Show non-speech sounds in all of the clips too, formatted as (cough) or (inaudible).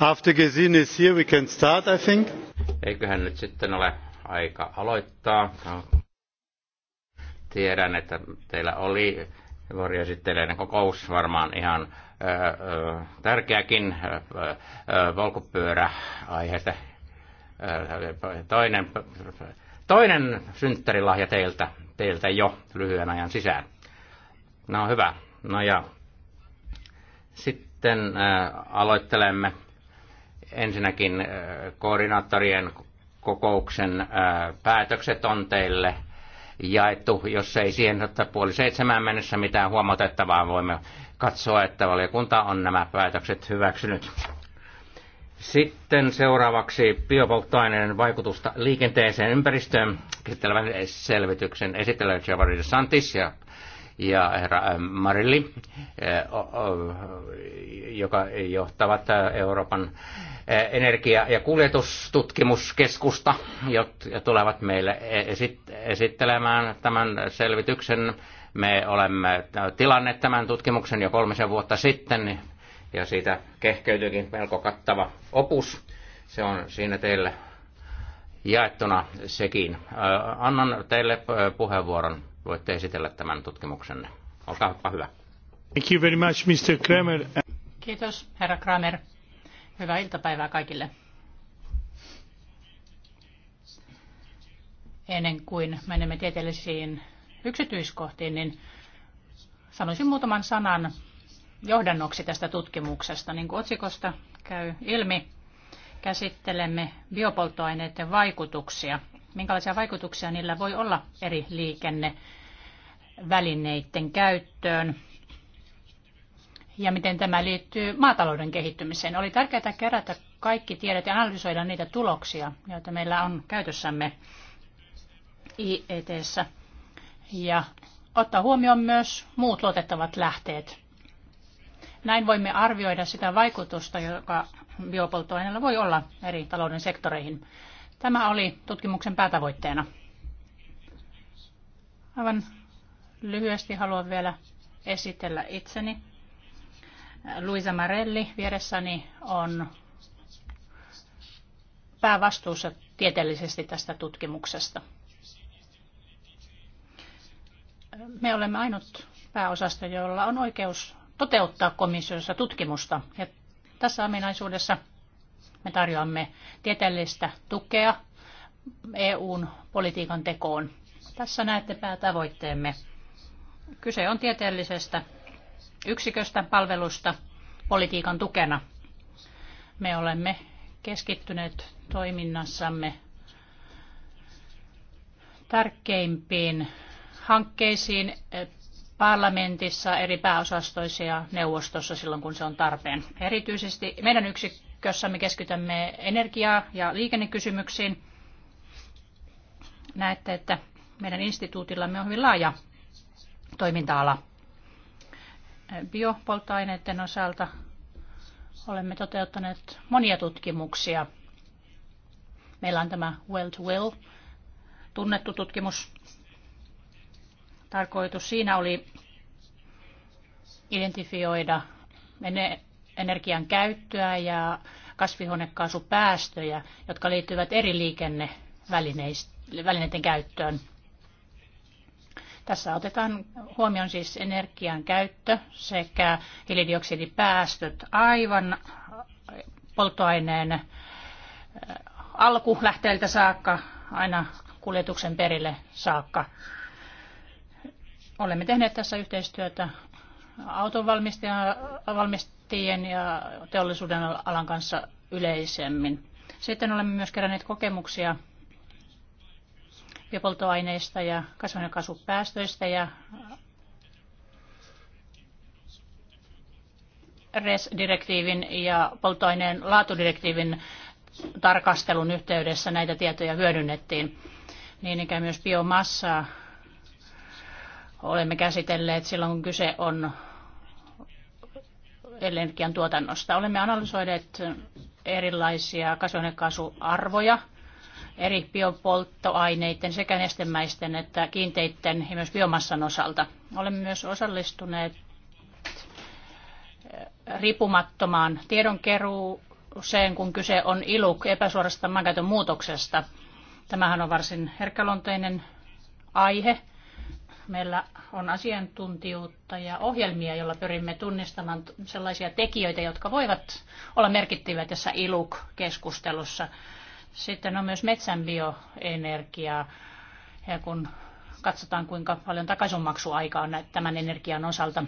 After Gesine is here, we can start, I think. Eiköhän nyt sitten ole aika aloittaa. Tiedän, että teillä oli varjoesittelijöiden kokous varmaan ihan ö, ö, tärkeäkin ö, Toinen, toinen synttärilahja teiltä, teiltä jo lyhyen ajan sisään. No hyvä. No ja sitten aloittelemme Ensinnäkin äh, koordinaattorien kokouksen äh, päätökset on teille jaettu. Jos ei siihen että puoli seitsemään mennessä mitään huomautettavaa, voimme katsoa, että valiokunta on nämä päätökset hyväksynyt. Sitten seuraavaksi biopolttoaineen vaikutusta liikenteeseen ympäristöön käsittelevän selvityksen esittelee Javari Santis ja ja herra äh, Marilli, äh, joka johtavat äh, Euroopan energia- ja kuljetustutkimuskeskusta, jotka tulevat meille e-, esittelemään tämän selvityksen. Me olemme tilanneet tämän tutkimuksen jo kolmisen vuotta sitten, ja siitä kehkeytyykin melko kattava opus. Se on siinä teille jaettuna sekin. Annan teille puheenvuoron voitte esitellä tämän tutkimuksenne. Olkaa hyvä. Thank you very much, Mr. Kramer. Kiitos, herra Kramer. Hyvää iltapäivää kaikille. Ennen kuin menemme tieteellisiin yksityiskohtiin, niin sanoisin muutaman sanan johdannoksi tästä tutkimuksesta. Niin kuin otsikosta käy ilmi, käsittelemme biopolttoaineiden vaikutuksia – minkälaisia vaikutuksia niillä voi olla eri liikennevälineiden käyttöön ja miten tämä liittyy maatalouden kehittymiseen. Oli tärkeää kerätä kaikki tiedot ja analysoida niitä tuloksia, joita meillä on käytössämme IETssä ja ottaa huomioon myös muut luotettavat lähteet. Näin voimme arvioida sitä vaikutusta, joka biopolttoaineella voi olla eri talouden sektoreihin. Tämä oli tutkimuksen päätavoitteena. Aivan lyhyesti haluan vielä esitellä itseni. Luisa Marelli vieressäni on päävastuussa tieteellisesti tästä tutkimuksesta. Me olemme ainut pääosasto, jolla on oikeus toteuttaa komissiossa tutkimusta. Ja tässä ominaisuudessa me tarjoamme tieteellistä tukea EUn politiikan tekoon. Tässä näette päätavoitteemme. Kyse on tieteellisestä yksiköstä, palvelusta, politiikan tukena. Me olemme keskittyneet toiminnassamme tärkeimpiin hankkeisiin parlamentissa, eri pääosastoissa ja neuvostossa silloin, kun se on tarpeen. Erityisesti meidän yksikkö jossa me keskitymme energiaa ja liikennekysymyksiin. Näette, että meidän instituutillamme on hyvin laaja toiminta-ala. Biopolttoaineiden osalta olemme toteuttaneet monia tutkimuksia. Meillä on tämä Well to Well tunnettu tutkimus. Tarkoitus siinä oli identifioida energian käyttöä ja kasvihuonekaasupäästöjä, jotka liittyvät eri liikennevälineiden käyttöön. Tässä otetaan huomioon siis energian käyttö sekä hiilidioksidipäästöt aivan polttoaineen äh, alkulähteeltä saakka aina kuljetuksen perille saakka. Olemme tehneet tässä yhteistyötä autonvalmistajan yrittäjien ja teollisuuden alan kanssa yleisemmin. Sitten olemme myös keränneet kokemuksia biopolttoaineista ja kasvihuonekaasupäästöistä ja RES-direktiivin ja polttoaineen laatudirektiivin tarkastelun yhteydessä näitä tietoja hyödynnettiin. Niin ikään myös biomassaa olemme käsitelleet silloin, kun kyse on energian tuotannosta. Olemme analysoineet erilaisia kasvihuonekaasuarvoja eri biopolttoaineiden sekä nestemäisten että kiinteiden ja myös biomassan osalta. Olemme myös osallistuneet eh, riippumattomaan tiedonkeruuseen, kun kyse on ILUK epäsuorasta maankäytön muutoksesta. Tämähän on varsin herkkälonteinen aihe. Meillä on asiantuntijuutta ja ohjelmia, joilla pyrimme tunnistamaan sellaisia tekijöitä, jotka voivat olla merkittäviä tässä ILUK-keskustelussa. Sitten on myös metsän bioenergiaa. Ja kun katsotaan, kuinka paljon takaisinmaksuaika on tämän energian osalta,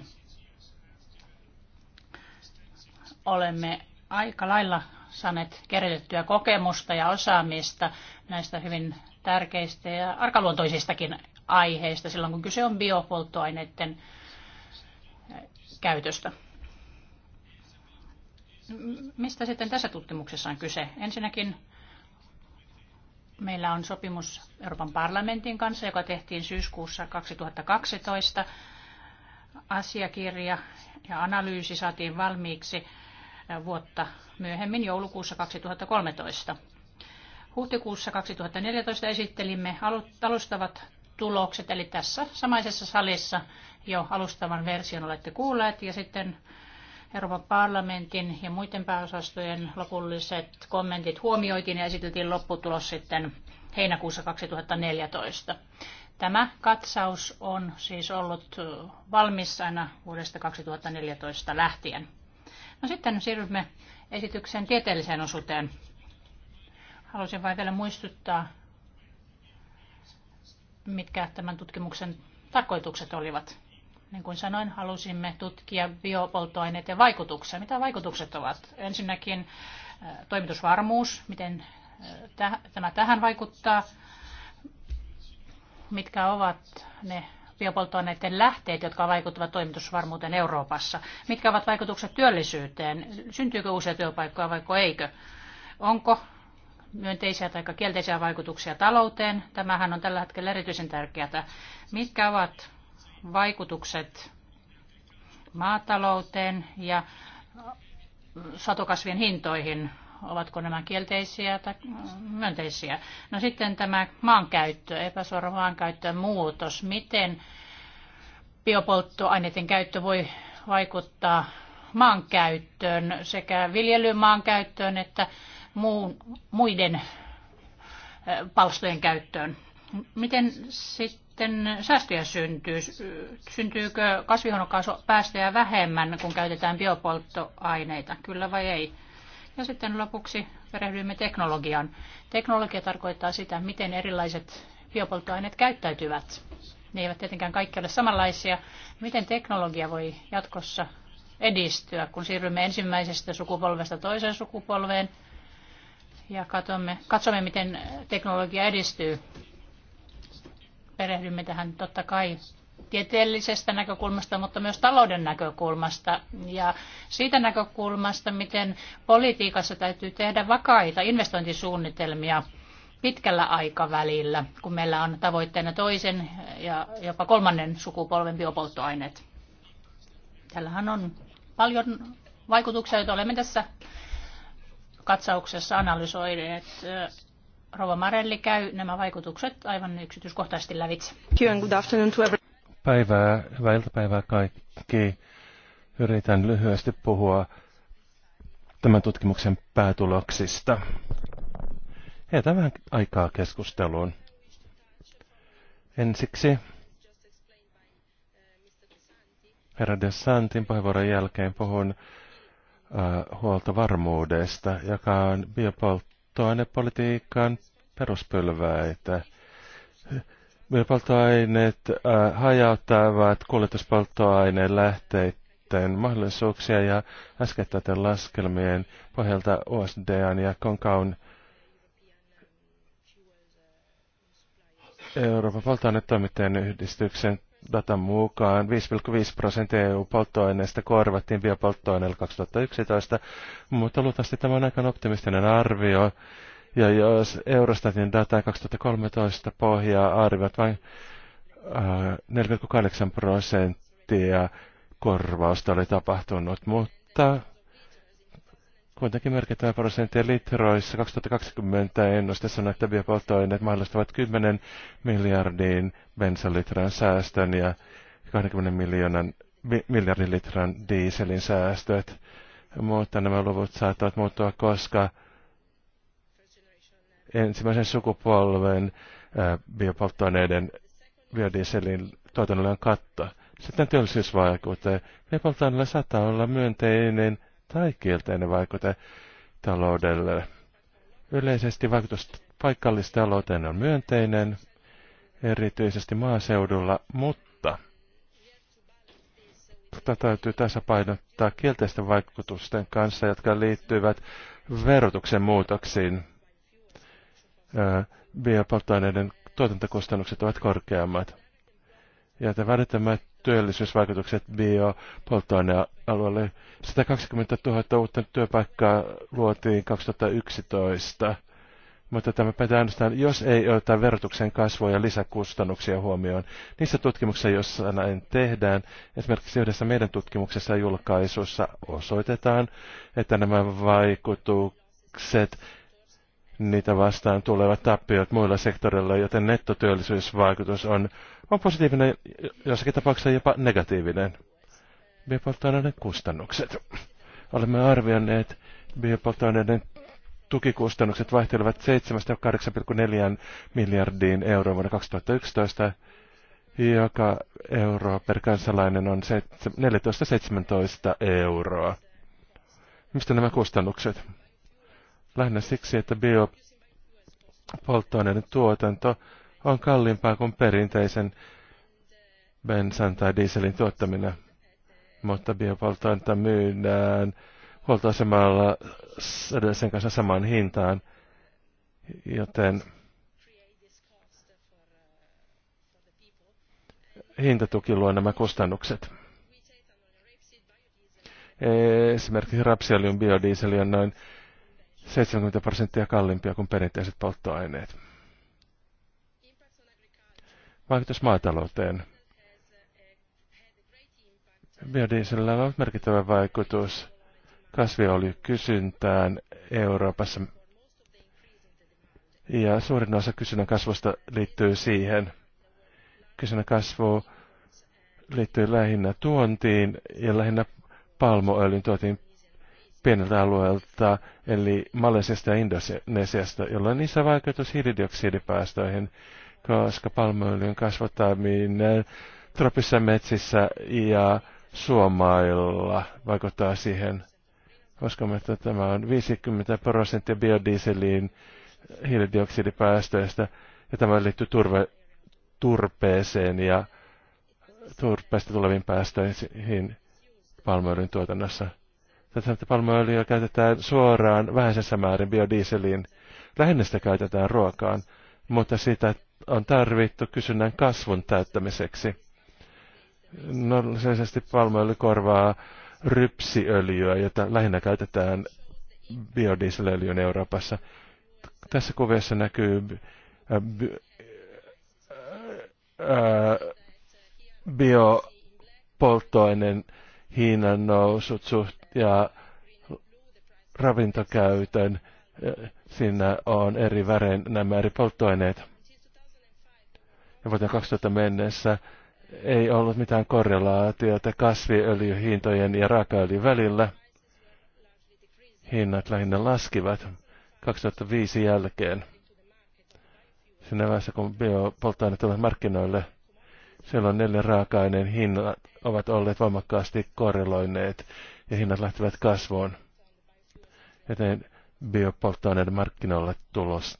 olemme aika lailla saaneet kerätettyä kokemusta ja osaamista näistä hyvin tärkeistä ja arkaluontoisistakin aiheesta, silloin, kun kyse on biopolttoaineiden käytöstä. Mistä sitten tässä tutkimuksessa on kyse? Ensinnäkin meillä on sopimus Euroopan parlamentin kanssa, joka tehtiin syyskuussa 2012. Asiakirja ja analyysi saatiin valmiiksi vuotta myöhemmin joulukuussa 2013. Huhtikuussa 2014 esittelimme alustavat tulokset, eli tässä samaisessa salissa jo alustavan version olette kuulleet, ja sitten Euroopan parlamentin ja muiden pääosastojen lopulliset kommentit huomioitiin ja esiteltiin lopputulos sitten heinäkuussa 2014. Tämä katsaus on siis ollut valmis aina vuodesta 2014 lähtien. No sitten siirrymme esityksen tieteelliseen osuuteen. Haluaisin vain vielä muistuttaa mitkä tämän tutkimuksen tarkoitukset olivat. Niin kuin sanoin, halusimme tutkia ja vaikutuksia. Mitä vaikutukset ovat? Ensinnäkin äh, toimitusvarmuus, miten äh, tämä tähän vaikuttaa, mitkä ovat ne biopolttoaineiden lähteet, jotka vaikuttavat toimitusvarmuuteen Euroopassa. Mitkä ovat vaikutukset työllisyyteen? Syntyykö uusia työpaikkoja vai eikö? Onko myönteisiä tai kielteisiä vaikutuksia talouteen. Tämähän on tällä hetkellä erityisen tärkeää. Mitkä ovat vaikutukset maatalouteen ja satokasvien hintoihin? Ovatko nämä kielteisiä tai myönteisiä? No sitten tämä maankäyttö, epäsuora maankäyttöön muutos. Miten biopolttoaineiden käyttö voi vaikuttaa maankäyttöön, sekä viljelymaankäyttöön että muun, muiden palstojen käyttöön. Miten sitten säästöjä syntyy? Syntyykö kasvihuonekaasupäästöjä vähemmän, kun käytetään biopolttoaineita? Kyllä vai ei? Ja sitten lopuksi perehdymme teknologiaan. Teknologia tarkoittaa sitä, miten erilaiset biopolttoaineet käyttäytyvät. Ne eivät tietenkään kaikki ole samanlaisia. Miten teknologia voi jatkossa edistyä, kun siirrymme ensimmäisestä sukupolvesta toiseen sukupolveen – ja katsomme, katsomme miten teknologia edistyy. Perehdymme tähän totta kai tieteellisestä näkökulmasta, mutta myös talouden näkökulmasta ja siitä näkökulmasta, miten politiikassa täytyy tehdä vakaita investointisuunnitelmia pitkällä aikavälillä, kun meillä on tavoitteena toisen ja jopa kolmannen sukupolven biopolttoaineet. Tällähän on paljon vaikutuksia, joita olemme tässä katsauksessa analysoineet. Rova Marelli käy nämä vaikutukset aivan yksityiskohtaisesti lävitse. Päivää, hyvää iltapäivää kaikki. Yritän lyhyesti puhua tämän tutkimuksen päätuloksista. Heitä vähän aikaa keskusteluun. Ensiksi herra Desantin puheenvuoron jälkeen puhun Äh, huolta varmuudesta, joka on biopolttoainepolitiikan peruspylväitä. Biopolttoaineet äh, hajauttavat kuljetuspolttoaineen lähteiden mahdollisuuksia ja äskettäten laskelmien pohjalta OSDAN ja Konkaun Euroopan polttoainetoimittajien yhdistyksen datan mukaan 5,5 prosenttia EU-polttoaineista korvattiin biopolttoaineella 2011, mutta luultavasti tämä on aika optimistinen arvio. Ja jos Eurostatin data 2013 pohjaa arvioit vain 4,8 äh, prosenttia korvausta oli tapahtunut, mutta Kuitenkin merkittävä prosentin litroissa 2020 ennusteessa sanoo, että biopolttoaineet mahdollistavat 10 miljardin bensalitran säästön ja 20 miljoonan, miljardin litran dieselin säästöt. Mutta nämä luvut saattavat muuttua, koska ensimmäisen sukupolven biopolttoaineiden biodieselin tuotannolle on katto. Sitten työllisyysvaikutus. Biopolttoaineilla saattaa olla myönteinen tai kielteinen vaikutus taloudelle. Yleisesti vaikutus paikallistalouteen on myönteinen, erityisesti maaseudulla, mutta tätä täytyy painottaa kielteisten vaikutusten kanssa, jotka liittyvät verotuksen muutoksiin. Biopolttoaineiden tuotantokustannukset ovat korkeammat. Ja välittömät työllisyysvaikutukset polttoainealueelle. 120 000 uutta työpaikkaa luotiin 2011, mutta tämä pitää ainoastaan, jos ei ota verotuksen kasvua ja lisäkustannuksia huomioon. Niissä tutkimuksissa, joissa näin tehdään, esimerkiksi yhdessä meidän tutkimuksessa ja julkaisussa osoitetaan, että nämä vaikutukset niitä vastaan tulevat tappiot muilla sektoreilla, joten nettotyöllisyysvaikutus on on positiivinen, jossakin tapauksessa jopa negatiivinen. Biopolttoaineiden kustannukset. Olemme arvioineet biopolttoaineiden tukikustannukset vaihtelevat 7-8,4 miljardiin euroon vuonna 2011, joka euro per kansalainen on 14-17 euroa. Mistä nämä kustannukset? Lähinnä siksi, että biopolttoaineiden tuotanto on kalliimpaa kuin perinteisen bensan tai dieselin tuottaminen. Mutta biopolttoainetta myydään huoltoasemalla sen kanssa samaan hintaan, joten hintatuki luo nämä kustannukset. Esimerkiksi rapsiöljyn biodieseli on noin 70 prosenttia kalliimpia kuin perinteiset polttoaineet vaikutus maatalouteen. Biodieselillä on merkittävä vaikutus kasviöljykysyntään Euroopassa. Ja suurin osa kysynnän kasvusta liittyy siihen. Kysynnän kasvu liittyy lähinnä tuontiin ja lähinnä palmoöljyn tuotiin pieneltä alueelta, eli Malesiasta ja Indonesiasta, jolla niissä vaikutus hiilidioksidipäästöihin koska palmuöljyn kasvattaminen tropissa metsissä ja suomailla vaikuttaa siihen. koska että tämä on 50 prosenttia biodieselin hiilidioksidipäästöistä ja tämä liittyy turve, turpeeseen ja turpeesta tuleviin päästöihin palmuöljyn tuotannossa. Tätä että palmuöljyä käytetään suoraan vähäisessä määrin biodieseliin. Lähinnä sitä käytetään ruokaan mutta sitä on tarvittu kysynnän kasvun täyttämiseksi. sijaan palmuöljy korvaa rypsiöljyä, jota lähinnä käytetään biodieselöljyn Euroopassa. Tässä kuviossa näkyy äh, äh, biopolttoaineen hinnan nousut ja ravintokäytön äh, Siinä on eri värein nämä eri polttoaineet. Ja vuoteen 2000 mennessä ei ollut mitään korrelaatiota kasviöljyhintojen ja raakaöljyn välillä. Hinnat lähinnä laskivat 2005 jälkeen. Siinä vaiheessa, kun biopolttoaineet tulevat markkinoille, silloin neljä raaka-aineen hinnat ovat olleet voimakkaasti korreloineet ja hinnat lähtevät kasvuun. Joten biopolttoaineiden markkinoille tulossa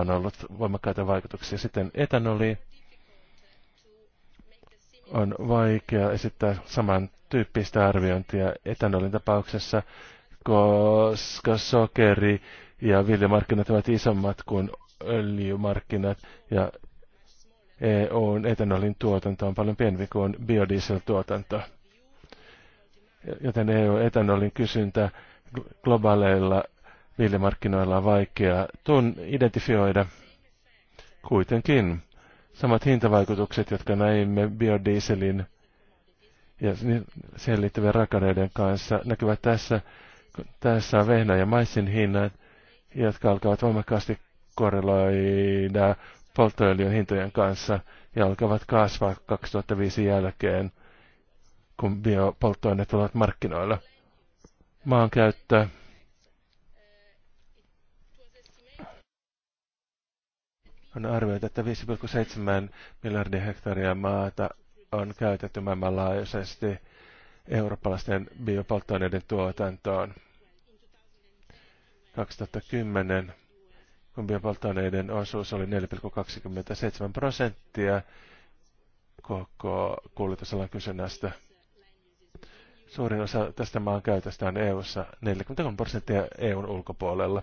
on ollut voimakkaita vaikutuksia. Sitten etanoli on vaikea esittää samantyyppistä arviointia etanolin tapauksessa, koska sokeri ja viljamarkkinat ovat isommat kuin öljymarkkinat ja EUn etanolin tuotanto on paljon pienempi kuin biodieseltuotanto. Joten EU-etanolin kysyntä globaaleilla viljamarkkinoilla on vaikea tun identifioida. Kuitenkin samat hintavaikutukset, jotka näimme biodieselin ja siihen liittyvien rakaneiden kanssa, näkyvät tässä. Tässä on vehnä ja maissin hinnat, jotka alkavat voimakkaasti korreloida polttoöljyn hintojen kanssa ja alkavat kasvaa 2005 jälkeen, kun biopolttoaineet tulevat markkinoilla. Maankäyttö, On arvioitu, että 5,7 miljardia hehtaaria maata on käytetty maailmanlaajuisesti eurooppalaisten biopolttoaineiden tuotantoon. 2010, kun biopolttoaineiden osuus oli 4,27 prosenttia koko kuljetusalan kysynnästä. Suurin osa tästä maan käytöstä on EU-ssa, 43 prosenttia EUn ulkopuolella.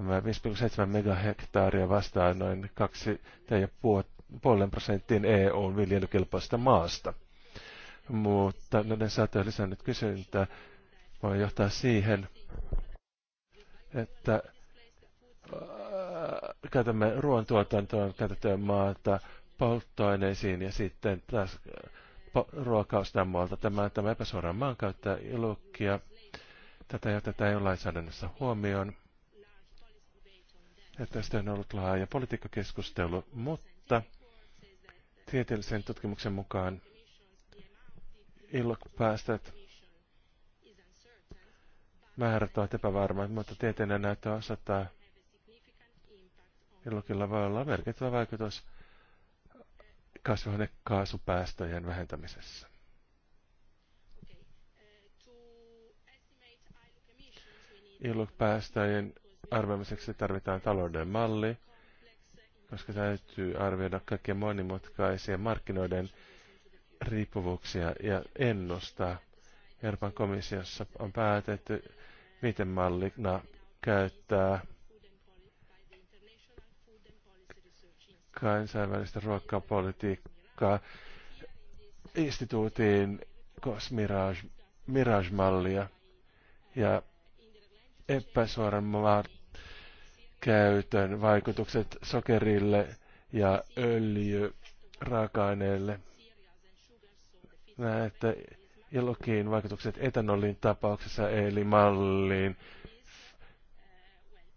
Tämä 5,7 megahektaaria vastaa noin 2,5 prosenttiin EUn viljelykelpoista maasta. Mutta näiden saatojen lisännyt kysyntä voi johtaa siihen, että äh, käytämme ruoantuotantoon käytettyä maata polttoaineisiin ja sitten taas äh, ruokausta maalta. Tämä, tämä epäsuoraan maankäyttää ilukkia. Tätä jätetään e jo lainsäädännössä huomioon. Ja tästä on ollut laaja politiikkakeskustelu, mutta tieteellisen tutkimuksen mukaan illokupäästöt määrät ovat epävarmoja, mutta tieteellinen näyttö osoittaa, illokilla voi olla merkittävä vaikutus kasvihuonekaasupäästöjen vähentämisessä. Illopäästöjen arvioimiseksi tarvitaan talouden malli, koska täytyy arvioida kaikkien monimutkaisia markkinoiden riippuvuuksia ja ennustaa. Euroopan komissiossa on päätetty miten mallina käyttää kansainvälistä ruokapolitiikkaa instituutin Cosmirage-mallia ja epäsuoran käytön vaikutukset sokerille ja öljyraaka-aineelle. Näette jollakin vaikutukset etanolin tapauksessa, eli malliin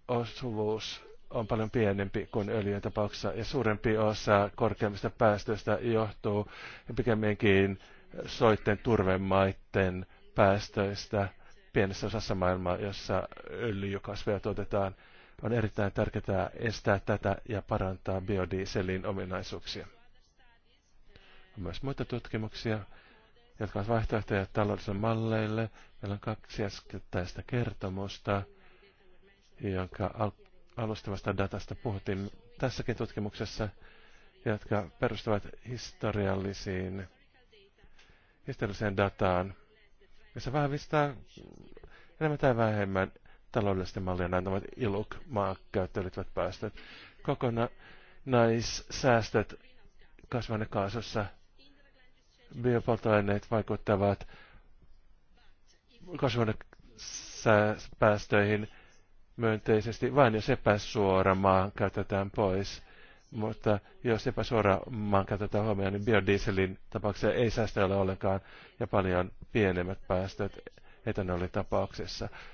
osuvuus on paljon pienempi kuin öljyn tapauksessa, ja suurempi osa korkeammista päästöistä johtuu pikemminkin soitten turvemaiden päästöistä pienessä osassa maailmaa, jossa öljykasveja tuotetaan – on erittäin tärkeää estää tätä ja parantaa biodieselin ominaisuuksia. On myös muita tutkimuksia, jotka ovat vaihtoehtoja taloudellisille malleille. Meillä on kaksi äskettäistä kertomusta, jonka al- alustavasta datasta puhuttiin tässäkin tutkimuksessa, jotka perustuvat historiallisiin, historialliseen dataan, jossa vahvistaa enemmän tai vähemmän taloudellisesti mallien antamat ILUK-maa käyttäytyvät päästöt. Kokonaissäästöt kasvanekaasussa biopolttoaineet vaikuttavat päästöihin myönteisesti vain jos epäsuora maa käytetään pois. Mutta jos epäsuora maan käytetään huomioon, niin biodieselin tapauksessa ei säästöä ole ollenkaan ja paljon pienemmät päästöt etanolitapauksessa. tapauksessa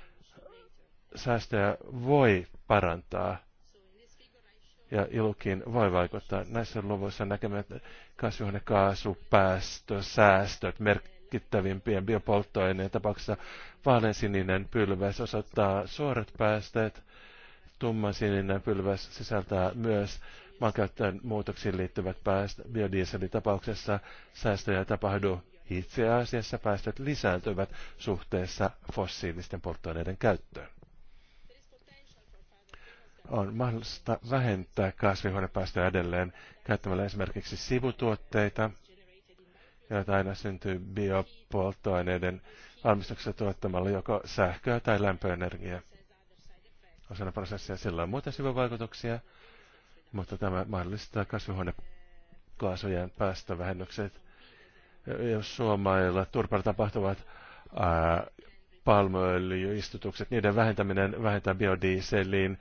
säästöjä voi parantaa ja ilukin voi vaikuttaa. Näissä luvuissa näkemme kasvihuonekaasupäästö, säästöt merkittävimpien biopolttoaineen tapauksessa vaaleansininen pylväs osoittaa suorat päästöt. Tummansininen pylväs sisältää myös maankäyttöön muutoksiin liittyvät päästöt. tapauksessa säästöjä tapahtuu itse asiassa päästöt lisääntyvät suhteessa fossiilisten polttoaineiden käyttöön on mahdollista vähentää kasvihuonepäästöjä edelleen käyttämällä esimerkiksi sivutuotteita, joita aina syntyy biopolttoaineiden valmistuksessa tuottamalla joko sähköä tai lämpöenergiaa. Osana prosessia sillä on muita sivuvaikutuksia, mutta tämä mahdollistaa kasvihuonekaasujen päästövähennykset. Jos Suomailla turpaa tapahtuvat palmoöljyistutukset, niiden vähentäminen vähentää biodieseliin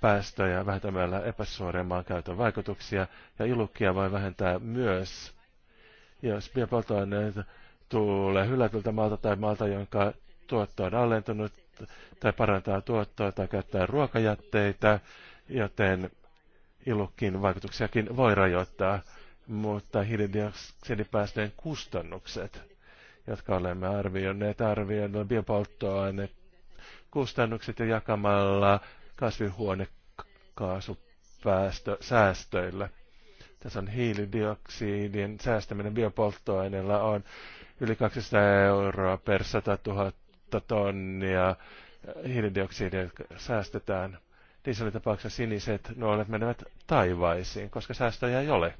päästöjä vähentämällä epäsuoria maankäytön vaikutuksia, ja ilukkia voi vähentää myös, jos biopoltoaineet tulee hylätyltä maalta tai maalta, jonka tuotto on alentunut, tai parantaa tuottoa tai käyttää ruokajätteitä, joten ilukkin vaikutuksiakin voi rajoittaa, mutta hiilidioksidipäästöjen kustannukset, jotka olemme arvioineet, arvioineet biopolttoaineet, kustannukset ja jakamalla kasvihuonekaasupäästösäästöille. Tässä on hiilidioksidin säästäminen biopolttoaineella on yli 200 euroa per 100 000 tonnia hiilidioksidia säästetään. Dieselitapauksessa siniset nuolet menevät taivaisiin, koska säästöjä ei ole.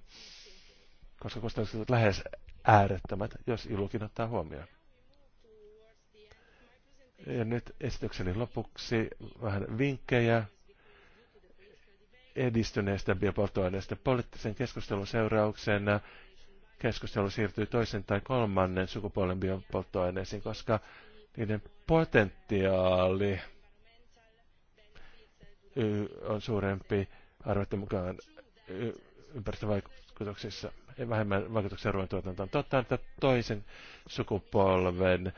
Koska kustannukset ovat lähes äärettömät, jos ilukin ottaa huomioon. Ja nyt esitykseni lopuksi vähän vinkkejä edistyneestä biopolttoaineesta. Poliittisen keskustelun seurauksena keskustelu siirtyy toisen tai kolmannen sukupuolen biopolttoaineisiin, koska niiden potentiaali on suurempi arvoiden mukaan ympäristövaikutuksissa, vähemmän vaikutuksia ruoantuotantoon. Totta, että toisen sukupolven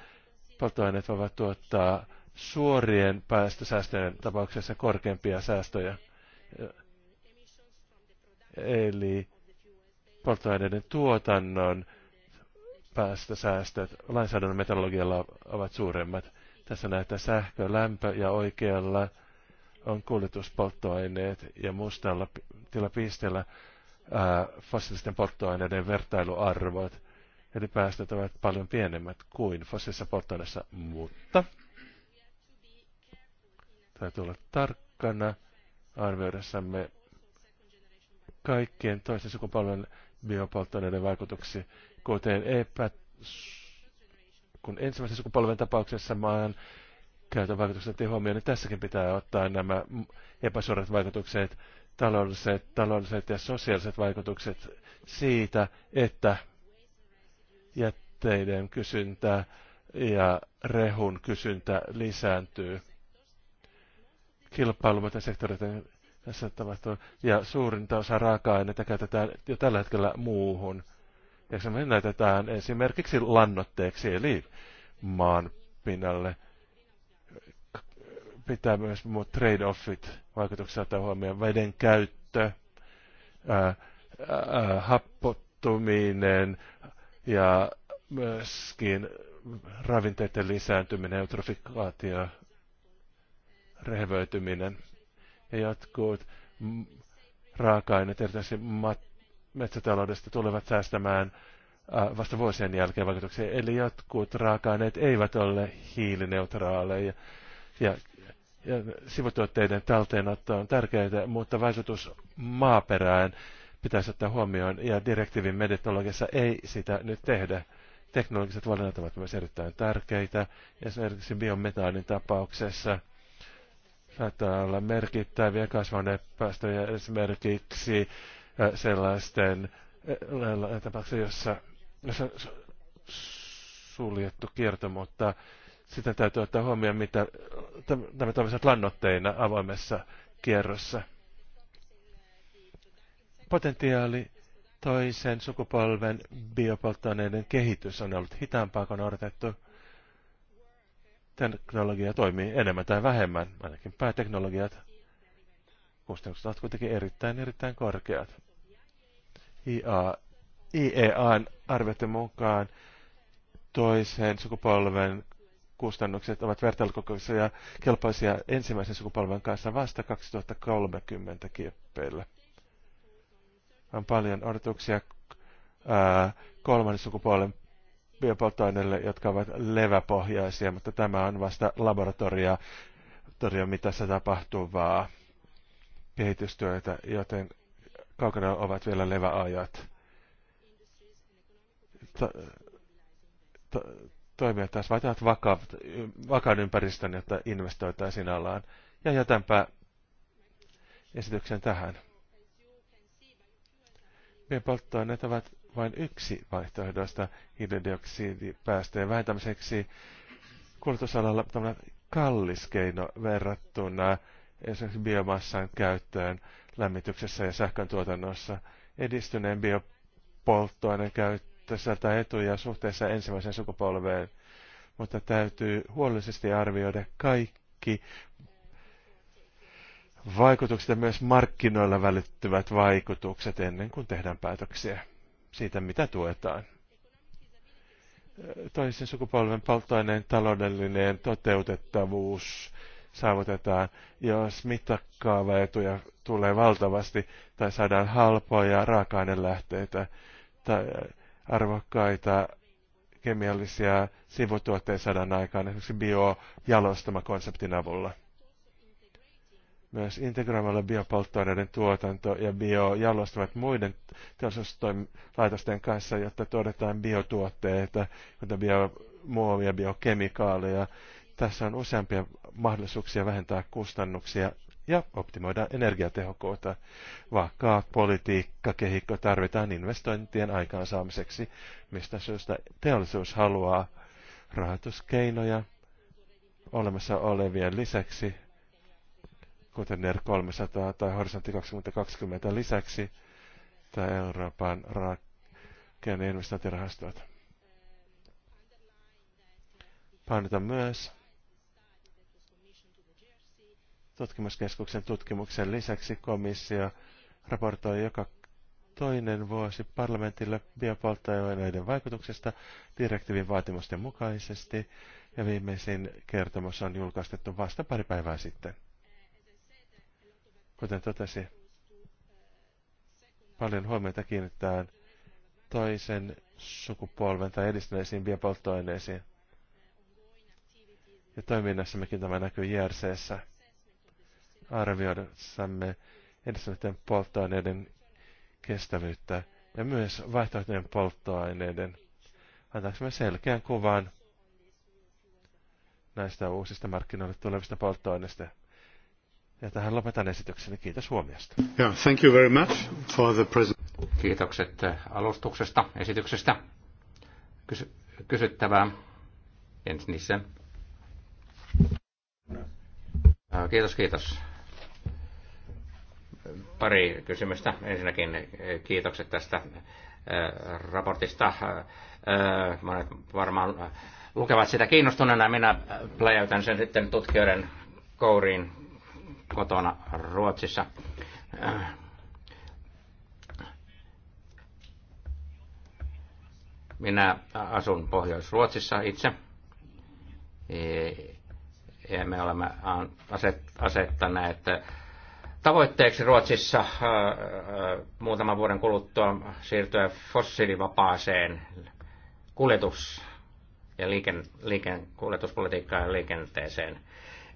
polttoaineet voivat tuottaa suorien päästösäästöjen tapauksessa korkeampia säästöjä. Eli polttoaineiden tuotannon päästösäästöt lainsäädännön metodologialla ovat suuremmat. Tässä näitä sähkö, lämpö ja oikealla on kuljetuspolttoaineet ja mustalla tilapisteellä fossiilisten polttoaineiden vertailuarvot – Eli päästöt ovat paljon pienemmät kuin fossiilisessa polttoaineessa, mutta täytyy olla tarkkana arvioidessamme kaikkien toisen sukupolven biopolttoaineiden vaikutuksia, kuten epä, kun ensimmäisen sukupolven tapauksessa maan käytön vaikutukset ei huomioon, niin tässäkin pitää ottaa nämä epäsuorat vaikutukset, taloudelliset, taloudelliset ja sosiaaliset vaikutukset siitä, että jätteiden kysyntä ja rehun kysyntä lisääntyy. Kilpailu sektoreiden tässä tapahtuu. Ja suurinta osa raaka-aineita käytetään jo tällä hetkellä muuhun. Ja se me näytetään esimerkiksi lannoitteeksi, eli maan pinnalle. Pitää myös muut trade-offit vaikutuksia ottaa huomioon. Veden käyttö, ää, ää, happottuminen, ja myöskin ravinteiden lisääntyminen, eutrofikaatio, rehevöityminen ja jatkuut raaka-aineet, erityisesti metsätaloudesta tulevat säästämään vasta vuosien jälkeen vaikutuksia. Eli jotkut raaka-aineet eivät ole hiilineutraaleja ja, ja sivutuotteiden talteenotto on tärkeää, mutta vaikutus maaperään pitäisi ottaa huomioon, ja direktiivin meditologiassa ei sitä nyt tehdä. Teknologiset valinnat ovat myös erittäin tärkeitä. Esimerkiksi biometaanin tapauksessa saattaa olla merkittäviä kasvanepäästöjä esimerkiksi sellaisten tapauksessa, jossa, jossa suljettu kierto, mutta sitä täytyy ottaa huomioon, mitä tämä tämmöiset lannoitteina avoimessa kierrossa potentiaali toisen sukupolven biopolttoaineiden kehitys on ollut hitaampaa kuin odotettu. Teknologia toimii enemmän tai vähemmän, ainakin pääteknologiat. Kustannukset ovat kuitenkin erittäin, erittäin korkeat. IEAn arvioiden mukaan toisen sukupolven kustannukset ovat vertailukokoisia ja kelpoisia ensimmäisen sukupolven kanssa vasta 2030 kieppeillä on paljon odotuksia ää, kolmannen sukupuolen biopolttoaineille, jotka ovat leväpohjaisia, mutta tämä on vasta laboratoria, torio, mitä se tapahtuvaa kehitystyötä, joten kaukana ovat vielä leväajat. To, to, toimia taas vaativat vakaan ympäristön, jotta investoitaisiin alaan. Ja jätänpä esityksen tähän polttoaineet ovat vain yksi vaihtoehdoista hiilidioksidipäästöjen vähentämiseksi. Kulutusalalla tämmöinen kallis keino verrattuna esimerkiksi biomassan käyttöön lämmityksessä ja sähköntuotannossa. Edistyneen biopolttoaineen käyttö sieltä etuja suhteessa ensimmäiseen sukupolveen, mutta täytyy huolellisesti arvioida kaikki vaikutukset ja myös markkinoilla välittyvät vaikutukset ennen kuin tehdään päätöksiä siitä, mitä tuetaan. Toisen sukupolven polttoaineen taloudellinen toteutettavuus saavutetaan, jos mittakaavaetuja tulee valtavasti tai saadaan halpoja raaka-ainelähteitä tai arvokkaita kemiallisia sivutuotteita saadaan aikaan esimerkiksi biojalostamakonseptin avulla – myös integroimalla biopolttoaineiden tuotanto ja biojalostamat muiden laitosten kanssa, jotta tuotetaan biotuotteita, kuten biomuovia, biokemikaaleja. Tässä on useampia mahdollisuuksia vähentää kustannuksia ja optimoida energiatehokkuutta. Vakaa politiikkakehikko tarvitaan investointien aikaansaamiseksi, mistä syystä teollisuus haluaa rahoituskeinoja olemassa olevien lisäksi kuten NER 300 tai Horisontti 2020 lisäksi, tai Euroopan rakenne investointirahastot. Painotan myös tutkimuskeskuksen tutkimuksen lisäksi komissio raportoi joka toinen vuosi parlamentille biopolttoaineiden vaikutuksesta direktiivin vaatimusten mukaisesti, ja viimeisin kertomus on julkaistettu vasta pari päivää sitten. Kuten totesi, paljon huomiota kiinnittää toisen sukupolven tai edistyneisiin biopolttoaineisiin. Ja toiminnassammekin tämä näkyy JRCssä. Arvioidessamme edistyneiden polttoaineiden kestävyyttä ja myös vaihtoehtojen polttoaineiden. Antaaksemme selkeän kuvan näistä uusista markkinoille tulevista polttoaineista. Ja tähän lopetan esitykseni. Kiitos huomiosta. Yeah, thank you very much for the present. Kiitokset äh, alustuksesta, esityksestä. Kysy- kysyttävää. Jens Nissen. Äh, kiitos, kiitos. Pari kysymystä. Ensinnäkin äh, kiitokset tästä raportista. Monet varmaan lukevat sitä kiinnostuneena. Minä pläjäytän sen sitten tutkijoiden kouriin kotona Ruotsissa. Äh. Minä asun Pohjois-Ruotsissa itse. E, ja me olemme asettaneet tavoitteeksi Ruotsissa äh, äh, muutaman vuoden kuluttua siirtyä fossiilivapaaseen kuljetus- ja liiken, liiken, kuljetuspolitiikkaan ja liikenteeseen.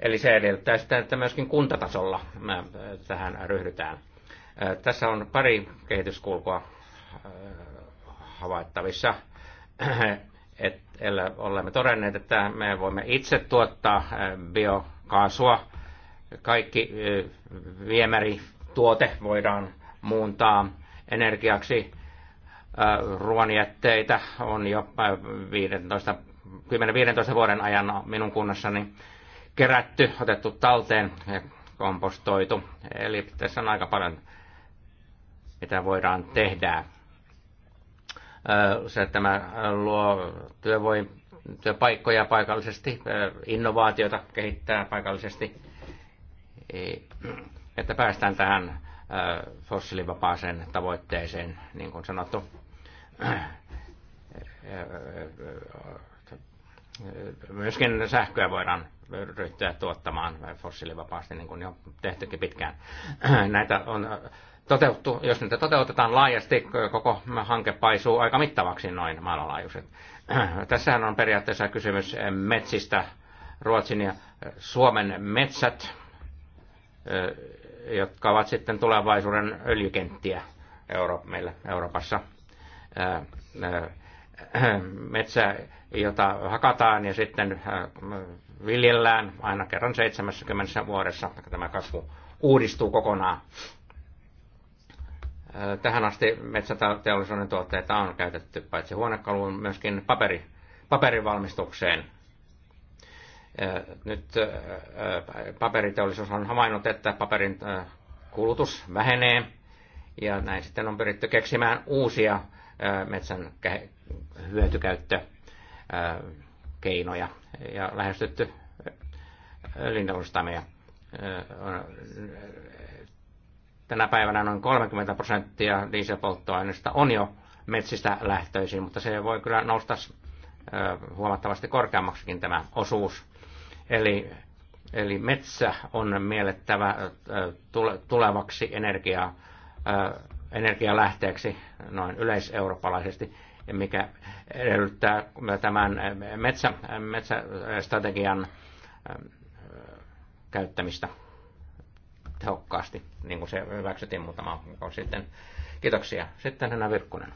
Eli se edellyttää sitä, että myöskin kuntatasolla äh, tähän ryhdytään. Äh, tässä on pari kehityskulkua äh, havaittavissa. (clears throat) Et, olemme todenneet, että me voimme itse tuottaa biokaasua. Kaikki viemärituote voidaan muuntaa energiaksi. Ruoanjätteitä on jo 15, 10-15 vuoden ajan minun kunnassani kerätty, otettu talteen ja kompostoitu. Eli tässä on aika paljon, mitä voidaan tehdä. Se, että tämä luo työvoi, työpaikkoja paikallisesti, innovaatioita kehittää paikallisesti, että päästään tähän fossiilivapaaseen tavoitteeseen, niin kuin sanottu myöskin sähköä voidaan ryhtyä tuottamaan fossiilivapaasti, niin kuin jo tehtykin pitkään. (clears throat) Näitä on äh, toteuttu, jos niitä toteutetaan laajasti, koko hanke paisuu aika mittavaksi noin maailmanlaajuisesti. (clears throat) Tässähän on periaatteessa kysymys metsistä, Ruotsin ja Suomen metsät, äh, jotka ovat sitten tulevaisuuden öljykenttiä Euro- meillä Euroopassa. Äh, metsä, jota hakataan ja sitten äh, viljellään aina kerran 70 vuodessa, tämä kasvu uudistuu kokonaan. Äh, tähän asti metsäteollisuuden tuotteita on käytetty paitsi huonekaluun myöskin paperi, paperivalmistukseen. Äh, nyt paperiteollisuus on havainnut, että paperin kulutus vähenee ja näin sitten on pyritty keksimään uusia metsän hyötykäyttökeinoja ja lähestytty Lindalustameja. Tänä päivänä noin 30 prosenttia dieselpolttoaineista on jo metsistä lähtöisin, mutta se voi kyllä nousta huomattavasti korkeammaksikin tämä osuus. Eli, eli metsä on miellettävä tulevaksi energia, energialähteeksi noin yleiseurooppalaisesti mikä edellyttää tämän metsä, metsästrategian ähm, käyttämistä tehokkaasti, niin kuin se hyväksyttiin muutama kuukausi sitten. Kiitoksia. Sitten Hanna Virkkunen.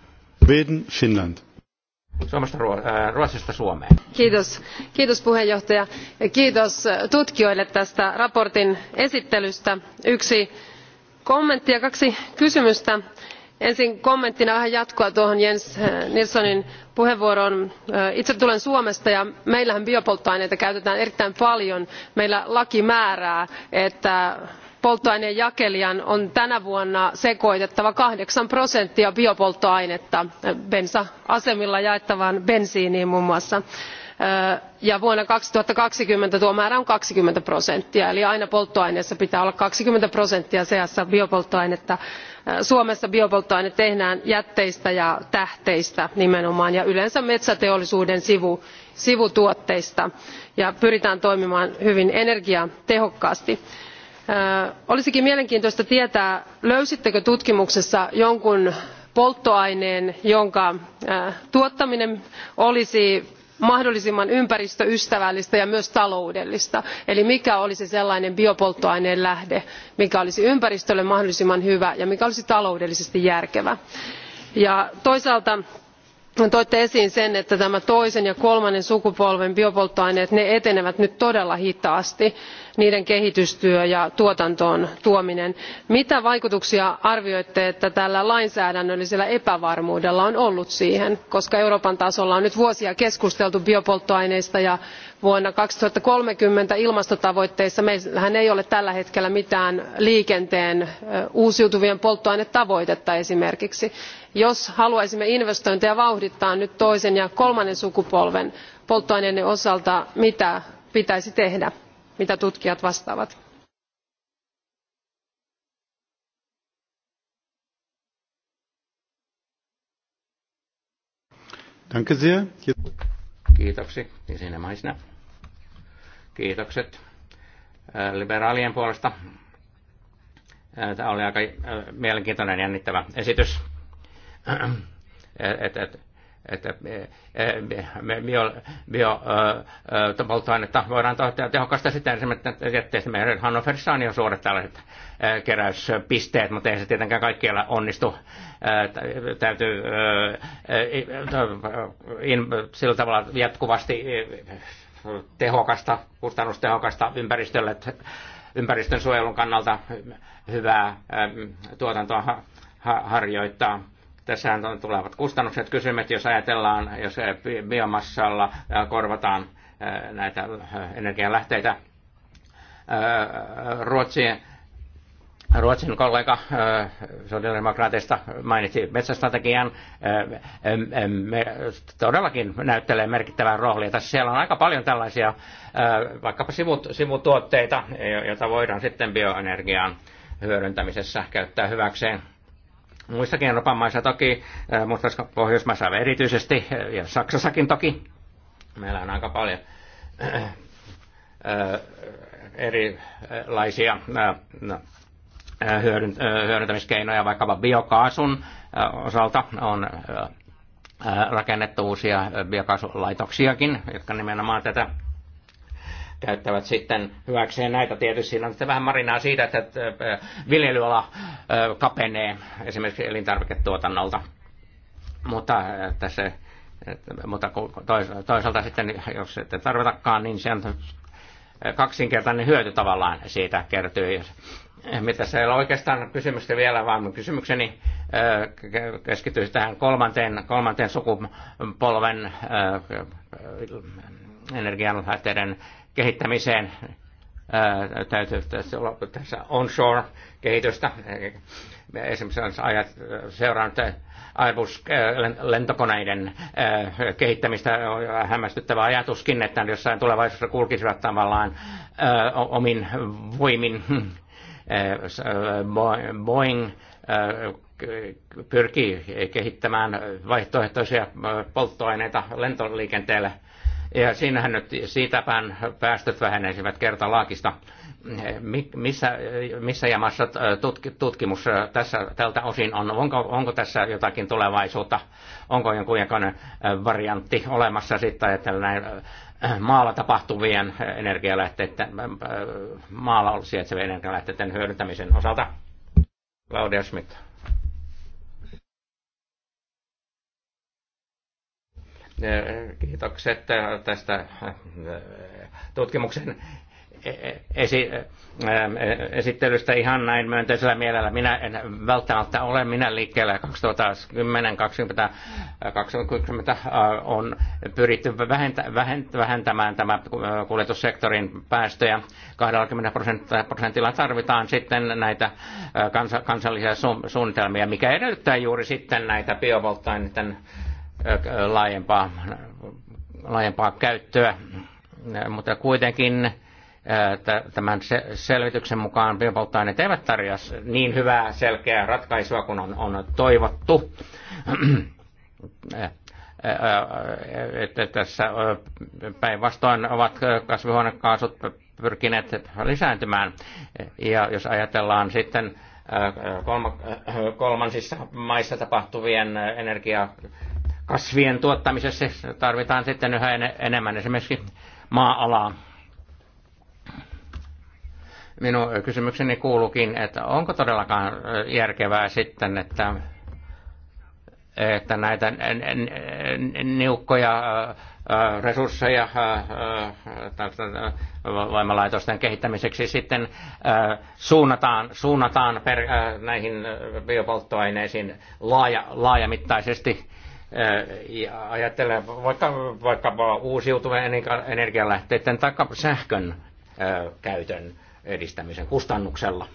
Sweden, Finland. Suomesta äh, Ruotsista Suomeen. Kiitos. Kiitos puheenjohtaja. Kiitos tutkijoille tästä raportin esittelystä. Yksi kommentti ja kaksi kysymystä ensin kommenttina vähän jatkoa tuohon jens äh, nilssonin puheenvuoroon äh, itse tulen suomesta ja meillähän biopolttoaineita käytetään erittäin paljon. meillä laki määrää että polttoaineen jakelijan on tänä vuonna sekoitettava kahdeksan prosenttia biopolttoainetta bensa asemilla jaettavaan bensiiniin muun muassa ja vuonna kaksituhatta kaksikymmentä tuo määrä on kaksikymmentä prosenttia eli aina polttoaineessa pitää olla kaksikymmentä prosenttia seassa biopolttoainetta. suomessa biopolttoaine tehdään jätteistä ja tähteistä nimenomaan ja yleensä metsäteollisuuden sivutuotteista ja pyritään toimimaan hyvin energiatehokkaasti olisikin mielenkiintoista tietää löysittekö tutkimuksessa jonkun polttoaineen jonka tuottaminen olisi mahdollisimman ympäristöystävällistä ja myös taloudellista eli mikä olisi sellainen biopolttoaineen lähde mikä olisi ympäristölle mahdollisimman hyvä ja mikä olisi taloudellisesti järkevä. ja toisaalta toitte esiin sen että tämä toisen ja kolmannen sukupolven biopolttoaineet etenevät nyt todella hitaasti niiden kehitystyö ja tuotantoon tuominen. mitä vaikutuksia arvioitte että tällä lainsäädännöllisellä epävarmuudella on ollut siihen koska euroopan tasolla on nyt vuosia keskusteltu biopolttoaineista ja vuonna kaksituhatta kolmekymmentä ilmastotavoitteissa meillähän ei ole tällä hetkellä mitään liikenteen uusiutuvien polttoainetavoitetta esimerkiksi jos haluaisimme investointeja vauhdittaa nyt toisen ja kolmannen sukupolven polttoaineiden osalta mitä pitäisi tehdä mitä tutkijat vastaavat? Danke sehr. Kiitoksi. Niin Sinemaisena. Kiitokset äh, liberaalien puolesta. Äh, Tämä oli aika äh, mielenkiintoinen ja jännittävä esitys että et, että biopolttoainetta bio, voidaan tehokasta sitä esimerkiksi jätteistä. Meidän Hannoverissa on jo suuret tällaiset keräyspisteet, mutta ei se tietenkään kaikkialla onnistu. Täytyy sillä tavalla jatkuvasti tehokasta, kustannustehokasta ympäristölle, ympäristön suojelun kannalta hyvää tuotantoa harjoittaa Tässähän tulevat kustannukset kysymykset, jos ajatellaan, jos eh, biomassalla eh, korvataan eh, näitä energialähteitä. Ruotsin, Ruotsin kollega sosiaalidemokraateista mainitsi metsästrategian. Me todellakin näyttelee merkittävää roolia. Tässä siellä on aika paljon tällaisia vaikkapa sivutuotteita, joita voidaan sitten bioenergiaan hyödyntämisessä käyttää hyväkseen muissakin Euroopan maissa toki, eh, mutta Pohjoismaissa erityisesti eh, ja Saksassakin toki. Meillä on aika paljon eh, erilaisia no, hyödyntämiskeinoja, vaikkapa biokaasun osalta on rakennettu uusia biokaasulaitoksiakin, jotka nimenomaan tätä käyttävät sitten hyväkseen näitä. Tietysti siinä on sitten vähän marinaa siitä, että viljelyala kapenee esimerkiksi elintarviketuotannolta. Mutta että että, mutta toisaalta sitten, jos ette tarvitakaan, niin se on kaksinkertainen hyöty tavallaan siitä kertyy. Mitä se ei ole oikeastaan kysymystä vielä, vaan kysymykseni keskittyisi tähän kolmanteen, kolmanteen sukupolven energianlähteiden kehittämiseen. Täytyy tässä olla tässä onshore-kehitystä. Esimerkiksi ajat seurannut Airbus-lentokoneiden kehittämistä. On hämmästyttävä ajatuskin, että jossain tulevaisuudessa kulkisivat tavallaan omin voimin. Boeing pyrkii kehittämään vaihtoehtoisia polttoaineita lentoliikenteelle – ja siinähän nyt siitäpään päästöt vähenisivät kertalaakista. Missä, missä jamassa äh, tutkimus äh, tässä, tältä osin on? Onko, onko tässä jotakin tulevaisuutta? Onko jonkun äh, variantti olemassa sitten, että näin maalla tapahtuvien energialähteiden, maalla sijaitsevien energialähteiden hyödyntämisen osalta? Claudia Schmidt. Kiitokset äh, tästä äh, tutkimuksen e-, e-, esi- äh, esittelystä ihan näin myönteisellä mielellä. Minä en välttämättä ole minä liikkeellä 2010-2020 on pyritty vähentämään tämä kuljetussektorin päästöjä. 20 prosentilla tarvitaan sitten näitä kansallisia suunnitelmia, mikä edellyttää juuri sitten näitä biovoltaineiden laajempaa, laajempaa käyttöä, mutta kuitenkin tämän selvityksen mukaan biopolttoaineet eivät tarjoa niin hyvää selkeää ratkaisua kuin on, on toivottu. että tässä päinvastoin ovat kasvihuonekaasut pyrkineet lisääntymään. Ja jos ajatellaan sitten kolmansissa maissa tapahtuvien energia- kasvien tuottamisessa tarvitaan sitten yhä enemmän esimerkiksi maa-alaa. Minun kysymykseni kuuluukin, että onko todellakaan äh, järkevää sitten, että, että näitä niukkoja resursseja voimalaitosten kehittämiseksi sitten äh, suunnataan, suunnataan per, äh, näihin biopolttoaineisiin laaja, laajamittaisesti ajattelee vaikka, vaikka uusiutuvien energialähteiden tai sähkön käytön edistämisen kustannuksella.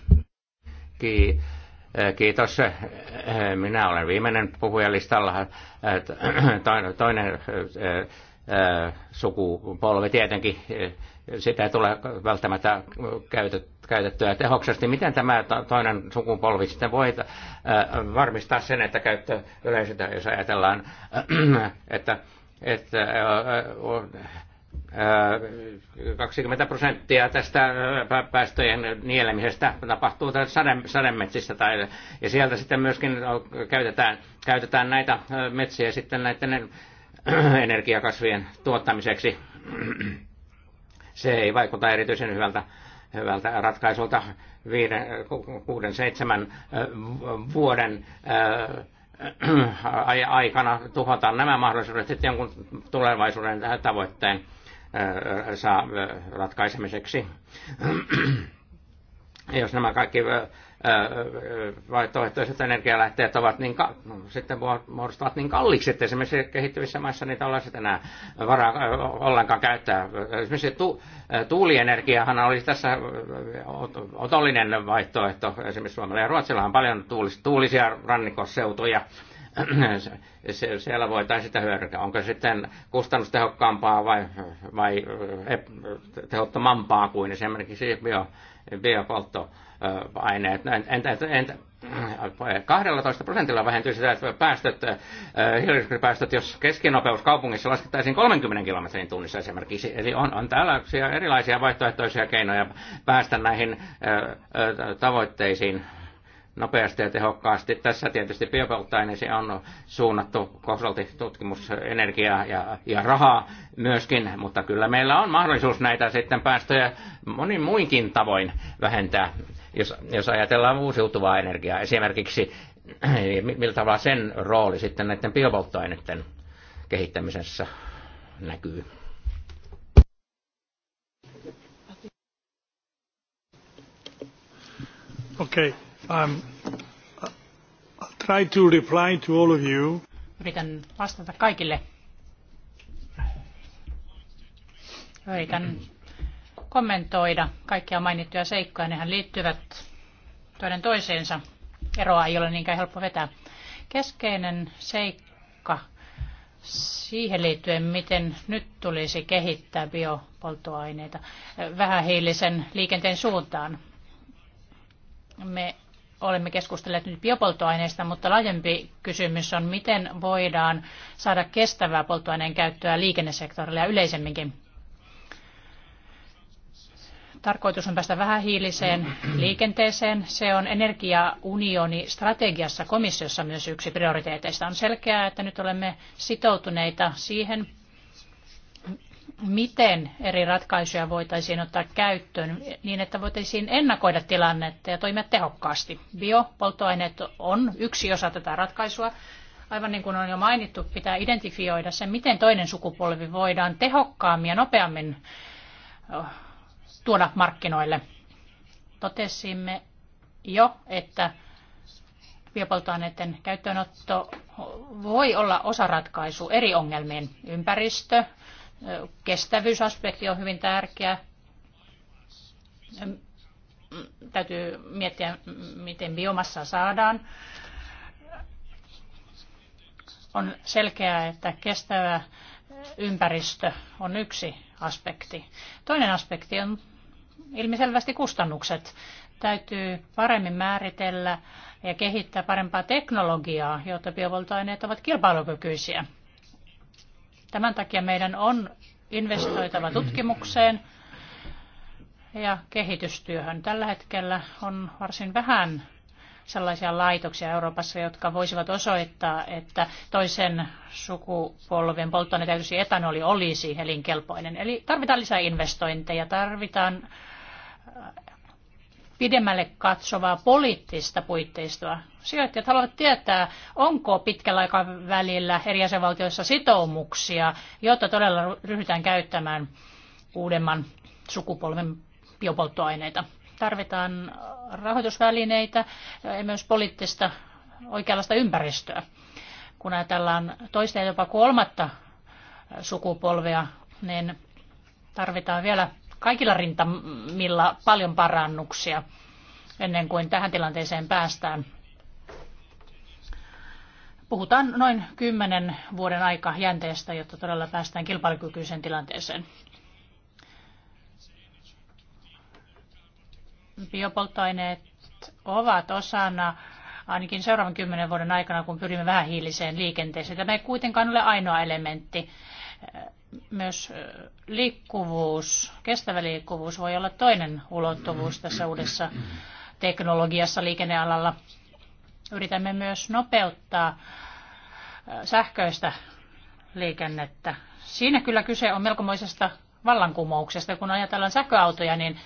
Kiitos. Minä olen viimeinen puhujalistalla. (clears throat) Toinen sukupolvi tietenkin. Sitä ei tule välttämättä käytetty käytettyä tehokkaasti. Miten tämä toinen sukupolvi sitten voi äh, varmistaa sen, että käyttö yleistyy, jos ajatellaan, äh, että, että 20 äh, prosenttia tästä päästöjen nielemisestä tapahtuu sademetsissä tai, ja sieltä sitten myöskin käytetään, käytetään näitä metsiä sitten näiden energiakasvien tuottamiseksi. Se ei vaikuta erityisen hyvältä hyvältä ratkaisulta viiden, kuuden, seitsemän vuoden (clears throat) aikana tuhota nämä mahdollisuudet sitten jonkun tulevaisuuden tavoitteen saa ratkaisemiseksi. (clears throat) Jos nämä kaikki vaihtoehtoiset energialähteet ovat niin, no, sitten muodostavat niin kalliiksi, että esimerkiksi kehittyvissä maissa niitä ollaan sitten enää varaa ollenkaan käyttää. Esimerkiksi tu, tuulienergiahan olisi tässä otollinen vaihtoehto esimerkiksi Suomella ja Ruotsilla on paljon tuulis, tuulisia rannikoseutuja. (clears throat) Se, siellä voitaisiin sitä hyödyntää. Onko se sitten kustannustehokkaampaa vai, vai tehottomampaa kuin esimerkiksi bio, biopolttoaineet? aineet. Entä, entä, 12 prosentilla vähentyisi päästöt, äh, hiilidioksidipäästöt, jos keskinopeus kaupungissa laskettaisiin 30 kilometrin tunnissa esimerkiksi. Eli on, on tällaisia erilaisia vaihtoehtoisia keinoja päästä näihin äh, äh, tavoitteisiin nopeasti ja tehokkaasti. Tässä tietysti biopolttoaineisiin on suunnattu kohdalti tutkimusenergiaa ja, ja rahaa myöskin, mutta kyllä meillä on mahdollisuus näitä sitten päästöjä monin muinkin tavoin vähentää jos, jos ajatellaan uusiutuvaa energiaa, esimerkiksi (clears throat) millä tavalla sen rooli sitten näiden biopolttoaineiden kehittämisessä näkyy? Okay. Um, I'll try to reply to all of you. Yritän vastata kaikille. Yritän kommentoida kaikkia mainittuja seikkoja. Nehän liittyvät toinen toiseensa. Eroa ei ole niinkään helppo vetää. Keskeinen seikka siihen liittyen, miten nyt tulisi kehittää biopolttoaineita vähähiilisen liikenteen suuntaan. Me olemme keskustelleet nyt biopolttoaineista, mutta laajempi kysymys on, miten voidaan saada kestävää polttoaineen käyttöä liikennesektorilla ja yleisemminkin tarkoitus on päästä vähähiiliseen liikenteeseen. Se on energiaunioni strategiassa komissiossa myös yksi prioriteeteista. On selkeää, että nyt olemme sitoutuneita siihen, miten eri ratkaisuja voitaisiin ottaa käyttöön niin, että voitaisiin ennakoida tilannetta ja toimia tehokkaasti. Biopolttoaineet on yksi osa tätä ratkaisua. Aivan niin kuin on jo mainittu, pitää identifioida se, miten toinen sukupolvi voidaan tehokkaammin ja nopeammin oh, tuoda markkinoille. Totesimme jo, että biopolttoaineiden käyttöönotto voi olla osaratkaisu eri ongelmien Ympäristö, kestävyysaspekti on hyvin tärkeä. Täytyy miettiä, miten biomassa saadaan. On selkeää, että kestävä ympäristö on yksi aspekti. Toinen aspekti on ilmiselvästi kustannukset. Täytyy paremmin määritellä ja kehittää parempaa teknologiaa, jotta biopolttoaineet ovat kilpailukykyisiä. Tämän takia meidän on investoitava tutkimukseen ja kehitystyöhön. Tällä hetkellä on varsin vähän sellaisia laitoksia Euroopassa, jotka voisivat osoittaa, että toisen sukupolven polttoaine täytyisi etanoli olisi elinkelpoinen. Eli tarvitaan lisää investointeja, tarvitaan pidemmälle katsovaa poliittista puitteistoa. Sijoittajat haluavat tietää, onko pitkällä aikavälillä eri jäsenvaltioissa sitoumuksia, jotta todella ryhdytään käyttämään uudemman sukupolven biopolttoaineita. Tarvitaan rahoitusvälineitä ja myös poliittista oikeanlaista ympäristöä. Kun ajatellaan toista ja jopa kolmatta sukupolvea, niin tarvitaan vielä kaikilla rintamilla paljon parannuksia ennen kuin tähän tilanteeseen päästään. Puhutaan noin kymmenen vuoden jänteestä, jotta todella päästään kilpailukykyiseen tilanteeseen. Biopolttoaineet ovat osana ainakin seuraavan kymmenen vuoden aikana, kun pyrimme vähähiiliseen liikenteeseen. Tämä ei kuitenkaan ole ainoa elementti myös liikkuvuus, kestävä liikkuvuus voi olla toinen ulottuvuus tässä uudessa teknologiassa liikennealalla. Yritämme myös nopeuttaa sähköistä liikennettä. Siinä kyllä kyse on melkomoisesta vallankumouksesta. Kun ajatellaan sähköautoja, niin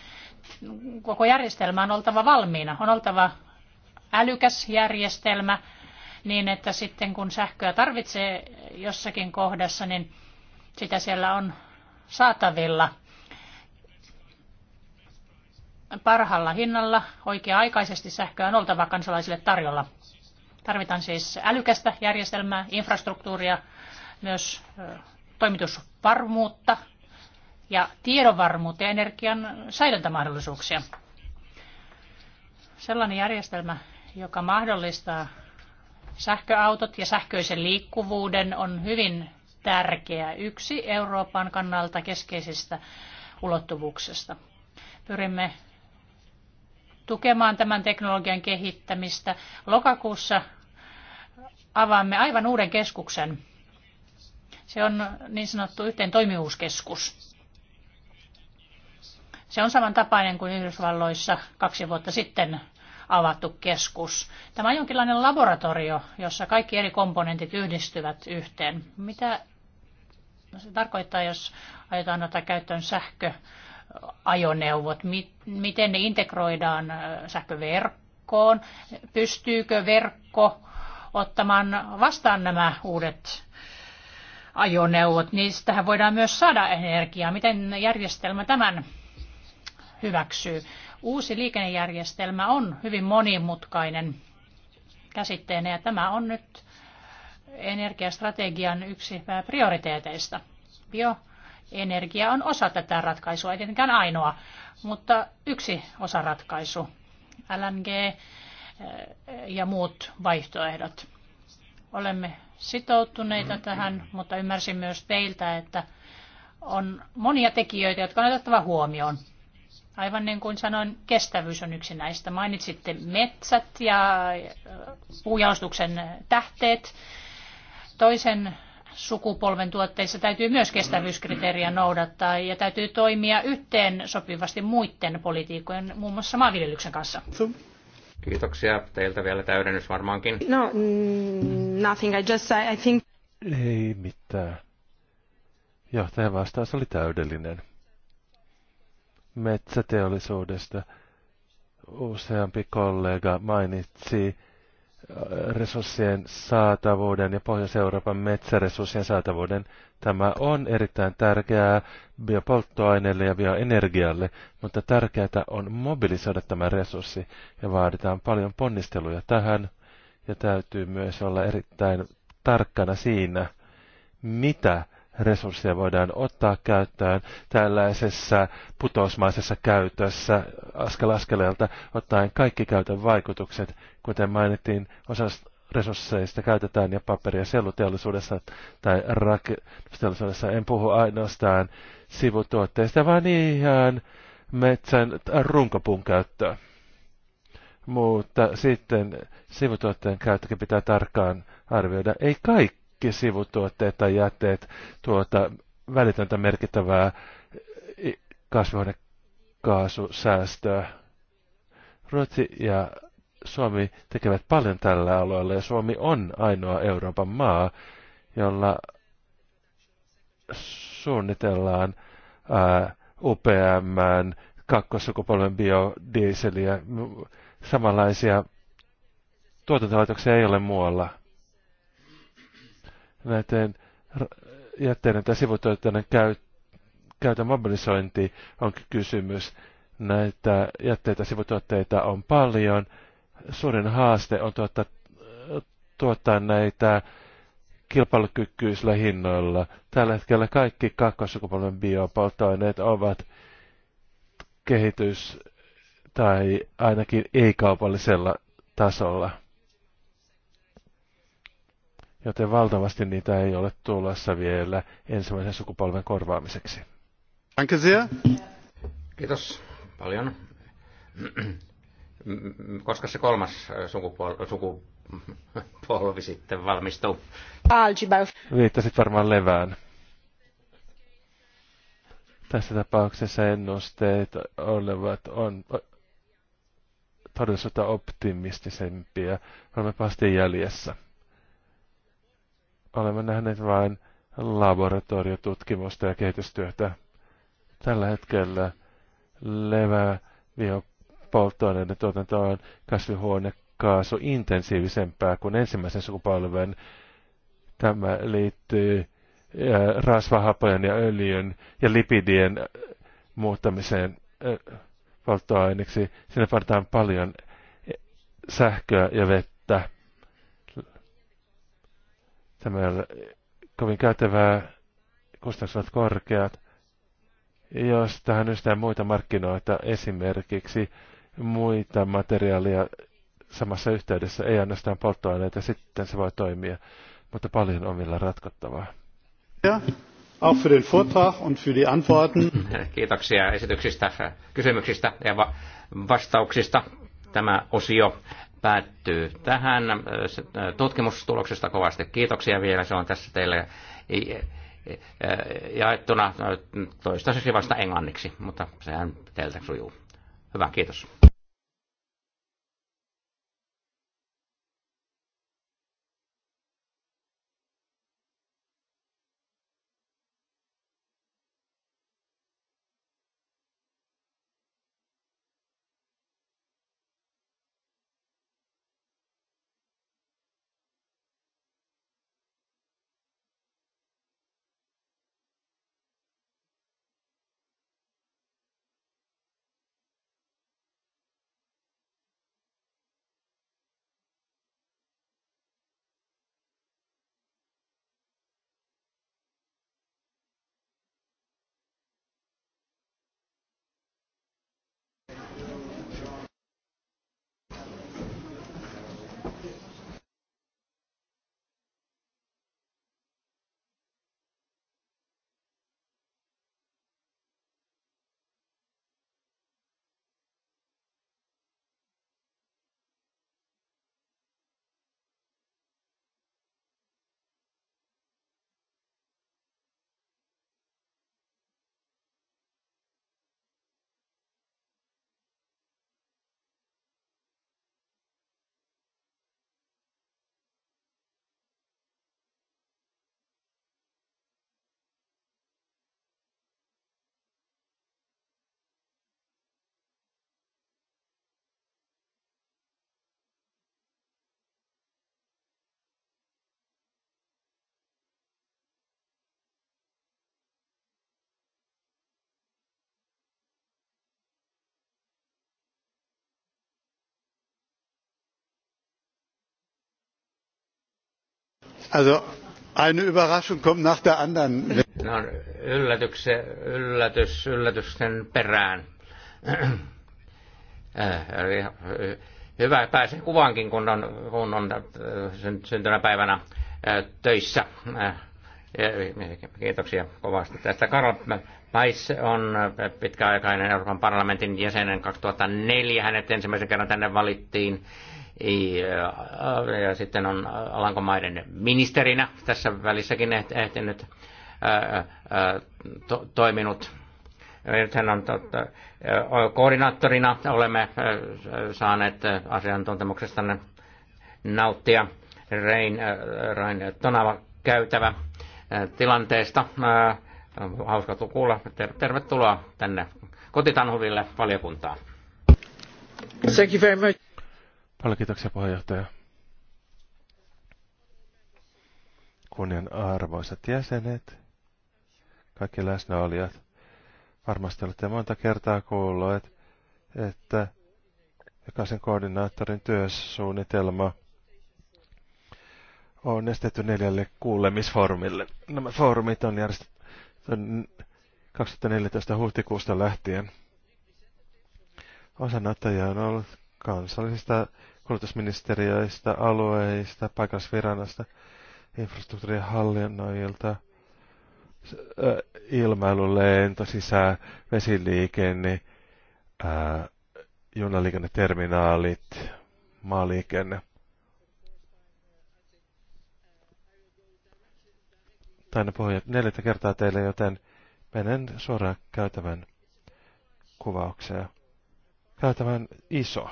koko järjestelmä on oltava valmiina. On oltava älykäs järjestelmä niin, että sitten kun sähköä tarvitsee jossakin kohdassa, niin sitä siellä on saatavilla parhaalla hinnalla oikea-aikaisesti sähköä on oltava kansalaisille tarjolla. Tarvitaan siis älykästä järjestelmää, infrastruktuuria, myös toimitusvarmuutta ja tiedonvarmuutta ja energian säilöntämahdollisuuksia. Sellainen järjestelmä, joka mahdollistaa sähköautot ja sähköisen liikkuvuuden, on hyvin tärkeä, yksi Euroopan kannalta keskeisistä ulottuvuuksista. Pyrimme tukemaan tämän teknologian kehittämistä. Lokakuussa avaamme aivan uuden keskuksen. Se on niin sanottu yhteen toimivuuskeskus. Se on samantapainen kuin Yhdysvalloissa kaksi vuotta sitten avattu keskus. Tämä on jonkinlainen laboratorio, jossa kaikki eri komponentit yhdistyvät yhteen. Mitä No, se tarkoittaa, jos aiotaan ottaa käyttöön sähköajoneuvot? Miten ne integroidaan äh, sähköverkkoon? Pystyykö verkko ottamaan vastaan nämä uudet ajoneuvot? Niin tähän voidaan myös saada energiaa. Miten järjestelmä tämän hyväksyy? Uusi liikennejärjestelmä on hyvin monimutkainen käsitteenä ja tämä on nyt energiastrategian yksi pääprioriteeteista. Bioenergia on osa tätä ratkaisua, ei tietenkään ainoa, mutta yksi osa ratkaisu. LNG eh, ja muut vaihtoehdot. Olemme sitoutuneita tähän, mutta ymmärsin myös teiltä, että on monia tekijöitä, jotka on otettava huomioon. Aivan niin kuin sanoin, kestävyys on yksi näistä. Mainitsitte metsät ja eh, puujaustuksen tähteet toisen sukupolven tuotteissa täytyy myös kestävyyskriteeriä noudattaa ja täytyy toimia yhteen sopivasti muiden politiikkojen, muun muassa maanviljelyksen kanssa. Kiitoksia. Teiltä vielä täydennys varmaankin. No, mm, nothing. I just, say, I think... Ei mitään. Johtajan vastaus oli täydellinen. Metsäteollisuudesta useampi kollega mainitsi resurssien saatavuuden ja Pohjois-Euroopan metsäresurssien saatavuuden. Tämä on erittäin tärkeää biopolttoaineelle ja bioenergialle, mutta tärkeää on mobilisoida tämä resurssi ja vaaditaan paljon ponnisteluja tähän ja täytyy myös olla erittäin tarkkana siinä, mitä resursseja voidaan ottaa käyttöön tällaisessa putousmaisessa käytössä askel askeleelta ottaen kaikki käytön vaikutukset. Kuten mainittiin, osa resursseista käytetään ja paperia selluteollisuudessa tai rakennusteollisuudessa. En puhu ainoastaan sivutuotteista, vaan ihan metsän runkopuun käyttöä. Mutta sitten sivutuotteen käyttökin pitää tarkkaan arvioida. Ei kaikki sivutuotteet tai jätteet tuota välitöntä merkittävää kasvihuonekaasusäästöä. Ruotsi ja Suomi tekevät paljon tällä alueella ja Suomi on ainoa Euroopan maa, jolla suunnitellaan ää, UPM kakkosukupolven biodieseliä. Samanlaisia tuotantolaitoksia ei ole muualla näiden jätteiden tai sivutuotteiden käyt, käytön mobilisointi on kysymys. Näitä jätteitä sivutuotteita on paljon. Suurin haaste on tuottaa, tuottaa näitä kilpailukykyisillä hinnoilla. Tällä hetkellä kaikki kakkosukupolven biopolttoaineet ovat kehitys- tai ainakin ei-kaupallisella tasolla joten valtavasti niitä ei ole tulossa vielä ensimmäisen sukupolven korvaamiseksi. Danke sehr. Kiitos paljon. Koska se kolmas sukupol- sukupolvi sitten valmistuu? Viittasit varmaan levään. Tässä tapauksessa ennusteet olevat on todellisuutta optimistisempia. Olemme pasti jäljessä olemme nähneet vain laboratoriotutkimusta ja kehitystyötä. Tällä hetkellä levää biopolttoaineiden tuotanto on kasvihuonekaasu intensiivisempää kuin ensimmäisen sukupolven. Tämä liittyy äh, rasvahapojen ja öljyn ja lipidien äh, muuttamiseen äh, polttoaineeksi. Sinne vaaditaan paljon sähköä ja vettä. Tämä kovin kätevää, kustannukset korkeat. Jos tähän ystään muita markkinoita, esimerkiksi muita materiaaleja samassa yhteydessä, ei ainoastaan polttoaineita, sitten se voi toimia, mutta paljon on vielä ratkottavaa. Ja, auch für den Vortrag und für die Antworten. (laughs) Kiitoksia esityksistä, kysymyksistä ja va- vastauksista. Tämä osio päättyy tähän tutkimustuloksesta kovasti. Kiitoksia vielä, se on tässä teille jaettuna toistaiseksi vasta englanniksi, mutta sehän teiltä sujuu. Hyvä, kiitos. Also eine Überraschung kommt nach der anderen. No, yllätys, yllätys, yllätysten perään. (clears throat) Äh, äh, hyvä pääsen kuvaankin, kun on, kun on äh, syntymäpäivänä töissä. Kiitoksia kovasti tästä. Karl Pais on pitkäaikainen Euroopan parlamentin jäsenen 2004. Hänet ensimmäisen kerran tänne valittiin Äh, ja sitten on Alankomaiden ministerinä tässä välissäkin ehtinyt äh, äh, to, toiminut. hän on totta, koordinaattorina olemme saaneet asiantuntemuksesta nauttia Rein, Rein Tonava käytävä tilanteesta. Hauska kuulla. Tervetuloa tänne kotitanhuville valiokuntaan. Thank you very much. Paljon kiitoksia puheenjohtaja. Kunnianarvoisat jäsenet, kaikki läsnäolijat, varmasti olette monta kertaa kuulleet, että jokaisen koordinaattorin työsuunnitelma on estetty neljälle kuulemisformille. Nämä foorumit on järjestetty 2014 huhtikuusta lähtien. Osanottaja on ollut kansallisista kulutusministeriöistä, alueista, paikallisviranasta, infrastruktuurien hallinnoijilta, ilmailu, lento, sisä, vesiliikenne, junaliikenneterminaalit, maaliikenne. Taina puhui neljättä kertaa teille, joten menen suoraan käytävän kuvaukseen. Käytävän iso.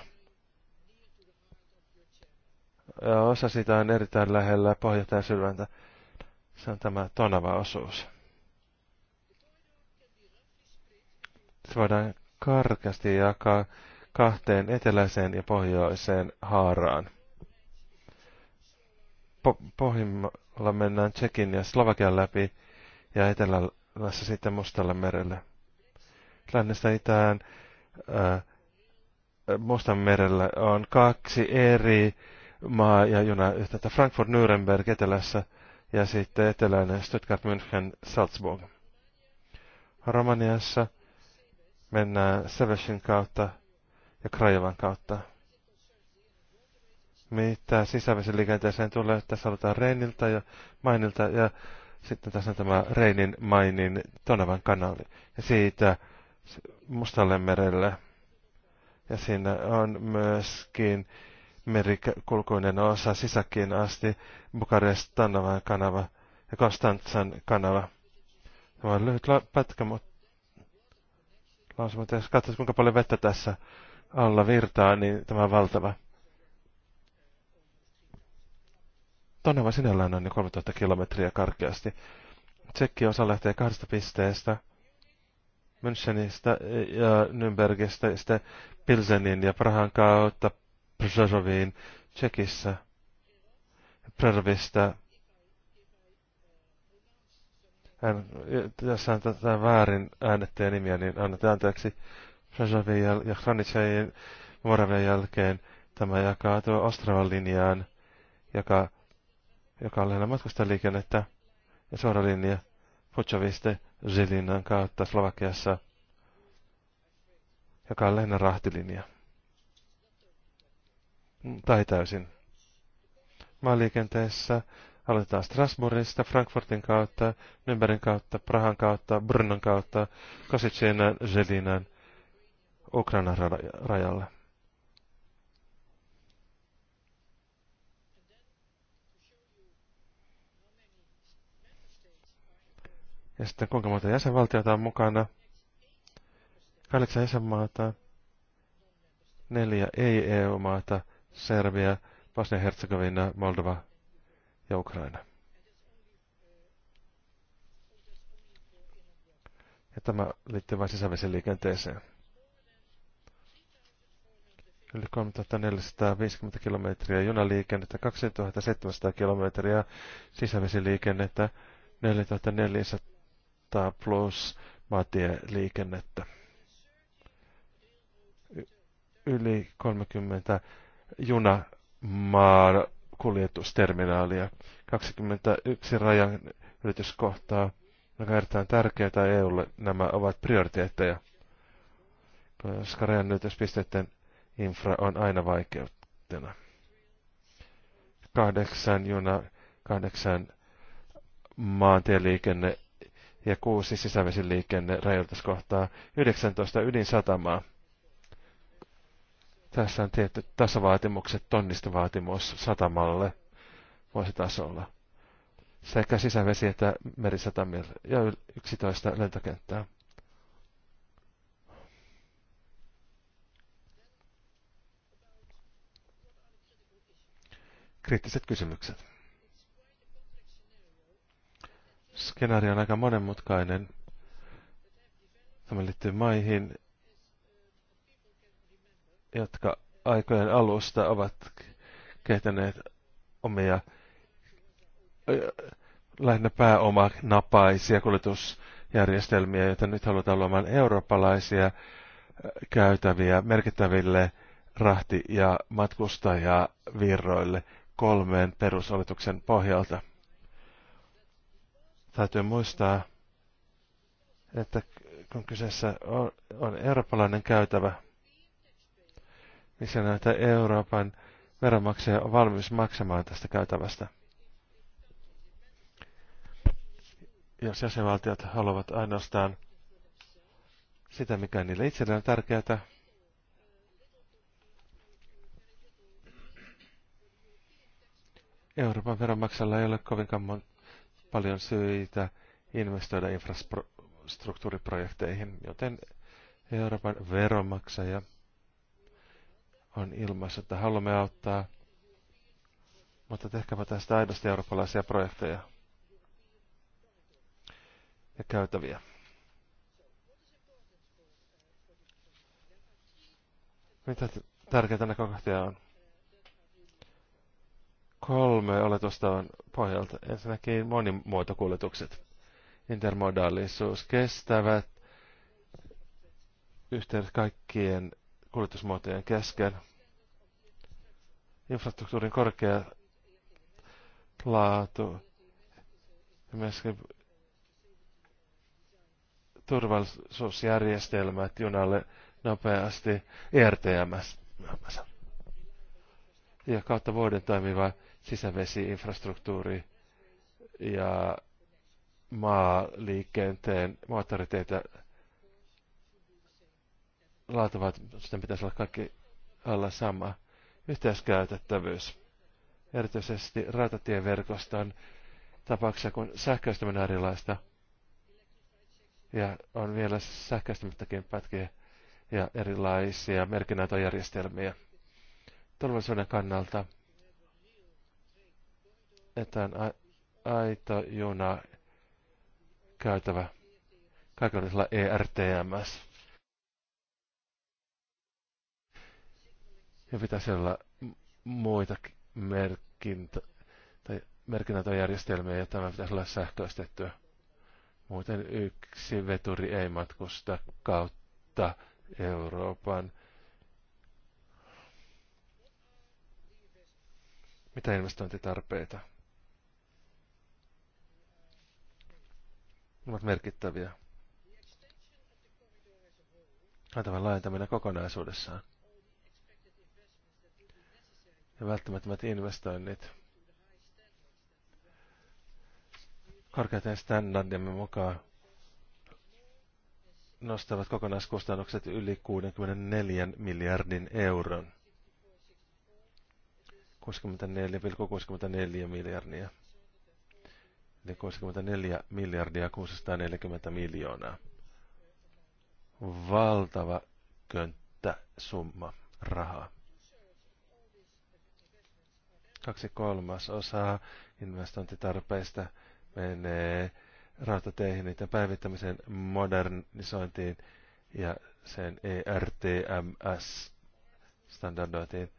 Ja osa sitä on erittäin lähellä pohjata ja sydäntä. Se on tämä Tonava-osuus. Se voidaan karkeasti jakaa kahteen eteläiseen ja pohjoiseen haaraan. Po pohjimmalla mennään Tsekin ja Slovakian läpi ja etelässä sitten Mustalle merelle. Lännestä itään äh, Mustan merellä on kaksi eri maa- ja junayhteyttä Frankfurt-Nürnberg etelässä ja sitten eteläinen Stuttgart-München-Salzburg. Romaniassa mennään Sevesin kautta ja Krajovan kautta. Mitä liikenteeseen tulee, tässä aloitetaan Reiniltä ja Mainilta ja sitten tässä on tämä Reinin Mainin Tonavan kanali. Ja siitä Mustalle merelle. Ja siinä on myöskin merikulkuinen osa sisäkin asti Bukarest Tanavan kanava ja Konstantsan kanava. Tämä on lyhyt pätkä, mutta jos katsot kuinka paljon vettä tässä alla virtaa, niin tämä on valtava. Tonava sinällään on niin 3000 kilometriä karkeasti. Tsekki osa lähtee kahdesta pisteestä, Münchenistä ja Nürnbergistä, ja sitten Pilsenin ja Prahan kautta Przozoviin Tsekissä. Prervistä. Hän, tässä on tätä väärin äänettäjä nimiä, niin annetaan anteeksi Prozovin ja Hranitsajan Moravian jälkeen. Tämä jakaa tuo Ostravan linjaan, joka, joka on lähellä matkustajaliikennettä ja suora linja Puchoviste Zilinan kautta Slovakiassa, joka on lähinnä rahtilinja tai täysin. Maaliikenteessä aloitetaan Strasbourgista, Frankfurtin kautta, Nürnbergin kautta, Prahan kautta, Brunnon kautta, Kositsinan, Zelinän, Ukrainan rajalle. Ja sitten kuinka monta jäsenvaltiota on mukana? Kahdeksan jäsenmaata, neljä ei-EU-maata, Serbia, Bosnia-Herzegovina, Moldova ja Ukraina. Ja tämä liittyy vain liikenteeseen. Yli 3450 kilometriä junaliikennettä, 2700 kilometriä sisävesiliikennettä, 4400 plus maatieliikennettä. Y- yli 30 junamaan kuljetusterminaalia. 21 rajan ylityskohtaa, joka erittäin tärkeää EUlle, nämä ovat prioriteetteja, koska ylityspisteiden infra on aina vaikeutena. Kahdeksan juna, kahdeksan maantieliikenne ja kuusi sisävesiliikenne rajoituskohtaa, 19 ydinsatamaa. Tässä on tietty tasavaatimukset, tonnistovaatimus satamalle voisi tasolla. Sekä sisävesi- että merisatamilla ja 11 lentokenttää. kriittiset kysymykset. Skenaario on aika monenmutkainen. Tämä liittyy maihin, jotka aikojen alusta ovat kehittäneet omia lähinnä pääomanapaisia kuljetusjärjestelmiä, joita nyt halutaan luomaan eurooppalaisia käytäviä merkittäville rahti- ja matkustajavirroille kolmeen perusoletuksen pohjalta. Täytyy muistaa, että kun kyseessä on, on eurooppalainen käytävä, missä niin näitä Euroopan veronmaksaja on valmis maksamaan tästä käytävästä. Jos jäsenvaltiot haluavat ainoastaan sitä, mikä niille itselleen on tärkeää, Euroopan veronmaksajalla ei ole kovinkaan paljon syitä investoida infrastruktuuriprojekteihin, joten Euroopan veronmaksaja – on ilmassa, että haluamme auttaa, mutta tehkäpä tästä aidosti eurooppalaisia projekteja ja käytäviä. Mitä tärkeitä näkökohtia on? Kolme oletusta on pohjalta. Ensinnäkin monimuotokuljetukset, intermodaalisuus, kestävät yhteydet kaikkien kuljetusmuotojen kesken. Infrastruktuurin korkea laatu ja myöskin turvallisuusjärjestelmät junalle nopeasti ERTMS. Ja kautta vuoden toimiva sisävesiinfrastruktuuri ja maaliikenteen moottoriteitä sitten pitäisi olla kaikki alla sama. Yhteiskäytettävyys, erityisesti rautatieverkoston tapauksessa, kun sähköistäminen on erilaista. Ja on vielä sähköistämättäkin pätkiä ja erilaisia merkinnäytöjärjestelmiä. Turvallisuuden kannalta, että on aito juna käytävä kaikenlaisella ERTMS ja pitäisi olla muita merkintä, tai merkinnäntöjärjestelmiä ja tämä pitäisi olla sähköistettyä. Muuten yksi veturi ei matkusta kautta Euroopan. Mitä investointitarpeita? Ne ovat merkittäviä. Antavan laajentaminen kokonaisuudessaan ja välttämättömät investoinnit. Korkeiden standardimme mukaan nostavat kokonaiskustannukset yli 64 miljardin euron. 64,64 miljardia. Eli 64 miljardia 640 miljoonaa. Valtava könttä summa rahaa kaksi kolmasosaa investointitarpeista menee rautateihin, niiden päivittämiseen, modernisointiin ja sen ERTMS-standardointiin.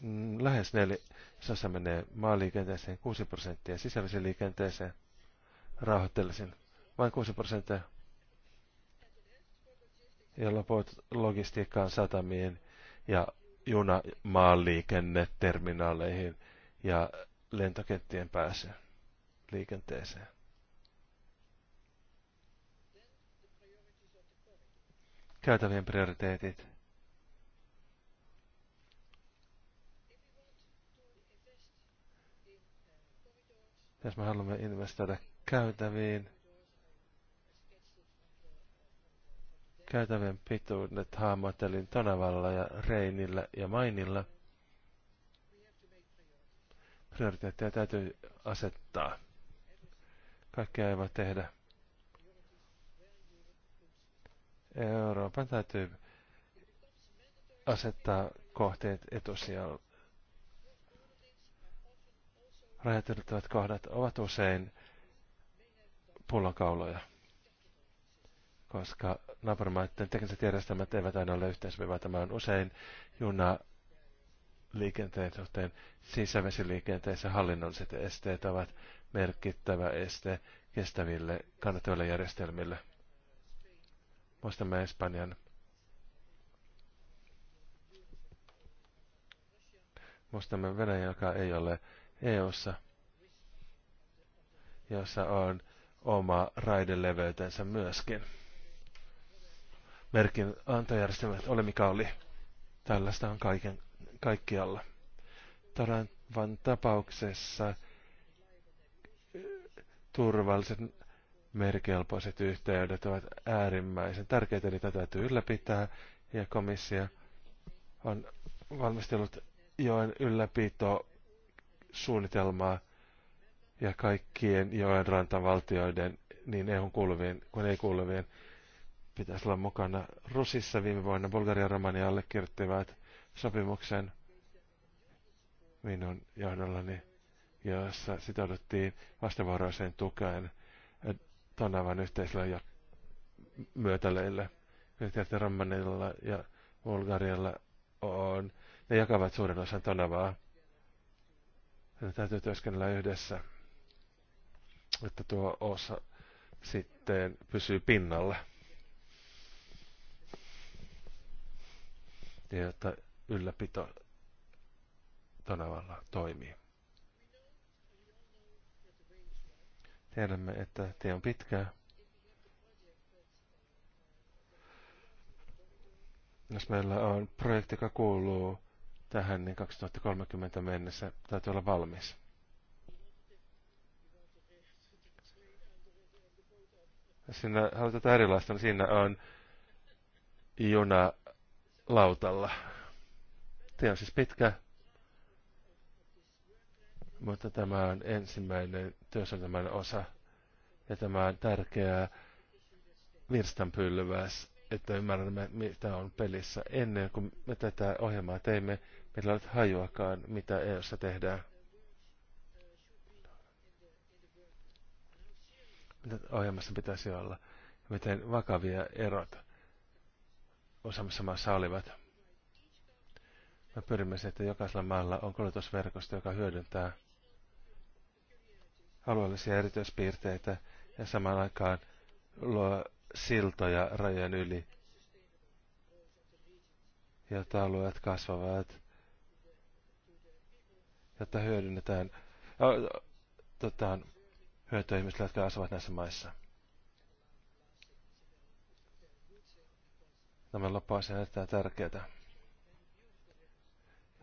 Mm, lähes neljäsosa menee maaliikenteeseen, 6 prosenttia sisävisen liikenteeseen. Rauhoittelisin vain 6 prosenttia. Ja loput logistiikkaan satamiin ja Juna terminaaleihin ja lentokenttien pääsyyn liikenteeseen. Käytävien prioriteetit. Jos me haluamme investoida käytäviin, Käytävien pituudet hahmotelin Tonavalla ja Reinillä ja Mainilla. Prioriteetteja täytyy asettaa. Kaikkea ei voi tehdä. Euroopan täytyy asettaa kohteet etusijalle. Rajat kohdat ovat usein pullonkauloja koska naapurimaiden tekniset järjestelmät eivät aina ole yhteensopivaa. Tämä on usein juna liikenteen suhteen sisävesiliikenteessä hallinnolliset esteet ovat merkittävä este kestäville kannattaville järjestelmille. Muistamme Espanjan Muistamme Venäjä, joka ei ole EU-ssa, jossa on oma raideleveytensä myöskin merkin antajärjestelmät ole mikä oli. Tällaista on kaiken, kaikkialla. Taranvan tapauksessa eh, turvalliset merkelpoiset yhteydet ovat äärimmäisen tärkeitä, eli tätä täytyy ylläpitää, ja komissio on valmistellut joen ylläpito suunnitelmaa ja kaikkien joen rantavaltioiden, niin eu kuuluvien kuin ei kuuluvien pitäisi olla mukana. Rusissa viime vuonna Bulgaria ja Romania allekirjoittivat sopimuksen minun johdollani, jossa sitouduttiin vastavuoroiseen tukeen Tonavan yhteisölle ja myötäleille. Yhteisten Romanilla ja Bulgarialla on, ne jakavat suuren osan Tonavaa. Ne täytyy työskennellä yhdessä, että tuo osa sitten pysyy pinnalla. niin että ylläpito tonavalla toimii. Tiedämme, että tie on pitkää. Jos meillä on projekti, joka kuuluu tähän, niin 2030 mennessä täytyy olla valmis. Siinä halutaan erilaista, niin siinä on juna lautalla. Tämä on siis pitkä, mutta tämä on ensimmäinen työsuunnitelman osa. Ja tämä on tärkeää virstanpylväs, että ymmärrämme, mitä on pelissä. Ennen kuin me tätä ohjelmaa teimme, meillä ei hajuakaan, mitä EUssa tehdään. Mitä ohjelmassa pitäisi olla? Miten vakavia erot useammassa maassa olivat. Me pyrimme siihen, että jokaisella maalla on koulutusverkosto, joka hyödyntää alueellisia erityispiirteitä ja samaan aikaan luo siltoja rajojen yli, jotta alueet kasvavat, jotta hyödynnetään, tota, hyötyä ihmisille, jotka asuvat näissä maissa. Nämä loppuasia näyttää tärkeää. Täällä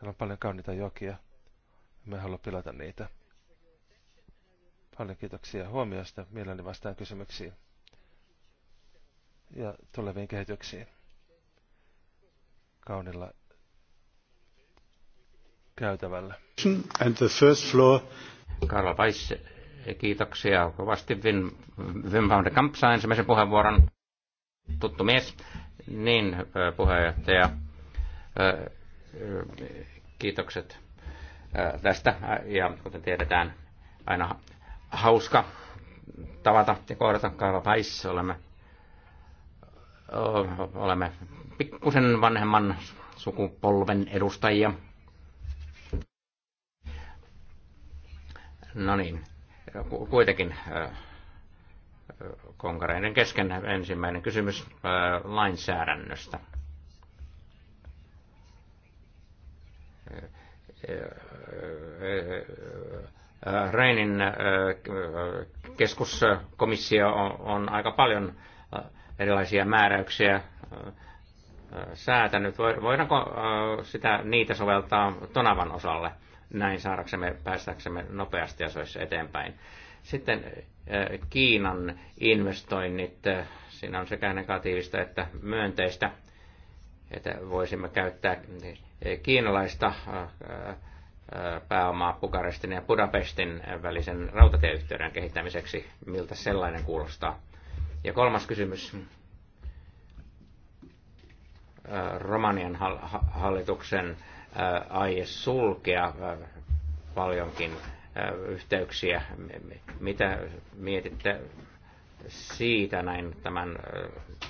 on paljon kauniita jokia. Me haluamme pilata niitä. Paljon kiitoksia huomiosta. Mielelläni vastaan kysymyksiin ja tuleviin kehityksiin. Kaunilla käytävällä. And the first floor. Karla Weiss, kiitoksia kovasti Wim, Wim van de ensimmäisen puheenvuoron. Tuttu mies. Niin, puheenjohtaja. Kiitokset tästä. Ja kuten tiedetään, aina hauska tavata ja kohdata Kaiva Päissä. Olemme, olemme pikkusen vanhemman sukupolven edustajia. No niin, kuitenkin konkareiden kesken ensimmäinen kysymys lainsäädännöstä. Reinin keskuskomissio on aika paljon erilaisia määräyksiä säätänyt. Voidaanko sitä, niitä soveltaa Tonavan osalle näin saadaksemme, päästäksemme nopeasti asioissa eteenpäin? Sitten eh, Kiinan investoinnit, eh, siinä on sekä negatiivista että myönteistä, että voisimme käyttää eh, kiinalaista pääomaa Bukarestin ja Budapestin välisen rautatieyhteyden kehittämiseksi. Miltä sellainen kuulostaa? Ja kolmas kysymys. Romanian hallituksen aie sulkea paljonkin yhteyksiä. Mitä mietitte siitä näin tämän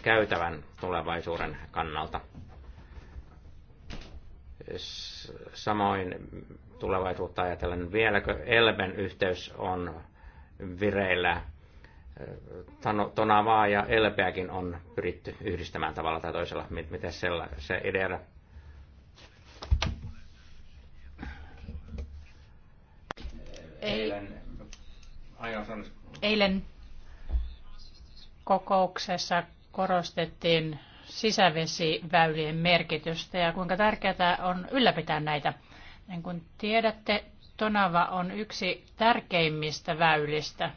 käytävän tulevaisuuden kannalta? Samoin tulevaisuutta ajatellen, vieläkö Elben yhteys on vireillä? Tonavaa ja Elpeäkin on pyritty yhdistämään tavalla tai toisella. Miten se idea Eilen, eilen kokouksessa korostettiin sisävesiväylien merkitystä ja kuinka tärkeää on ylläpitää näitä. Niin kuin tiedätte, Tonava on yksi tärkeimmistä väylistä.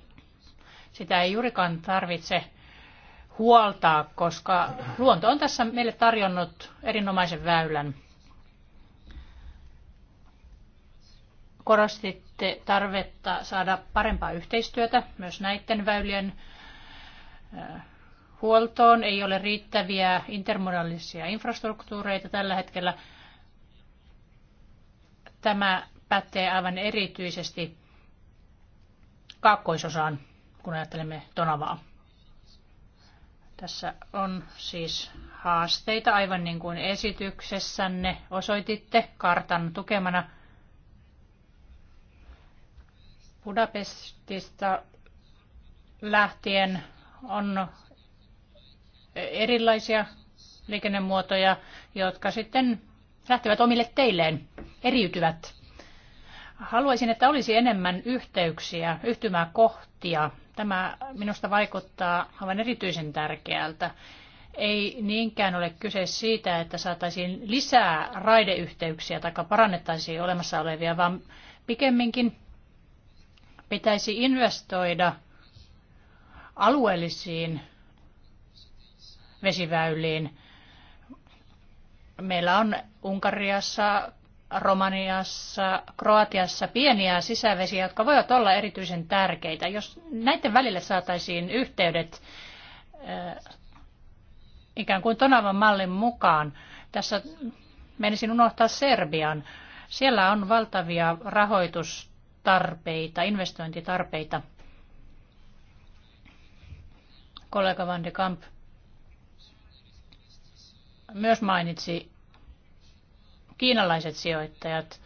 Sitä ei juurikaan tarvitse huoltaa, koska luonto on tässä meille tarjonnut erinomaisen väylän – korostitte tarvetta saada parempaa yhteistyötä myös näiden väylien huoltoon. Ei ole riittäviä intermodaalisia infrastruktuureita tällä hetkellä. Tämä pätee aivan erityisesti kaakkoisosaan, kun ajattelemme Tonavaa. Tässä on siis haasteita, aivan niin kuin esityksessänne osoititte kartan tukemana – Budapestista lähtien on erilaisia liikennemuotoja, jotka sitten lähtevät omille teilleen, eriytyvät. Haluaisin, että olisi enemmän yhteyksiä, yhtymäkohtia. Tämä minusta vaikuttaa aivan erityisen tärkeältä. Ei niinkään ole kyse siitä, että saataisiin lisää raideyhteyksiä tai parannettaisiin olemassa olevia, vaan pikemminkin Pitäisi investoida alueellisiin vesiväyliin. Meillä on Unkariassa, Romaniassa, Kroatiassa pieniä sisävesiä, jotka voivat olla erityisen tärkeitä. Jos näiden välille saataisiin yhteydet eh, ikään kuin Tonavan mallin mukaan, tässä menisin unohtaa Serbian. Siellä on valtavia rahoitus tarpeita, investointitarpeita. Kollega Van de Kamp myös mainitsi kiinalaiset sijoittajat.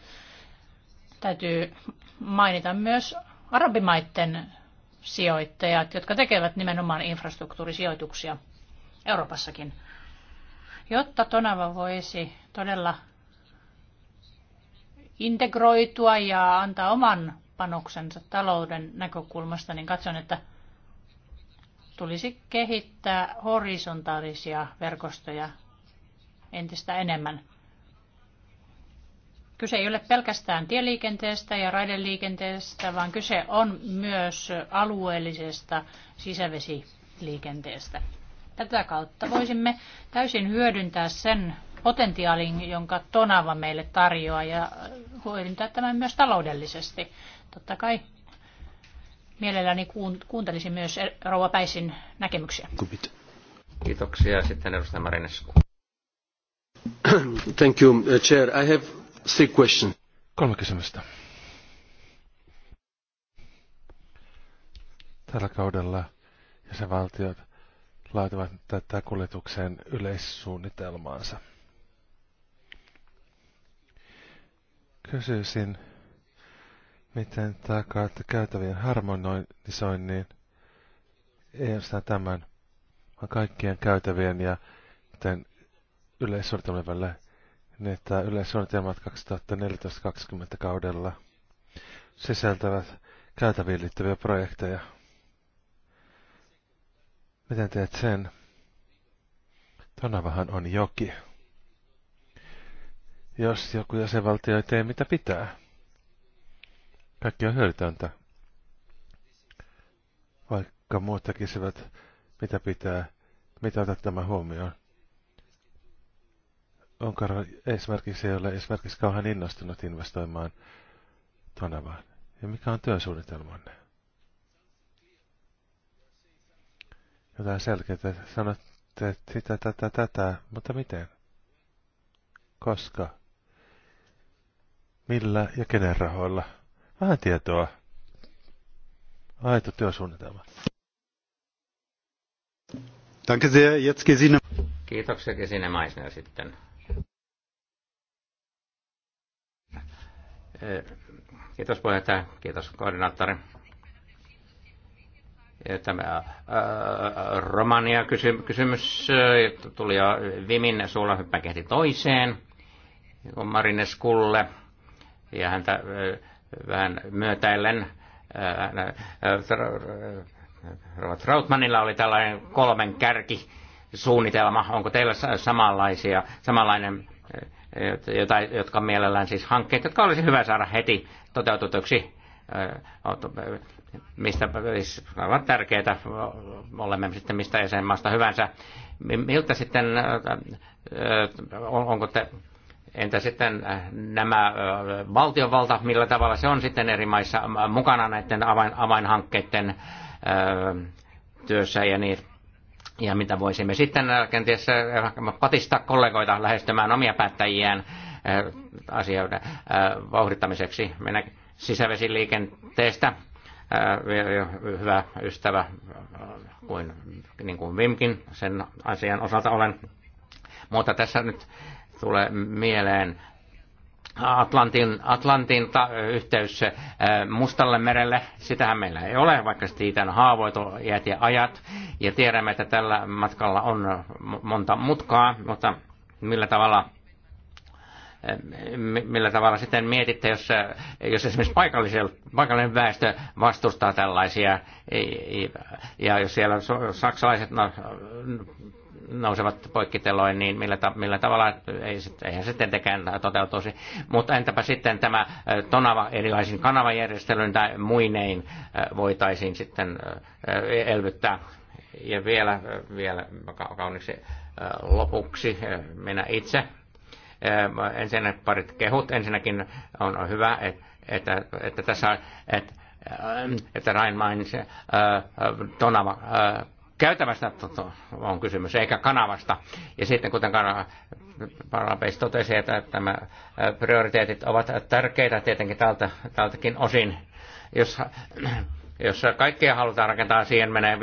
Täytyy mainita myös arabimaiden sijoittajat, jotka tekevät nimenomaan infrastruktuurisijoituksia Euroopassakin. Jotta Tonava voisi todella integroitua ja antaa oman panoksensa talouden näkökulmasta, niin katson, että tulisi kehittää horisontaalisia verkostoja entistä enemmän. Kyse ei ole pelkästään tieliikenteestä ja raideliikenteestä, vaan kyse on myös alueellisesta sisävesiliikenteestä. Tätä kautta voisimme täysin hyödyntää sen potentiaalin, jonka Tonava meille tarjoaa ja hyödyntää tämän myös taloudellisesti. Totta kai mielelläni kuuntelisin myös Rouva Päisin näkemyksiä. Kiitoksia. Sitten edustaja Marinescu. (clears throat) Thank you, uh, Chair. I have three questions. Kolme kysymystä. Tällä kaudella jäsenvaltiot laativat tätä kuljetukseen yleissuunnitelmaansa. Kysyisin, miten takaa käytävien harmonisoinnin, ei ainoastaan tämän, vaan kaikkien käytävien ja tämän yleissuunnitelman välillä, niin että yleissuunnitelmat 2014-2020 kaudella sisältävät käytäviin liittyviä projekteja. Miten teet sen? Tonavahan on joki jos joku jäsenvaltio ei tee mitä pitää. Kaikki on hyödytöntä. Vaikka muut tekisivät mitä pitää, mitä otat tämä huomioon. Onkaro esimerkiksi ei ole esimerkiksi kauhean innostunut investoimaan Tonavaan. Ja mikä on työsuunnitelmanne? Jotain selkeää. Sanotte sitä, tätä, tätä, mutta miten? Koska? Millä ja kenen rahoilla? Vähän tietoa. Aito työsuunnitelma. Danke sehr, jetzt Gesine. Kiitoksia Gesine Meisner sitten. Eh, kiitos puheenjohtaja, kiitos koordinaattori. Eh, tämä ää, eh, Romania kysymys, kysymys tuli jo Vimin suulla hyppäkehti toiseen. Marines Kulle ja häntä vähän myötäillen Robert Trautmanilla oli tällainen kolmen kärki suunnitelma. Onko teillä samanlaisia, samanlainen jotain, jotka mielellään siis hankkeet, jotka olisi hyvä saada heti toteutetuksi, mistä siis ovat tärkeitä, olemme sitten mistä jäsenmaasta hyvänsä. Miltä sitten, onko te, Entä sitten äh, nämä äh, valtiovalta, millä tavalla se on sitten eri maissa äh, mukana näiden avain, avainhankkeiden työssä ja niin ja mitä voisimme sitten kenties patistaa kollegoita lähestymään omia päättäjiään asioiden vauhdittamiseksi. Minä sisävesiliikenteestä hyvä ystävä kuin, niin kuin Vimkin sen asian osalta olen. Mutta tässä nyt tulee mieleen Atlantin, Atlantin ta, yhteys äh, Mustalle merelle, sitähän meillä ei ole, vaikka siitä on haavoitu ja ajat. Ja tiedämme, että tällä matkalla on monta mutkaa, mutta millä tavalla äh, millä tavalla sitten mietitte, jos, äh, jos esimerkiksi paikallinen väestö vastustaa tällaisia, ja jos siellä saksalaiset no, nousevat poikkiteloin, niin millä, ta- millä tavalla, ei sit, eihän se tietenkään toteutuisi. Mutta entäpä sitten tämä tonava erilaisin kanavajärjestelyyn tai muinein voitaisiin sitten elvyttää. Ja vielä, vielä kauniksi lopuksi minä itse ensin parit kehut. Ensinnäkin on hyvä, että, että, että tässä että, että Rhein-Main tonava käytävästä on kysymys, eikä kanavasta. Ja sitten kuten Parabeis totesi, että tämä prioriteetit ovat tärkeitä tietenkin tältä, tältäkin osin. Jos jos kaikkea halutaan rakentaa, siihen menee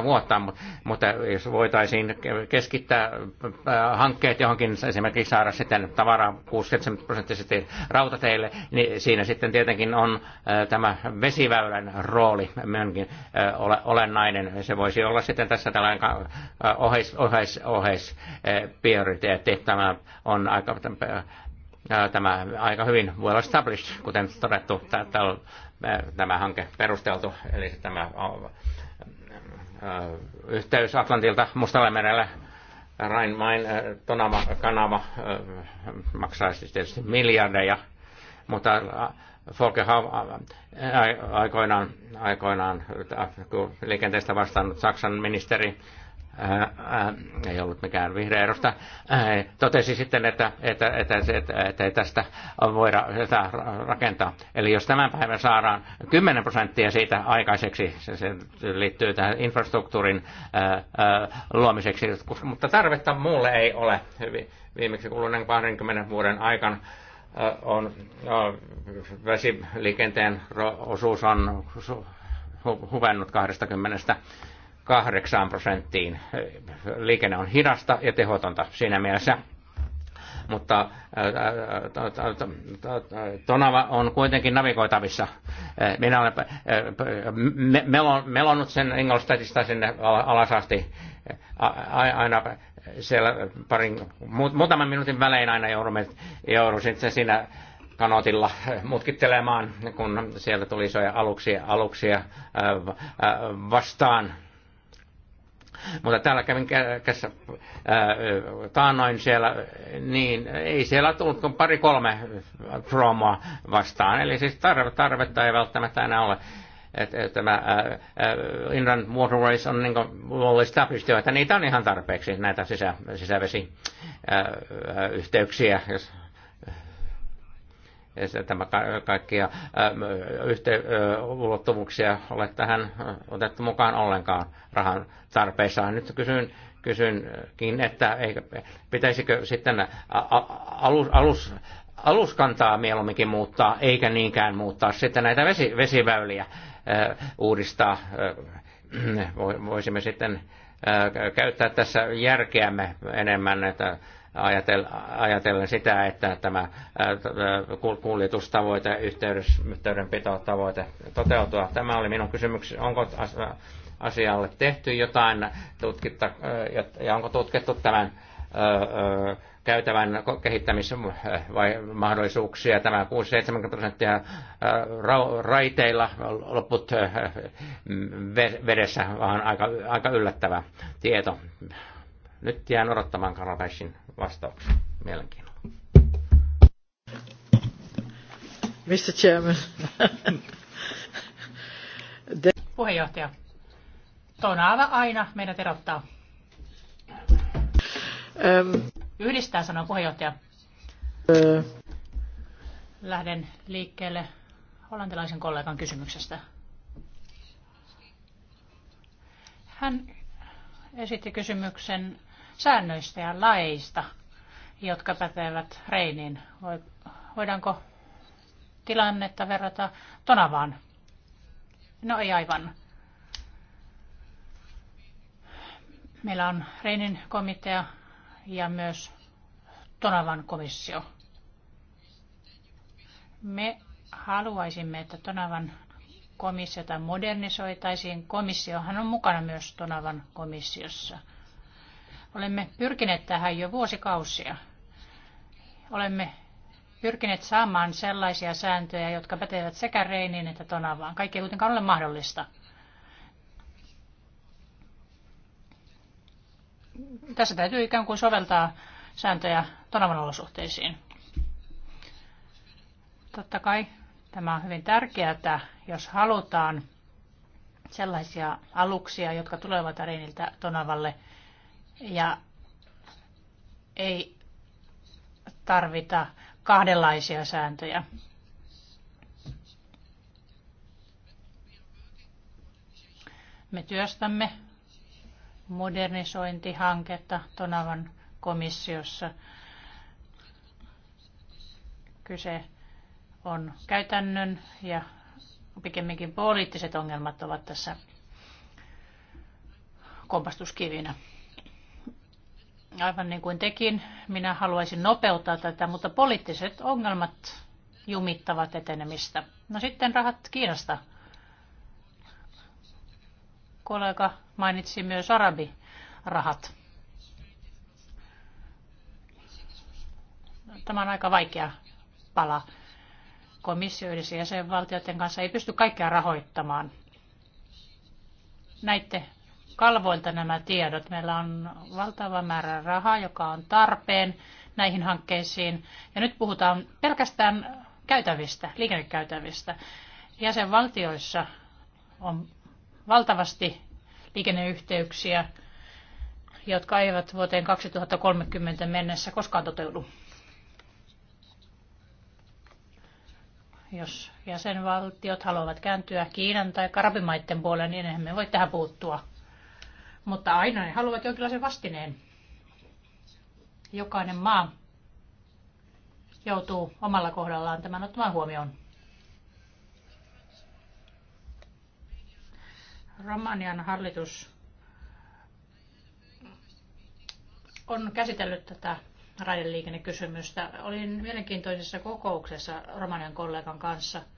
5-60 vuotta, mutta jos voitaisiin keskittää äh, hankkeet johonkin, esimerkiksi saada sitten tavaraa 60 prosenttisesti rautateille, niin siinä sitten tietenkin on äh, tämä vesiväylän rooli myönkin äh, olennainen. Se voisi olla sitten tässä tällainen oheis, oheis, oheis prioriteetti. Tämä on aika tämä aika hyvin well established, kuten todettu tällä Äh, tämä hanke perusteltu, eli tämä äh, äh, yhteys Atlantilta Mustalle merelle Rhein Main Tonama kanava maksaisi siis tietysti miljardeja, mutta Folkehav aikoinaan, aikoinaan liikenteestä vastannut Saksan ministeri ää, ei ollut mikään vihreä edusta, ää, totesi sitten, että, että, että, että, että ei tästä voida sitä rakentaa. Eli jos tämän päivän saadaan 10 prosenttia siitä aikaiseksi, se, se liittyy tähän infrastruktuurin ää, ää, luomiseksi, mutta tarvetta muulle ei ole. Viimeksi kuluneen 20 vuoden aikana on ää, vesiliikenteen osuus on huvennut 20 8 prosenttiin. Liikenne on hidasta ja tehotonta siinä mielessä mutta äh, äh, äh, Tonava on kuitenkin navigoitavissa. Minä olen melonnut sen Ingolstadtista sinne alas asti aina siellä parin, muutaman minuutin välein aina joudumme, joudun sitten siinä kanotilla mutkittelemaan, kun sieltä tuli isoja aluksia, aluksia vastaan mutta täällä kävin kässä taannoin siellä, niin ei siellä tullut kuin pari kolme promoa vastaan. Eli siis tarve, tarvetta ei välttämättä enää ole että tämä uh, Inland Waterways on niin well established, että niitä on ihan tarpeeksi, näitä sisä, sisävesiyhteyksiä, jos tämä kaikkia ähm, yhteenulottuvuuksia ole tähän otettu mukaan ollenkaan rahan tarpeissaan. Nyt kysyn, kysynkin, että eikö, pitäisikö sitten alus, alus, aluskantaa mieluumminkin muuttaa, eikä niinkään muuttaa sitten näitä vesi, vesiväyliä uudistaa. Voisimme sitten käyttää tässä järkeämme enemmän, että ajatellen sitä, että tämä kuljetustavoite, yhteydenpitotavoite toteutua. Tämä oli minun kysymykseni. Onko asialle tehty jotain tutkitta, ja onko tutkittu tämän käytävän kehittämismahdollisuuksia. Tämä 6-70 prosenttia raiteilla, loput vedessä, vaan aika, aika yllättävä tieto nyt jään odottamaan Karabashin vastauksia mielenkiinnolla. Mr. Chairman. (laughs) Puheenjohtaja. Tonava aina meidät erottaa. Um, Yhdistää, sanoo puheenjohtaja. Uh, Lähden liikkeelle hollantilaisen kollegan kysymyksestä. Hän esitti kysymyksen säännöistä ja laeista, jotka pätevät Reiniin? Voidaanko tilannetta verrata Tonavaan? No ei aivan. Meillä on Reinin komitea ja myös Tonavan komissio. Me haluaisimme, että Tonavan komissiota modernisoitaisiin. Komissiohan on mukana myös Tonavan komissiossa. Olemme pyrkineet tähän jo vuosikausia. Olemme pyrkineet saamaan sellaisia sääntöjä, jotka pätevät sekä Reiniin että Tonavaan. Kaikki ei kuitenkaan ole mahdollista. Tässä täytyy ikään kuin soveltaa sääntöjä Tonavan olosuhteisiin. Totta kai tämä on hyvin tärkeää, jos halutaan sellaisia aluksia, jotka tulevat Reiniltä Tonavalle – ja ei tarvita kahdenlaisia sääntöjä. Me työstämme modernisointihanketta Tonavan komissiossa. Kyse on käytännön ja pikemminkin poliittiset ongelmat ovat tässä kompastuskivinä. Aivan niin kuin tekin, minä haluaisin nopeuttaa tätä, mutta poliittiset ongelmat jumittavat etenemistä. No sitten rahat Kiinasta. Kollega mainitsi myös arabirahat. Tämä on aika vaikea pala. Komissio yhdessä jäsenvaltioiden kanssa ei pysty kaikkea rahoittamaan. Näitte kalvoilta nämä tiedot. Meillä on valtava määrä rahaa, joka on tarpeen näihin hankkeisiin. Ja nyt puhutaan pelkästään käytävistä, liikennekäytävistä. Jäsenvaltioissa on valtavasti liikenneyhteyksiä, jotka eivät vuoteen 2030 mennessä koskaan toteudu. Jos jäsenvaltiot haluavat kääntyä Kiinan tai Karabimaiden puoleen, niin emme me voi tähän puuttua mutta aina ne haluavat jonkinlaisen vastineen. Jokainen maa joutuu omalla kohdallaan tämän ottamaan huomioon. Romanian hallitus on käsitellyt tätä raideliikennekysymystä. Olin mielenkiintoisessa kokouksessa Romanian kollegan kanssa –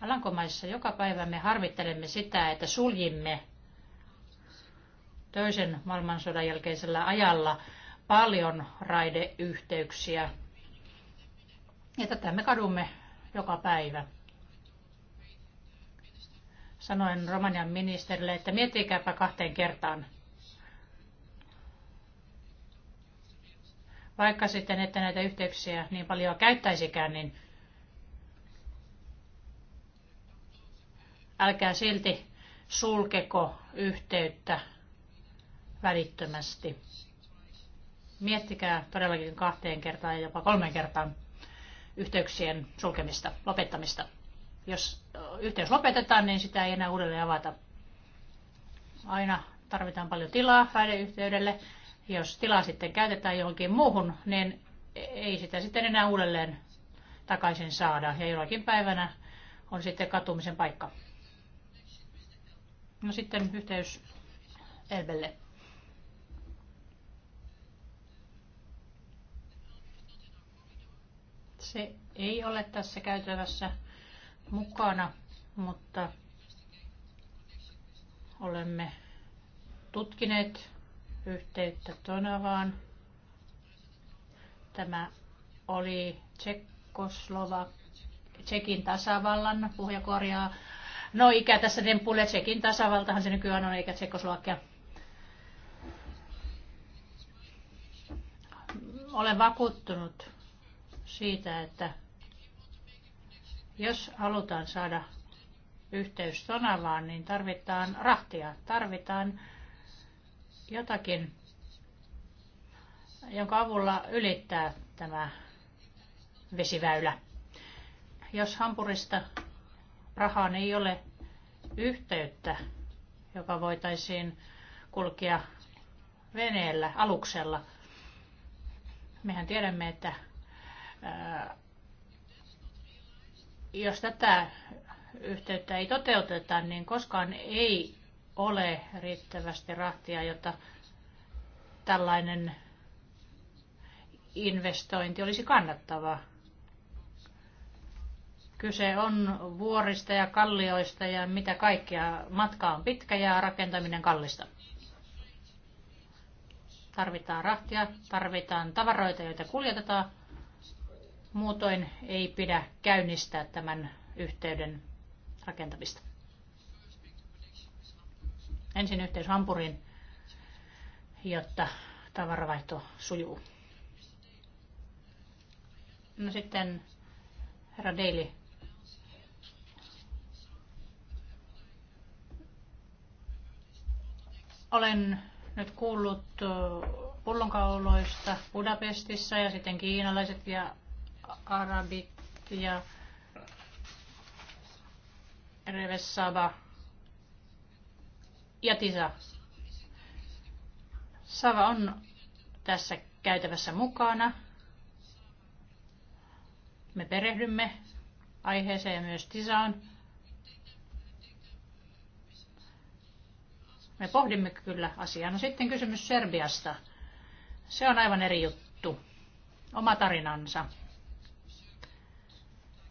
Alankomaissa joka päivä me harmittelemme sitä, että suljimme toisen maailmansodan jälkeisellä ajalla paljon raideyhteyksiä. Ja tätä me kadumme joka päivä. Sanoin Romanian ministerille, että miettikääpä kahteen kertaan. Vaikka sitten, että näitä yhteyksiä niin paljon käyttäisikään, niin älkää silti sulkeko yhteyttä välittömästi. Miettikää todellakin kahteen kertaan ja jopa kolmeen kertaan yhteyksien sulkemista, lopettamista. Jos yhteys lopetetaan, niin sitä ei enää uudelleen avata. Aina tarvitaan paljon tilaa raideyhteydelle. Jos tilaa sitten käytetään johonkin muuhun, niin ei sitä sitten enää uudelleen takaisin saada. Ja jollakin päivänä on sitten katumisen paikka. No sitten yhteys Elbelle. Se ei ole tässä käytävässä mukana, mutta olemme tutkineet yhteyttä Tonavaan. Tämä oli Tsekkoslovak Tsekin tasavallan puhujakorjaa No ikä tässä tempuille, Tsekin tasavaltahan se nykyään on, eikä Tsekoslovakia. Olen vakuuttunut siitä, että jos halutaan saada yhteys Tonavaan, niin tarvitaan rahtia, tarvitaan jotakin, jonka avulla ylittää tämä vesiväylä. Jos Hampurista rahaan ei ole yhteyttä, joka voitaisiin kulkea veneellä, aluksella. Mehän tiedämme, että jos tätä yhteyttä ei toteuteta, niin koskaan ei ole riittävästi rahtia, jotta tällainen investointi olisi kannattavaa. Kyse on vuorista ja kallioista ja mitä kaikkea. Matka on pitkä ja rakentaminen kallista. Tarvitaan rahtia, tarvitaan tavaroita, joita kuljetetaan. Muutoin ei pidä käynnistää tämän yhteyden rakentamista. Ensin yhteys Hampurin, jotta tavaravaihto sujuu. No sitten herra Daily Olen nyt kuullut pullonkauloista Budapestissa ja sitten kiinalaiset ja arabit ja Revesaba ja Tisa. Sava on tässä käytävässä mukana. Me perehdymme aiheeseen ja myös Tisaan. Me pohdimme kyllä asiaa. No sitten kysymys Serbiasta. Se on aivan eri juttu. Oma tarinansa.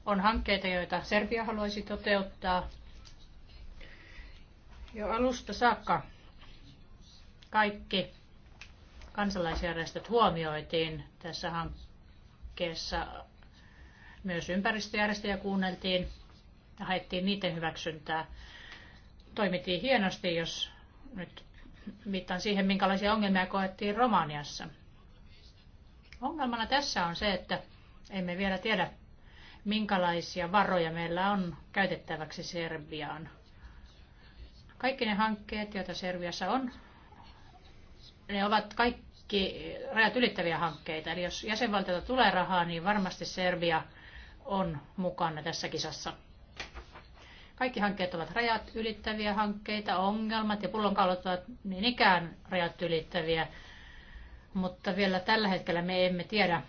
On hankkeita, joita Serbia haluaisi toteuttaa jo alusta saakka. Kaikki kansalaisjärjestöt huomioitiin tässä hankkeessa. Myös ympäristöjärjestöjä kuunneltiin ja haettiin niiden hyväksyntää. Toimittiin hienosti, jos nyt viittaan siihen, minkälaisia ongelmia koettiin Romaniassa. Ongelmana tässä on se, että emme vielä tiedä, minkälaisia varoja meillä on käytettäväksi Serbiaan. Kaikki ne hankkeet, joita Serbiassa on, ne ovat kaikki rajat ylittäviä hankkeita. Eli jos jäsenvaltiota tulee rahaa, niin varmasti Serbia on mukana tässä kisassa. Kaikki hankkeet ovat rajat ylittäviä hankkeita, ongelmat ja pullonkaulat ovat niin ikään rajat ylittäviä, mutta vielä tällä hetkellä me emme tiedä,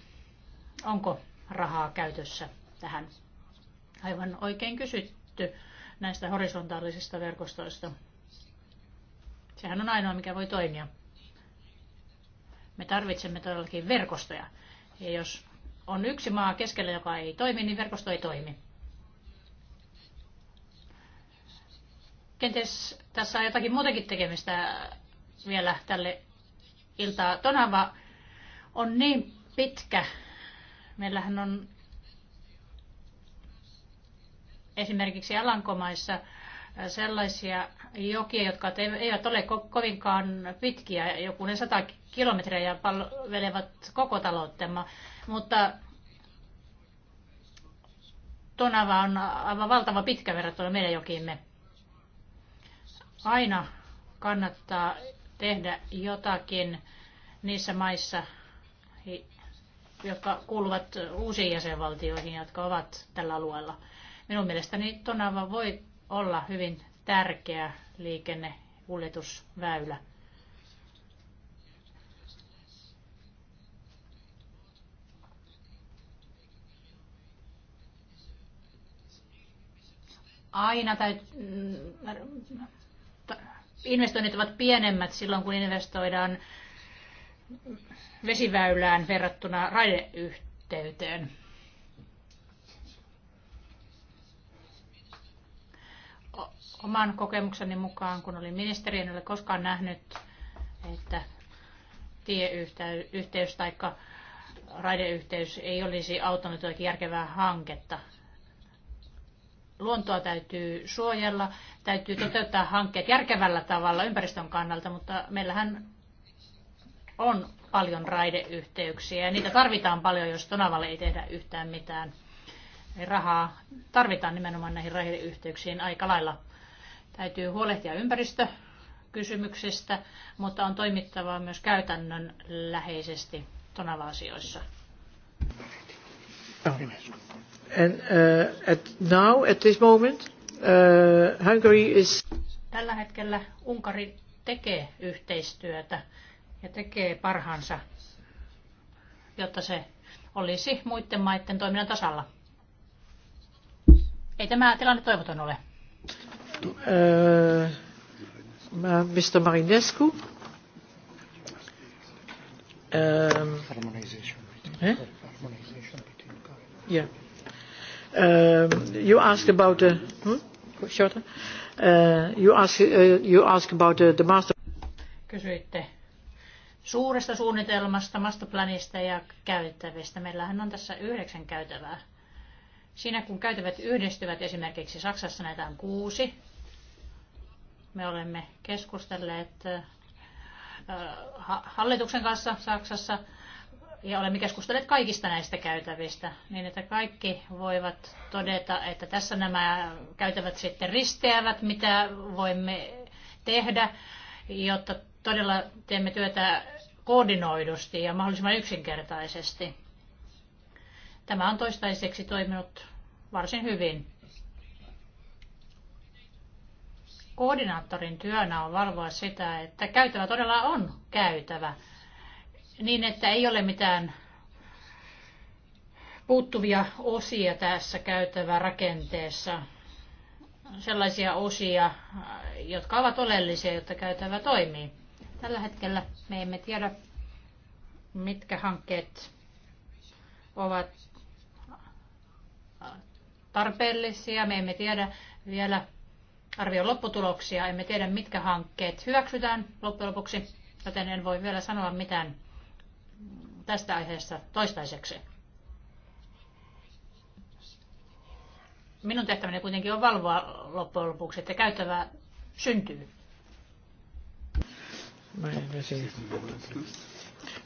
onko rahaa käytössä tähän. Aivan oikein kysytty näistä horisontaalisista verkostoista. Sehän on ainoa, mikä voi toimia. Me tarvitsemme todellakin verkostoja. Ja jos on yksi maa keskellä, joka ei toimi, niin verkosto ei toimi. Kenties tässä on jotakin muutakin tekemistä vielä tälle iltaa. Tonava on niin pitkä. Meillähän on esimerkiksi Alankomaissa sellaisia jokia, jotka eivät ole ko- kovinkaan pitkiä, joku ne 100 kilometriä ja palvelevat koko talouttemme, mutta Tonava on aivan valtava pitkä verrattuna meidän jokiimme aina kannattaa tehdä jotakin niissä maissa, jotka kuuluvat uusiin jäsenvaltioihin, jotka ovat tällä alueella. Minun mielestäni Tonava voi olla hyvin tärkeä liikennekuljetusväylä. Aina täytyy investoinnit ovat pienemmät silloin, kun investoidaan vesiväylään verrattuna raideyhteyteen. Oman kokemukseni mukaan, kun olin ministeri, en ole koskaan nähnyt, että tieyhteys tai raideyhteys ei olisi auttanut järkevää hanketta luontoa täytyy suojella, täytyy toteuttaa hankkeet järkevällä tavalla ympäristön kannalta, mutta meillähän on paljon raideyhteyksiä ja niitä tarvitaan paljon, jos Tonavalle ei tehdä yhtään mitään. Rahaa tarvitaan nimenomaan näihin raideyhteyksiin aika lailla. Täytyy huolehtia ympäristökysymyksistä, mutta on toimittava myös käytännön läheisesti Tonava-asioissa. And uh, eh, at now, at this moment, uh, Hungary is... Tällä hetkellä Unkari tekee yhteistyötä ja tekee parhaansa, jotta se olisi muiden maiden toiminnan tasalla. Ei tämä tilanne toivoton ole. Uh, eh, Mr. Marinescu. Um, Harmonization. Eh? Harmonization between Yeah. Um, you asked about the hmm? shorter. Uh, you ask uh, you ask about the, the master. Kysyitte suuresta suunnitelmasta, masterplanista ja käytettävistä. Meillähän on tässä yhdeksän käytävää. Siinä kun käytävät yhdistyvät, esimerkiksi Saksassa näitä on kuusi. Me olemme keskustelleet uh, hallituksen kanssa Saksassa – ja olemme keskustelleet kaikista näistä käytävistä, niin että kaikki voivat todeta, että tässä nämä käytävät sitten risteävät, mitä voimme tehdä, jotta todella teemme työtä koordinoidusti ja mahdollisimman yksinkertaisesti. Tämä on toistaiseksi toiminut varsin hyvin. Koordinaattorin työnä on valvoa sitä, että käytävä todella on käytävä niin, että ei ole mitään puuttuvia osia tässä käytävä rakenteessa. Sellaisia osia, jotka ovat oleellisia, jotta käytävä toimii. Tällä hetkellä me emme tiedä, mitkä hankkeet ovat tarpeellisia. Me emme tiedä vielä arvion lopputuloksia. Emme tiedä, mitkä hankkeet hyväksytään loppujen lopuksi, joten en voi vielä sanoa mitään tästä aiheesta toistaiseksi. Minun tehtäväni kuitenkin on valvoa loppujen lopuksi, että käytävä syntyy.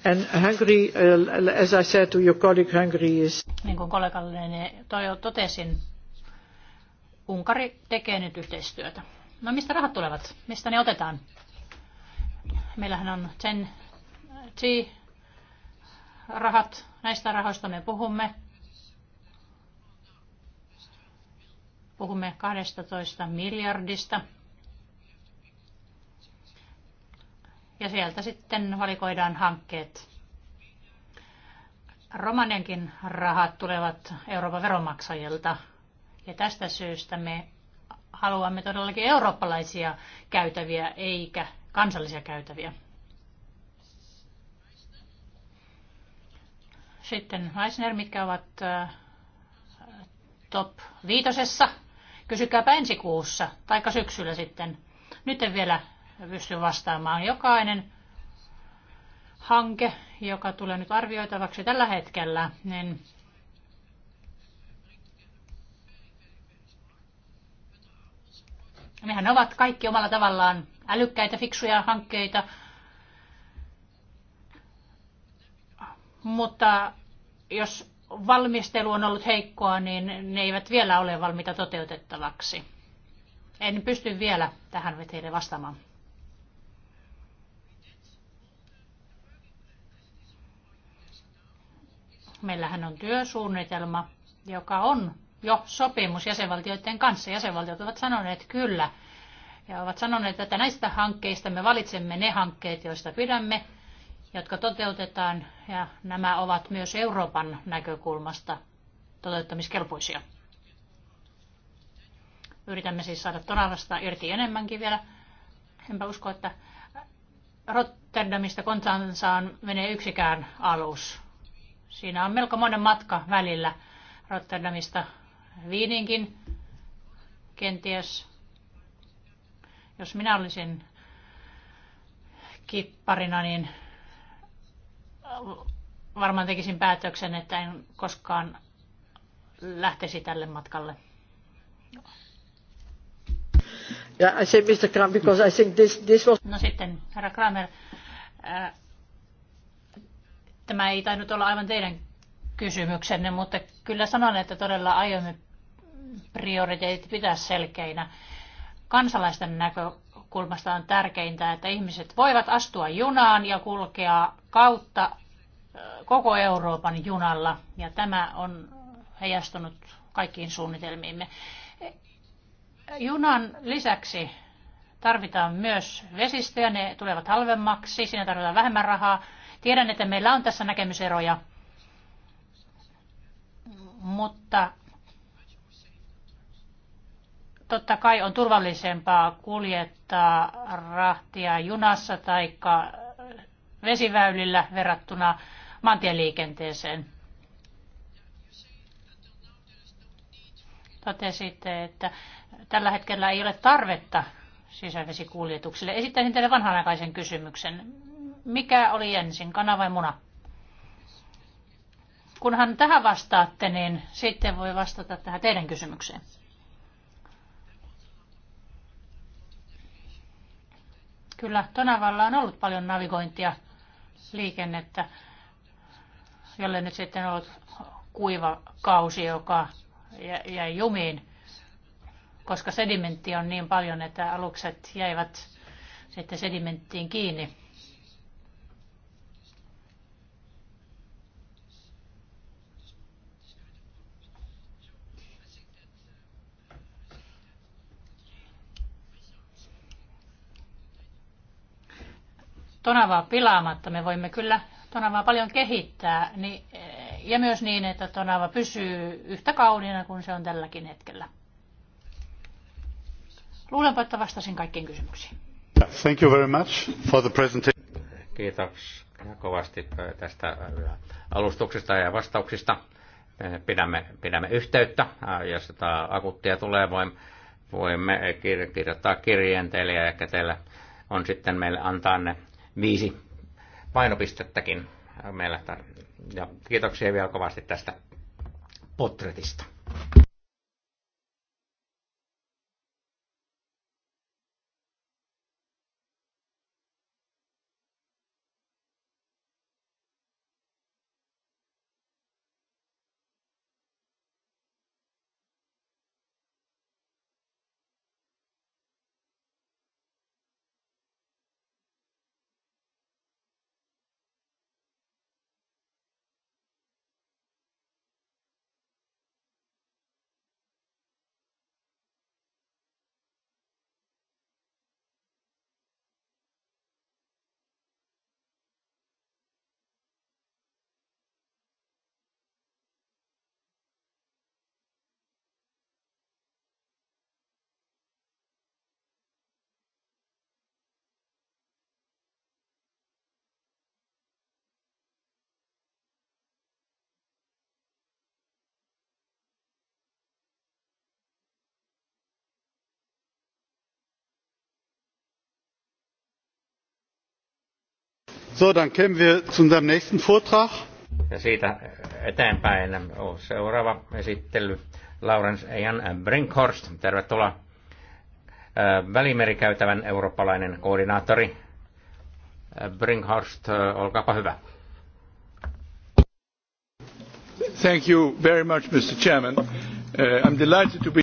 And Hungary, uh, as I said to your colleague, Hungary is... Niin kuin kollegalleni totesin, Unkari tekee nyt yhteistyötä. No mistä rahat tulevat? Mistä ne otetaan? Meillähän on Chen Chi rahat, näistä rahoista me puhumme. Puhumme 12 miljardista. Ja sieltä sitten valikoidaan hankkeet. Romanienkin rahat tulevat Euroopan veronmaksajilta. Ja tästä syystä me haluamme todellakin eurooppalaisia käytäviä eikä kansallisia käytäviä. Sitten Meissner, mitkä ovat äh, top viitosessa. Kysykääpä ensi kuussa, taikka syksyllä sitten. Nyt en vielä pysty vastaamaan. Jokainen hanke, joka tulee nyt arvioitavaksi tällä hetkellä, niin nehän ovat kaikki omalla tavallaan älykkäitä, fiksuja hankkeita, mutta jos valmistelu on ollut heikkoa, niin ne eivät vielä ole valmiita toteutettavaksi. En pysty vielä tähän teille vastaamaan. Meillähän on työsuunnitelma, joka on jo sopimus jäsenvaltioiden kanssa. Jäsenvaltiot ovat sanoneet kyllä ja ovat sanoneet, että näistä hankkeista me valitsemme ne hankkeet, joista pidämme jotka toteutetaan, ja nämä ovat myös Euroopan näkökulmasta toteuttamiskelpoisia. Yritämme siis saada Toravasta irti enemmänkin vielä. Enpä usko, että Rotterdamista Konstansaan menee yksikään alus. Siinä on melko monen matka välillä Rotterdamista Viininkin kenties. Jos minä olisin kipparina, niin varmaan tekisin päätöksen, että en koskaan lähtisi tälle matkalle. Yeah, I say Mr. Kramer because I think this, this was... No sitten, herra Kramer, ää, äh, tämä ei tainnut olla aivan teidän kysymyksenne, mutta kyllä sanon, että todella aiomme prioriteetit pitää selkeinä. Kansalaisten näkökulmasta on tärkeintä, että ihmiset voivat astua junaan ja kulkea kautta koko Euroopan junalla ja tämä on heijastunut kaikkiin suunnitelmiimme. Junan lisäksi tarvitaan myös vesistöjä, ne tulevat halvemmaksi, siinä tarvitaan vähemmän rahaa. Tiedän, että meillä on tässä näkemyseroja, mutta totta kai on turvallisempaa kuljettaa rahtia junassa tai vesiväylillä verrattuna maantieliikenteeseen. Totesitte, että tällä hetkellä ei ole tarvetta sisävesikuljetuksille. Esittäisin teille vanhanaikaisen kysymyksen. Mikä oli ensin, kana vai muna? Kunhan tähän vastaatte, niin sitten voi vastata tähän teidän kysymykseen. Kyllä, Tonavalla on ollut paljon navigointia liikennettä, jolle nyt sitten on kuiva kausi, joka jäi jumiin, koska sedimentti on niin paljon, että alukset jäivät sitten sedimenttiin kiinni. tonavaa pilaamatta. Me voimme kyllä tonavaa paljon kehittää niin, ja myös niin, että tonava pysyy yhtä kauniina kuin se on tälläkin hetkellä. Luulenpa, että vastasin kaikkiin kysymyksiin. Thank you very much for the presentation. Kiitos kovasti tästä äh, alustuksesta ja vastauksista. Äh, pidämme, pidämme yhteyttä. Äh, jos tätä tota tulee, voimme, voimme kirjoittaa kirjeen teille ja ehkä teillä on sitten meille antaa ne viisi painopistettäkin meillä. Ja kiitoksia vielä kovasti tästä potretista. So, dann kämen wir zu unserem nächsten Vortrag. Ja siitä eteenpäin seuraava esittely. Laurens Jan Brinkhorst, tervetuloa. Äh, Välimerikäytävän eurooppalainen koordinaattori. Äh, Brinkhorst, äh, olkaapa hyvä. Thank you very much, Mr. Chairman. Uh, I'm delighted to be...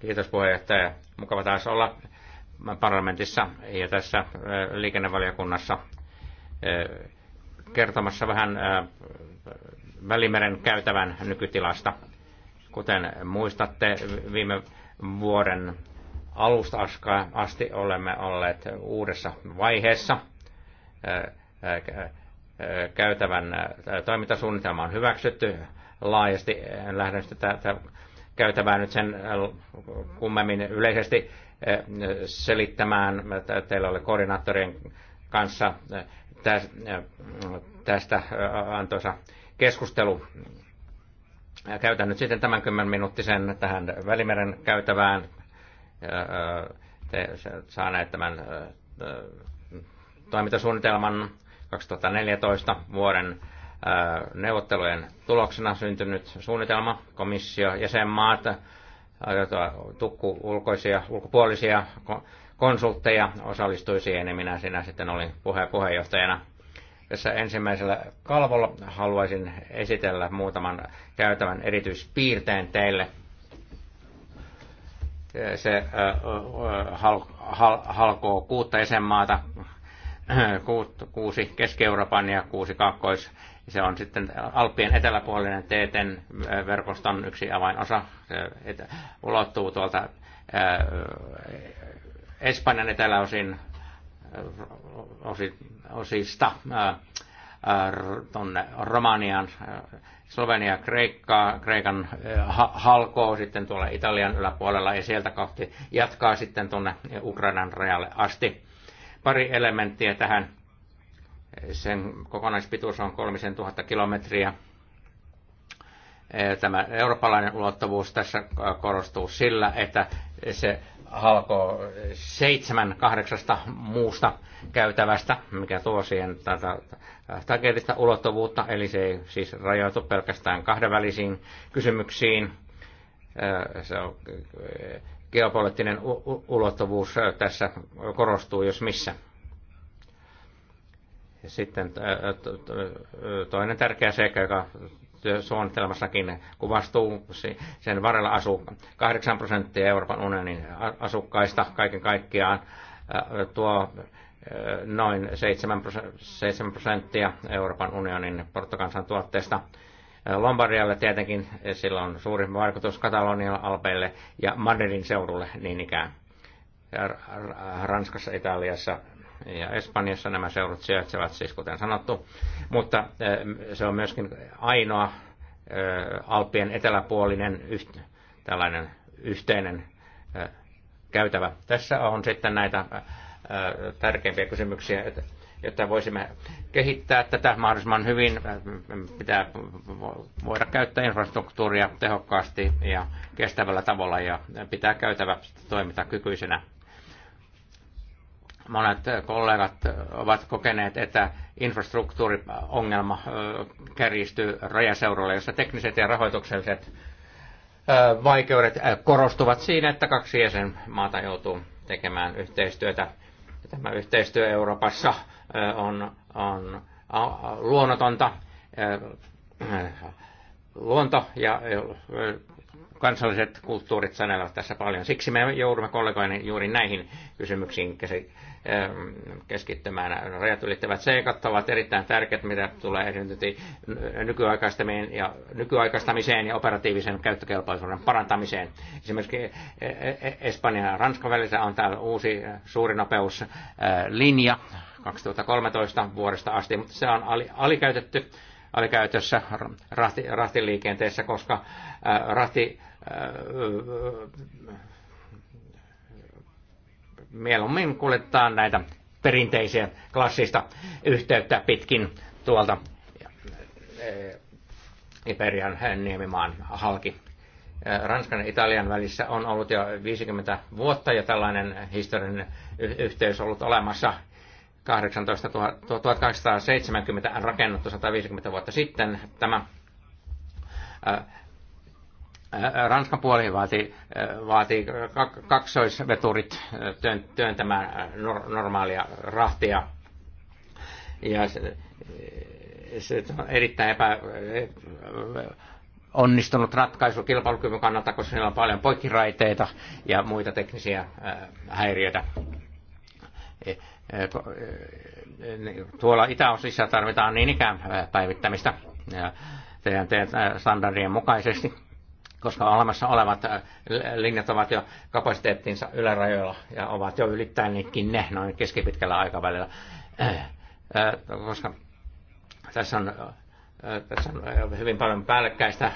Kiitos puheenjohtaja. Mukava taas olla parlamentissa ja tässä liikennevaliokunnassa kertomassa vähän Välimeren käytävän nykytilasta. Kuten muistatte, viime vuoden alusta asti olemme olleet uudessa vaiheessa. Käytävän toimintasuunnitelma on hyväksytty laajasti. En lähde tätä käytävää nyt sen kummemmin yleisesti selittämään. Teillä oli koordinaattorien kanssa Äh, tästä äh, antoisa keskustelu. Käytän nyt sitten tämän 10 minuuttisen tähän Välimeren käytävään. Äh, te saaneet tämän toimintasuunnitelman 2014 vuoden neuvottelujen tuloksena syntynyt suunnitelma, komissio, jäsenmaat, tukku ulkoisia, ulkopuolisia konsultteja osallistui siihen, ja minä sinä sitten olin puhe- puheenjohtajana. Tässä ensimmäisellä kalvolla haluaisin esitellä muutaman käytävän erityispiirteen teille. Se äh, hal, hal, halkoo kuutta jäsenmaata, (clears throat) kuusi Keski-Euroopan ja kuusi Kaakkois. Se on sitten Alppien eteläpuolinen teeten verkoston yksi avainosa. Se ulottuu tuolta Espanjan eteläosin osista tuonne Romanian, Slovenia, Kreikkaa, Kreikan halkoo sitten tuolla Italian yläpuolella ja sieltä kohti jatkaa sitten tuonne Ukrainan rajalle asti. Pari elementtiä tähän. Sen kokonaispituus on 3000 kilometriä. Tämä eurooppalainen ulottuvuus tässä korostuu sillä, että se halko seitsemän kahdeksasta muusta käytävästä, mikä tuo siihen tätä äh, takeellista ulottuvuutta, eli se ei siis rajoitu pelkästään kahdenvälisiin kysymyksiin. Äh, se on äh, geopoliittinen ulottuvuus tässä korostuu, jos missä. Sitten toinen tärkeä seikka, joka suunnitelmassakin, kun vastuu sen varrella asuu 8 prosenttia Euroopan unionin asukkaista kaiken kaikkiaan, tuo noin 7 prosenttia Euroopan unionin bruttokansantuotteesta. Lombardialle tietenkin sillä on suuri vaikutus Katalonian alpeille ja Madridin seudulle niin ikään. Ranskassa, Italiassa, ja Espanjassa nämä seurat sijaitsevat siis kuten sanottu, mutta se on myöskin ainoa Alppien eteläpuolinen yht, tällainen yhteinen käytävä. Tässä on sitten näitä tärkeimpiä kysymyksiä, jotta voisimme kehittää tätä mahdollisimman hyvin. Pitää voida käyttää infrastruktuuria tehokkaasti ja kestävällä tavalla ja pitää käytävä toimintakykyisenä monet kollegat ovat kokeneet, että infrastruktuuriongelma kärjistyy rajaseudulla, jossa tekniset ja rahoitukselliset vaikeudet korostuvat siinä, että kaksi jäsenmaata joutuu tekemään yhteistyötä. Tämä yhteistyö Euroopassa on, on luonnotonta. Luonto ja kansalliset kulttuurit sanelevat tässä paljon. Siksi me joudumme kollegoinen juuri näihin kysymyksiin keskittymään. Rajat ylittävät seikat ovat erittäin tärkeät, mitä tulee nykyaikaistamiseen ja, nykyaikaistamiseen ja operatiivisen käyttökelpoisuuden parantamiseen. Esimerkiksi e- e- e- Espanjan ja Ranskan välissä on täällä uusi suurinopeuslinja 2013 vuodesta asti, mutta se on alikäytetty alikäytössä rahti, rahtiliikenteessä, koska rahti mieluummin kuljettaa näitä perinteisiä klassista yhteyttä pitkin tuolta eh, Iberian niemimaan halki. Eh, Ranskan ja Italian välissä on ollut jo 50 vuotta ja tällainen historiallinen yhteys ollut olemassa. 18, 1870 rakennettu 150 vuotta sitten tämä eh, Ranskan puoli vaatii, vaati kaksoisveturit työntämään normaalia rahtia. Ja se, se on erittäin epä, onnistunut ratkaisu kilpailukyvyn kannalta, koska siellä on paljon poikkiraiteita ja muita teknisiä häiriöitä. E, niin, tuolla itäosissa tarvitaan niin ikään päivittämistä teidän standardien mukaisesti koska olemassa olevat äh, linjat ovat jo kapasiteettinsa ylärajoilla ja ovat jo ylittäneetkin ne noin keskipitkällä aikavälillä. Äh, äh, koska tässä on, tässä on hyvin paljon päällekkäistä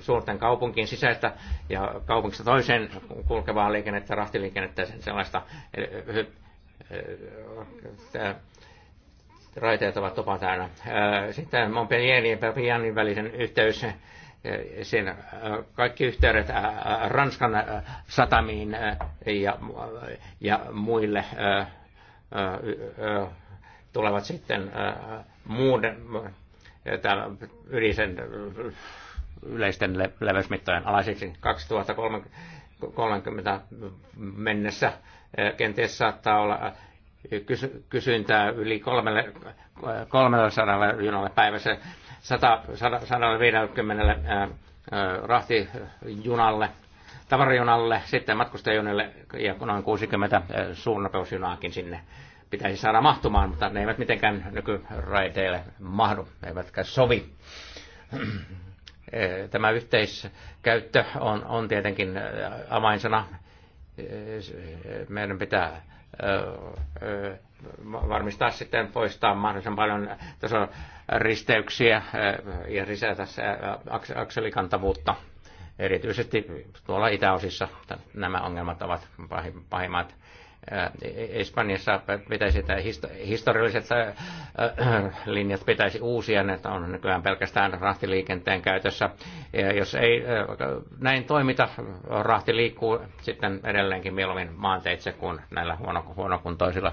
suurten kaupunkien sisäistä ja kaupungista toiseen kulkevaa liikennettä, rahtiliikennettä sellaista. Raiteet ovat topa täynnä. Sitten Montpellierin ja Perpignanin välisen yhteys sen kaikki yhteydet Ranskan satamiin ja, ja muille tulevat sitten muuden täällä yleisten leveysmittojen alaisiksi 2030 mennessä. Kenties saattaa olla kysyntää yli 300 junalle päivässä 100, 150 rahtijunalle, tavarajunalle, sitten matkustajajunille ja noin 60 suurnopeusjunaakin sinne pitäisi saada mahtumaan, mutta ne eivät mitenkään nykyraiteille mahdu, eivätkä sovi. Tämä yhteiskäyttö on, on tietenkin avainsana. Meidän pitää varmistaa sitten poistaa mahdollisimman paljon äh, tason risteyksiä äh, ja lisätä äh, akselikantavuutta. Erityisesti tuolla itäosissa nämä ongelmat ovat pahimmat Äh, e- Espanjassa pitäisi tämä historialliset äh, äh, linjat pitäisi uusia, ne on nykyään pelkästään rahtiliikenteen käytössä. Ja jos ei näin toimita, rahti liikkuu sitten edelleenkin mieluummin maanteitse kuin näillä huonokuntoisilla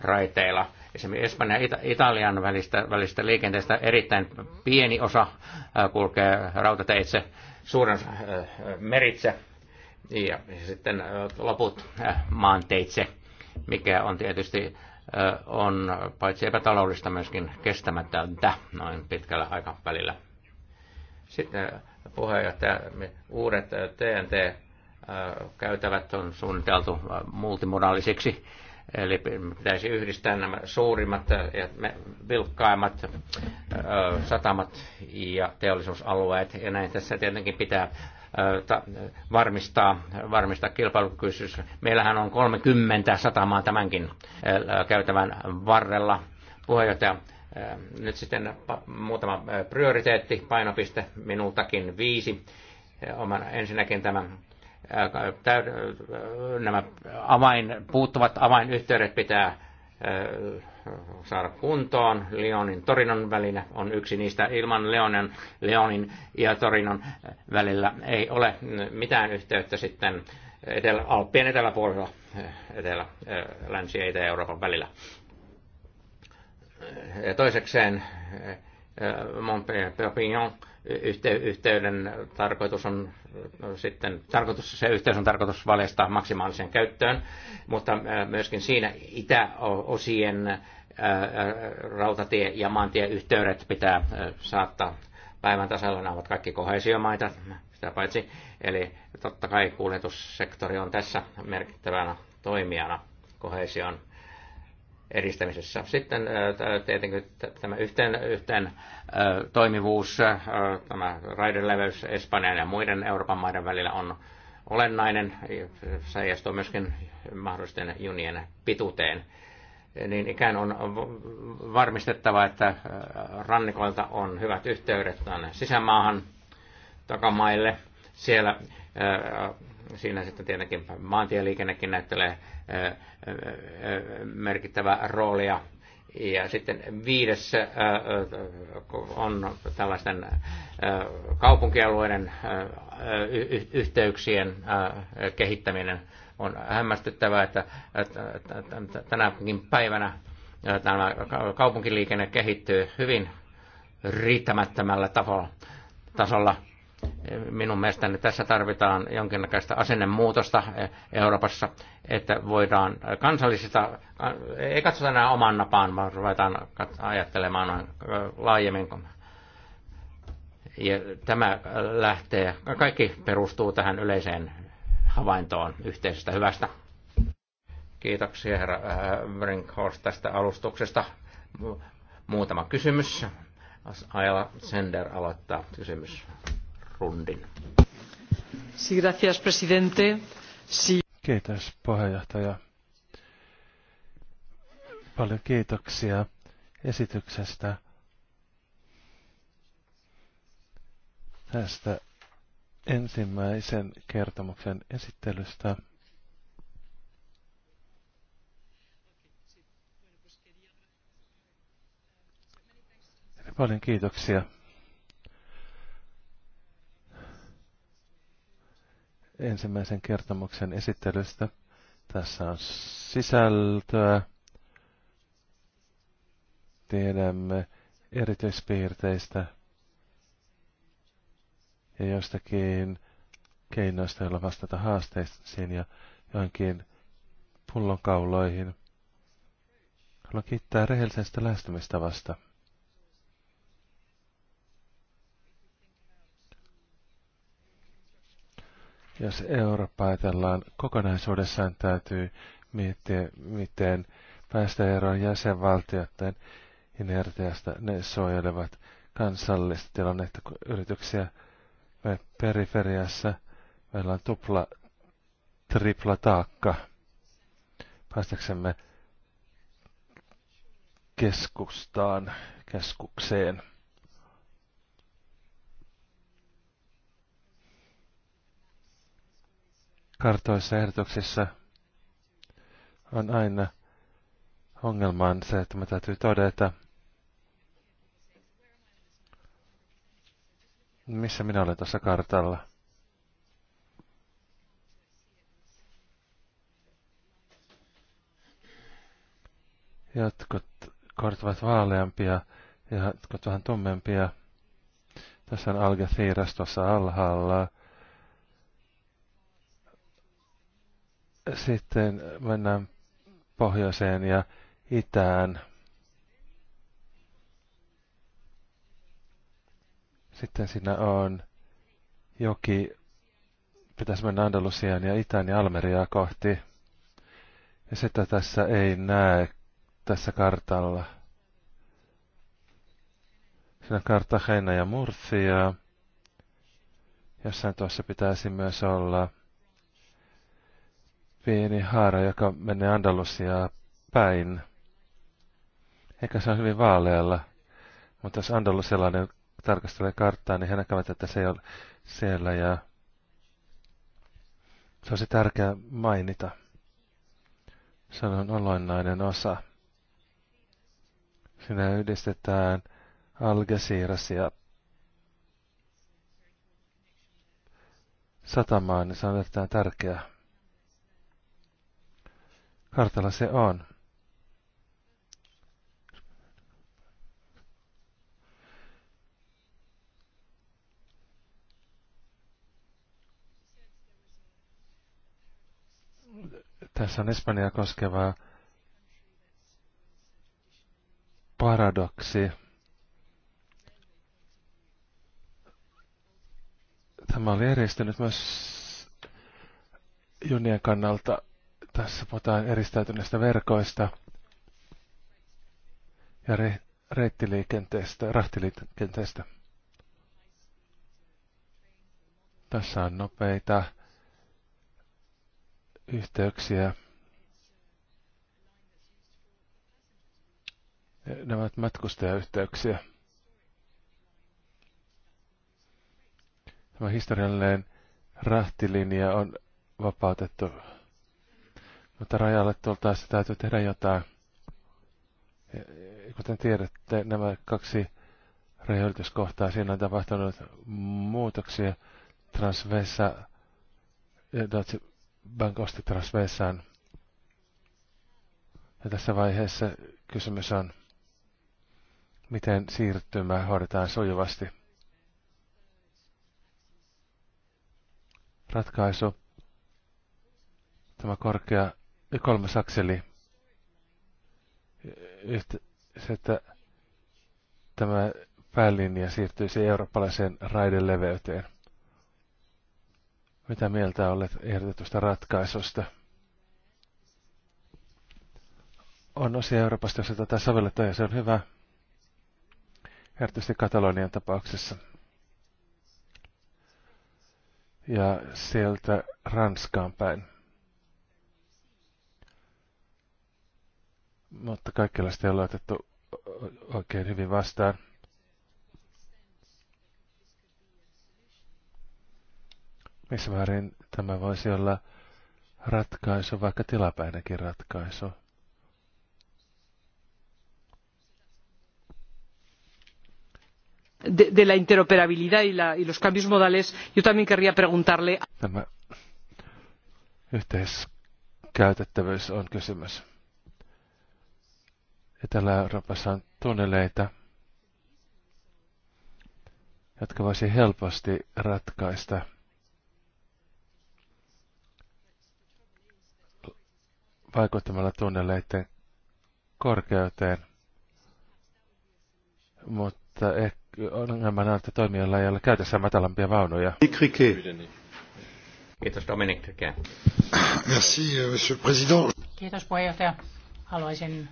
raiteilla. Esimerkiksi Espanjan ja Italian välistä, välistä liikenteestä erittäin pieni osa kulkee rautateitse, suuren meritse ja sitten loput maanteitse, mikä on tietysti on paitsi epätaloudellista myöskin kestämätöntä noin pitkällä aikavälillä. Sitten puheenjohtaja, uudet TNT-käytävät on suunniteltu multimodaalisiksi, eli pitäisi yhdistää nämä suurimmat ja vilkkaimmat satamat ja teollisuusalueet, ja näin tässä tietenkin pitää varmistaa, varmistaa kilpailukykyisyys. Meillähän on 30 satamaa tämänkin käytävän varrella. Puheenjohtaja, nyt sitten muutama prioriteetti, painopiste, minultakin viisi. Oman ensinnäkin tämä nämä avain, puuttuvat avainyhteydet pitää Äh, saada kuntoon. Leonin Torinon välinä on yksi niistä. Ilman Leonen, Leonin ja Torinon välillä ei ole mitään yhteyttä sitten etelä, Alppien eteläpuolella, äh, etelä, äh, länsi- ja itä-Euroopan välillä. Ja toisekseen Montpellier yhteyden tarkoitus on no sitten, tarkoitus, se yhteys on tarkoitus valjastaa maksimaaliseen käyttöön, mutta myöskin siinä itäosien rautatie- ja maantieyhteydet pitää saattaa päivän tasalla. Nämä ovat kaikki kohesiomaita, sitä paitsi. Eli totta kai kuljetussektori on tässä merkittävänä toimijana kohesion edistämisessä. Sitten tietenkin tämä yhteen, yhteen toimivuus, tämä raideleveys Espanjan ja muiden Euroopan maiden välillä on olennainen. Se heijastuu myöskin mahdollisten junien pituuteen. Niin ikään on varmistettava, että rannikoilta on hyvät yhteydet tänne sisämaahan takamaille. Siellä Siinä sitten tietenkin maantieliikennekin näyttelee merkittävää roolia. Ja sitten viides on tällaisten kaupunkialueiden yhteyksien kehittäminen. On hämmästyttävää, että tänäkin päivänä tämä kaupunkiliikenne kehittyy hyvin riittämättömällä tasolla minun mielestäni tässä tarvitaan jonkinnäköistä asennemuutosta Euroopassa, että voidaan kansallisista, ei katsota enää oman napaan, vaan ruvetaan ajattelemaan laajemmin. Ja tämä lähtee, kaikki perustuu tähän yleiseen havaintoon yhteisestä hyvästä. Kiitoksia herra Brinkhorst tästä alustuksesta. Muutama kysymys. Aila Sender aloittaa kysymys arvoisa puhemies Kiitos, puheenjohtaja. Paljon kiitoksia esityksestä. Tästä ensimmäisen kertomuksen esittelystä. Paljon kiitoksia. ensimmäisen kertomuksen esittelystä. Tässä on sisältöä. Tiedämme erityispiirteistä ja jostakin keinoista, joilla vastata haasteisiin ja johonkin pullonkauloihin. Haluan kiittää rehellisestä lähestymistavasta. Jos Eurooppa ajatellaan kokonaisuudessaan, täytyy miettiä, miten päästä eroon jäsenvaltioiden inertiasta. Ne suojelevat kansallista tilannetta yrityksiä. Me periferiassa meillä on tupla, tripla taakka. Päästäksemme keskustaan, keskukseen. kartoissa ehdotuksissa on aina ongelmaan se, että me täytyy todeta, missä minä olen tuossa kartalla. Jotkut kortit ovat vaaleampia ja jotkut vähän tummempia. Tässä on Algeciras tuossa alhaalla. Sitten mennään pohjoiseen ja itään. Sitten siinä on joki, pitäisi mennä Andalusiaan ja itään ja Almeriaa kohti. Ja sitä tässä ei näe tässä kartalla. Siinä on Cartagena ja Murcia. Jossain tuossa pitäisi myös olla pieni haara, joka menee Andalusia päin. Eikä se on hyvin vaalealla, mutta jos andalusialainen tarkastelee karttaa, niin he näkevät, että se ei ole siellä ja se olisi tärkeää mainita. Se on olennainen osa. Siinä yhdistetään Algeciras satamaan, niin se on erittäin tärkeää kartalla se on. Tässä on Espanja koskeva paradoksi. Tämä oli järjestynyt myös junien kannalta tässä puhutaan eristäytyneistä verkoista ja re- reittiliikenteestä, rahtiliikenteestä. Tässä on nopeita yhteyksiä. Nämä ovat matkustajayhteyksiä. Tämä historiallinen rahtilinja on vapautettu mutta rajalle tultaessa täytyy tehdä jotain. Kuten tiedätte, nämä kaksi rajoituskohtaa, siinä on tapahtunut muutoksia Transvessa, Deutsche Bank osti Transvessaan. Ja tässä vaiheessa kysymys on, miten siirtymää hoidetaan sujuvasti. Ratkaisu. Tämä korkea kolmas akseli. Yhtä, se, että tämä päälinja siirtyisi eurooppalaiseen raideleveyteen. Mitä mieltä olet ehdotetusta ratkaisusta? On osia Euroopasta, jossa tätä sovelletaan ja se on hyvä, erityisesti Katalonian tapauksessa. Ja sieltä Ranskaan päin. mutta kaikenlaista ei ole otettu oikein hyvin vastaan. Missä määrin tämä voisi olla ratkaisu, vaikka tilapäinenkin ratkaisu? De, de la interoperabilidad y, la, y los cambios modales, yo también querría preguntarle. Tämä yhteiskäytettävyys on kysymys. Etelä-Euroopassa on tunneleita, jotka voisi helposti ratkaista. vaikuttamalla tunneleiden korkeuteen. Mutta ongelmana on, että toimijoilla ei ole käytössä matalampia vaunuja. Kiitos Dominic euh, Kiitos puheenjohtaja. Haluaisin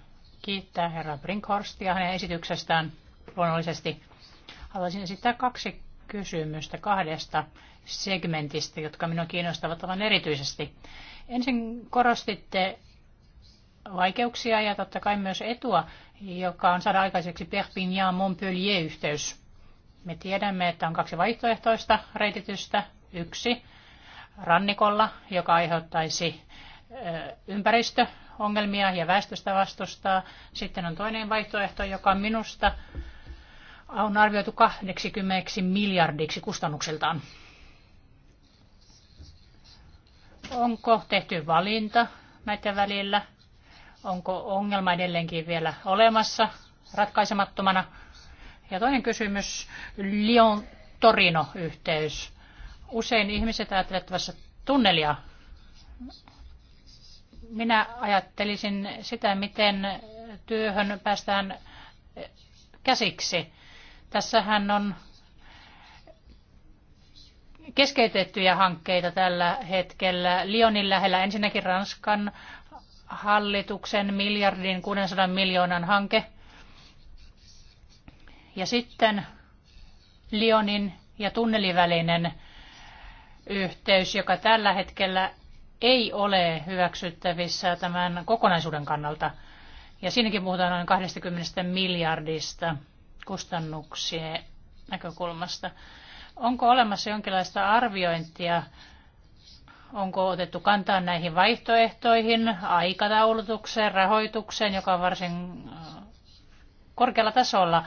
kiittää herra Brinkhorstia hänen esityksestään luonnollisesti. Haluaisin esittää kaksi kysymystä kahdesta segmentistä, jotka minua kiinnostavat aivan erityisesti. Ensin korostitte vaikeuksia ja totta kai myös etua, joka on saada aikaiseksi Perpignan ja Montpellier-yhteys. Me tiedämme, että on kaksi vaihtoehtoista reititystä. Yksi rannikolla, joka aiheuttaisi ympäristö ongelmia ja väestöstä vastustaa. Sitten on toinen vaihtoehto, joka minusta on arvioitu 80 miljardiksi kustannukseltaan. Onko tehty valinta näiden välillä? Onko ongelma edelleenkin vielä olemassa ratkaisemattomana? Ja toinen kysymys, Lyon-Torino-yhteys. Usein ihmiset ajattelevat tunnelia minä ajattelisin sitä, miten työhön päästään käsiksi. Tässähän on keskeytettyjä hankkeita tällä hetkellä. Lyonin lähellä ensinnäkin Ranskan hallituksen miljardin 600 miljoonan hanke. Ja sitten Lyonin ja tunnelivälinen yhteys, joka tällä hetkellä ei ole hyväksyttävissä tämän kokonaisuuden kannalta. Ja siinäkin puhutaan noin 20 miljardista kustannuksien näkökulmasta. Onko olemassa jonkinlaista arviointia, onko otettu kantaa näihin vaihtoehtoihin, aikataulutukseen, rahoitukseen, joka on varsin äh, korkealla tasolla?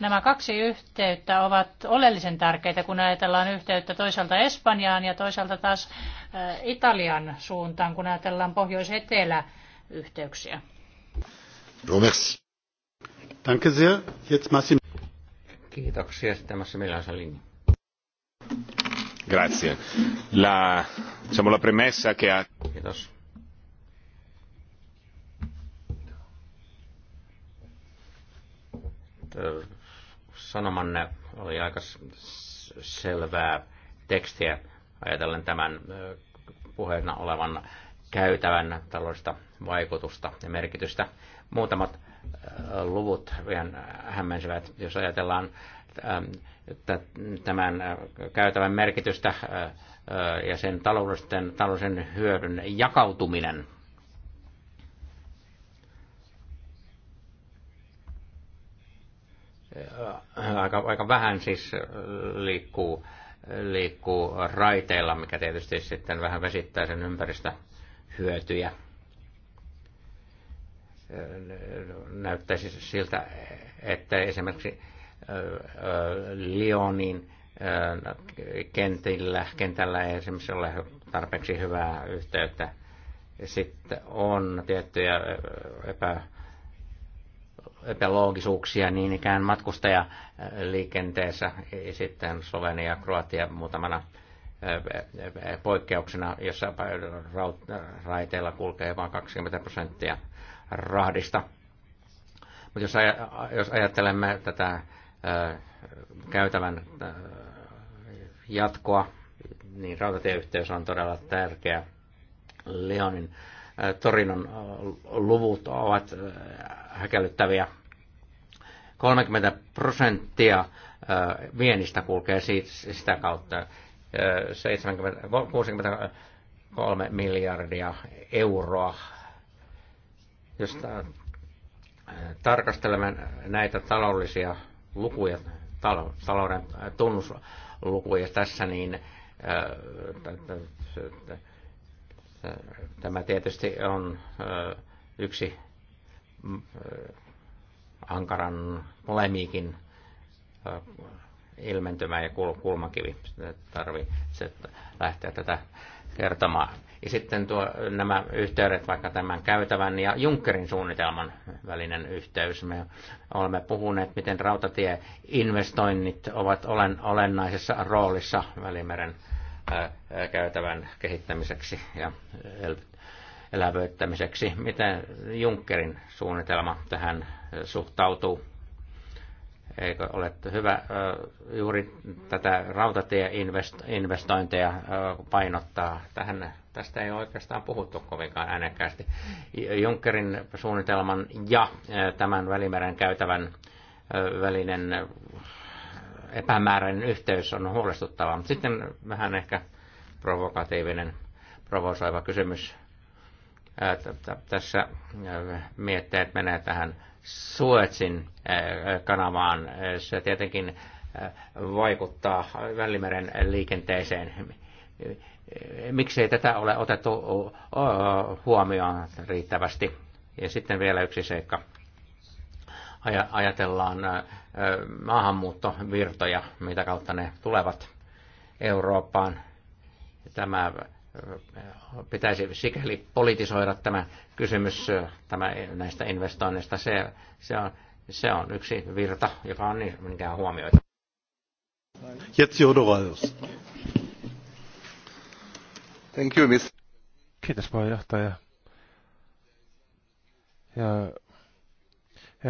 Nämä kaksi yhteyttä ovat oleellisen tärkeitä, kun ajatellaan yhteyttä toisaalta Espanjaan ja toisaalta taas Italian suuntaan, kun ajatellaan pohjois-etelä-yhteyksiä? Danke sehr. Jetzt Massim. Kiitoksia. Sitten Massimiliano Salini. Grazie. La, diciamo, la premessa che ha... Kiitos. Sanomanne oli aika selvää tekstiä ajatellen tämän puheena olevan käytävän taloudellista vaikutusta ja merkitystä. Muutamat luvut vielä hämmensivät, jos ajatellaan ähm, tämän käytävän merkitystä ja sen taloudellisen, taloudellisen hyödyn jakautuminen. Aika, aika vähän siis liikkuu liikkuu raiteilla, mikä tietysti sitten vähän vesittää sen ympäristöhyötyjä. Näyttäisi siltä, että esimerkiksi Lyonin kentillä, kentällä ei esimerkiksi ole tarpeeksi hyvää yhteyttä. Sitten on tiettyjä epä, epäloogisuuksia niin ikään matkustajaliikenteessä, sitten Slovenia ja Kroatia muutamana eh, eh, poikkeuksena, jossa raiteilla kulkee vain 20 prosenttia rahdista. Mutta jos, jos ajattelemme tätä eh, käytävän jatkoa, niin rautatieyhteys on todella tärkeä. Leonin Torinon luvut ovat häkellyttäviä. 30 prosenttia viennistä kulkee siitä, sitä kautta. 63 miljardia euroa. Jos tarkastelemme näitä taloudellisia lukuja, talouden tunnuslukuja tässä, niin tämä tietysti on yksi Mm, äh, ankaran polemiikin äh, ilmentymä ja kulmakivi tarvitse lähteä tätä kertomaan. Ja sitten tuo, nämä yhteydet, vaikka tämän käytävän ja Junckerin suunnitelman välinen yhteys. Me olemme puhuneet, miten rautatieinvestoinnit ovat olen, olennaisessa roolissa Välimeren ää, äh, käytävän kehittämiseksi ja elävöittämiseksi. Miten Junckerin suunnitelma tähän suhtautuu? Eikö ole hyvä juuri tätä rautatieinvestointeja painottaa? Tähän, tästä ei oikeastaan puhuttu kovinkaan äänekkäästi. Junckerin suunnitelman ja tämän välimeren käytävän välinen epämääräinen yhteys on huolestuttava. Sitten vähän ehkä provokatiivinen, provosoiva kysymys tässä mietteet menee tähän Suetsin kanavaan. Se tietenkin vaikuttaa Välimeren liikenteeseen. Miksei tätä ole otettu huomioon riittävästi? Ja sitten vielä yksi seikka. Ajatellaan maahanmuuttovirtoja, mitä kautta ne tulevat Eurooppaan. Tämä pitäisi sikäli politisoida tämä kysymys tämä, näistä investoinneista. Se, se, on, se on yksi virta, joka on niin minkään huomioita. Jetzt Jodoraus. Thank you, miss. Kiitos puheenjohtaja. Ja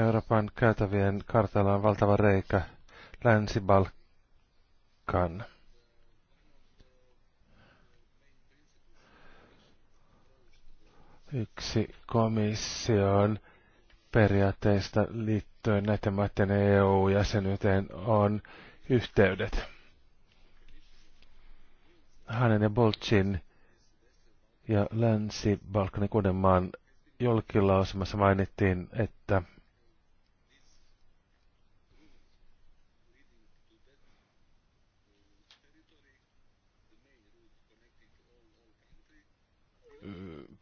Euroopan käytävien kartalla on valtava reikä Länsi-Balkan. Yksi komission periaatteista liittyen näiden maiden EU-jäsenyyteen on yhteydet. Hänen ja Bolchin ja Länsi-Balkanin kuudenmaan julkilausumassa mainittiin, että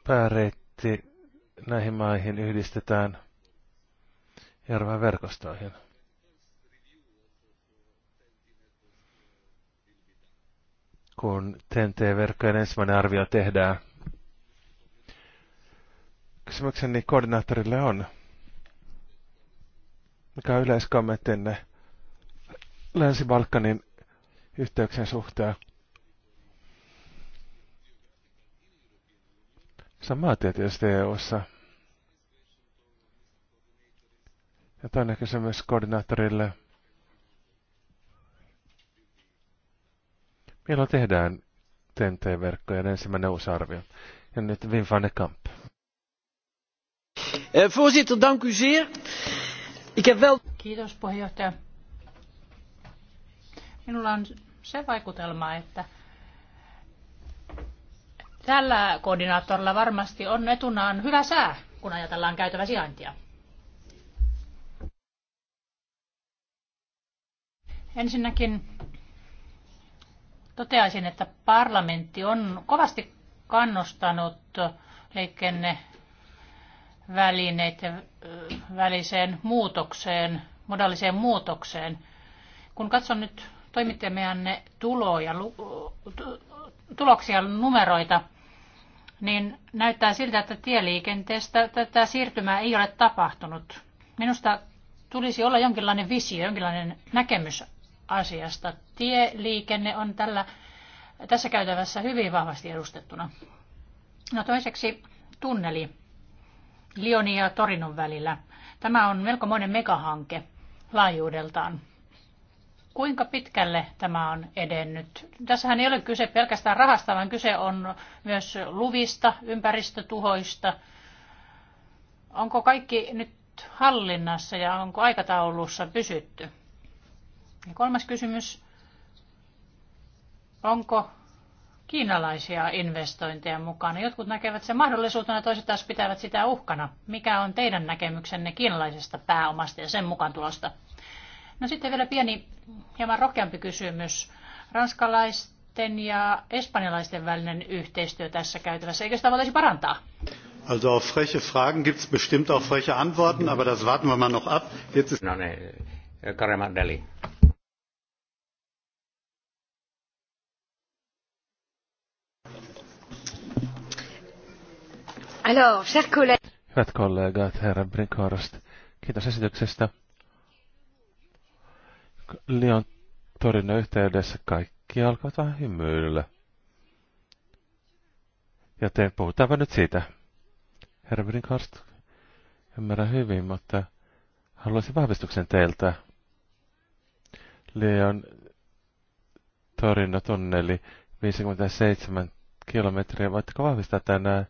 pääreitti tietysti näihin maihin yhdistetään Euroopan verkostoihin. Kun TNT-verkkojen ensimmäinen arvio tehdään, kysymykseni koordinaattorille on, mikä on yleiskommenttinne Länsi-Balkanin yhteyksen suhteen samaa tietysti EU-ssa. Ja toinen kysymys koordinaattorille. Meillä tehdään TNT-verkkojen ensimmäinen arvio. Ja nyt Wim van de Kamp. Eh, voorzitter, dank u zeer. Ik heb wel... Kiitos puheenjohtaja. Minulla on se vaikutelma, että Tällä koordinaattorilla varmasti on etunaan hyvä sää, kun ajatellaan käytävä sijaintia. Ensinnäkin toteaisin, että parlamentti on kovasti kannustanut liikennevälineiden väliseen muutokseen, modaaliseen muutokseen. Kun katson nyt toimittajamme tuloja, tuloksia numeroita, niin näyttää siltä, että tieliikenteestä tätä siirtymää ei ole tapahtunut. Minusta tulisi olla jonkinlainen visio, jonkinlainen näkemys asiasta. Tieliikenne on tällä, tässä käytävässä hyvin vahvasti edustettuna. No toiseksi tunneli Lionin ja Torinon välillä. Tämä on melkomoinen megahanke laajuudeltaan kuinka pitkälle tämä on edennyt? Tässähän ei ole kyse pelkästään rahasta, vaan kyse on myös luvista, ympäristötuhoista. Onko kaikki nyt hallinnassa ja onko aikataulussa pysytty? Ja kolmas kysymys. Onko kiinalaisia investointeja mukana? Jotkut näkevät sen mahdollisuutena, toiset taas pitävät sitä uhkana. Mikä on teidän näkemyksenne kiinalaisesta pääomasta ja sen mukaan tulosta? No sitten vielä pieni, hieman rohkeampi kysymys. Ranskalaisten ja espanjalaisten välinen yhteistyö tässä käytävässä, eikö sitä voitaisi parantaa? Also auf freche Fragen gibt es bestimmt auch freche Antworten, aber das warten wir mal noch ab. Jetzt ist no niin, Karema Deli. Hyvät kollegat, herra Brinkhorst, kiitos esityksestä. Lion torin yhteydessä kaikki alkoi vähän hymyillä. Joten puhutaanpa nyt siitä. Herbertin Karst, ymmärrän hyvin, mutta haluaisin vahvistuksen teiltä. Leon torin tunneli 57 kilometriä. Voitteko vahvistaa tänään,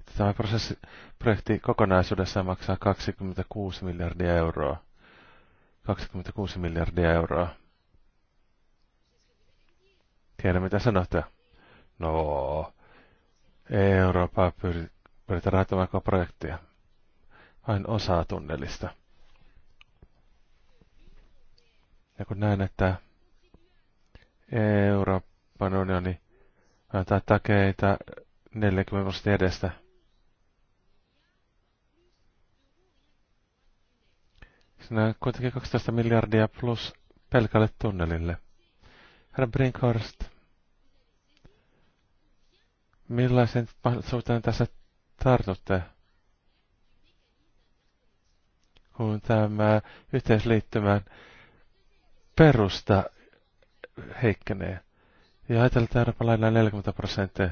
että tämä prosessi, projekti kokonaisuudessaan maksaa 26 miljardia euroa? 26 miljardia euroa. Tiedä mitä sanotte. No, Eurooppa pyritään rahoittamaan koko projektia. Vain osaa tunnelista. Ja kun näen, että Euroopan unioni antaa takeita 40 edestä, Siinä on kuitenkin 12 miljardia plus pelkälle tunnelille. Herra Brinkhorst, millaisen mahdollisuuteen tässä tartutte, kun tämä yhteisliittymän perusta heikkenee? Ja ajatellaan Euroopan lainaa 40 prosenttia.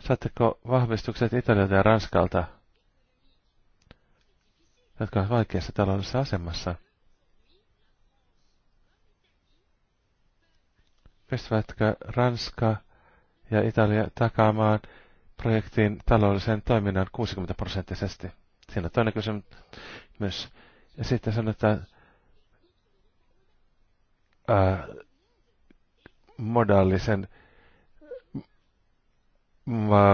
Saatteko vahvistukset Italialta ja Ranskalta? jotka ovat vaikeassa taloudellisessa asemassa, pystyvätkö Ranska ja Italia takaamaan projektin taloudellisen toiminnan 60 prosenttisesti. Siinä on toinen kysymys myös. Ja sitten sanotaan ää, äh, modaalisen äh,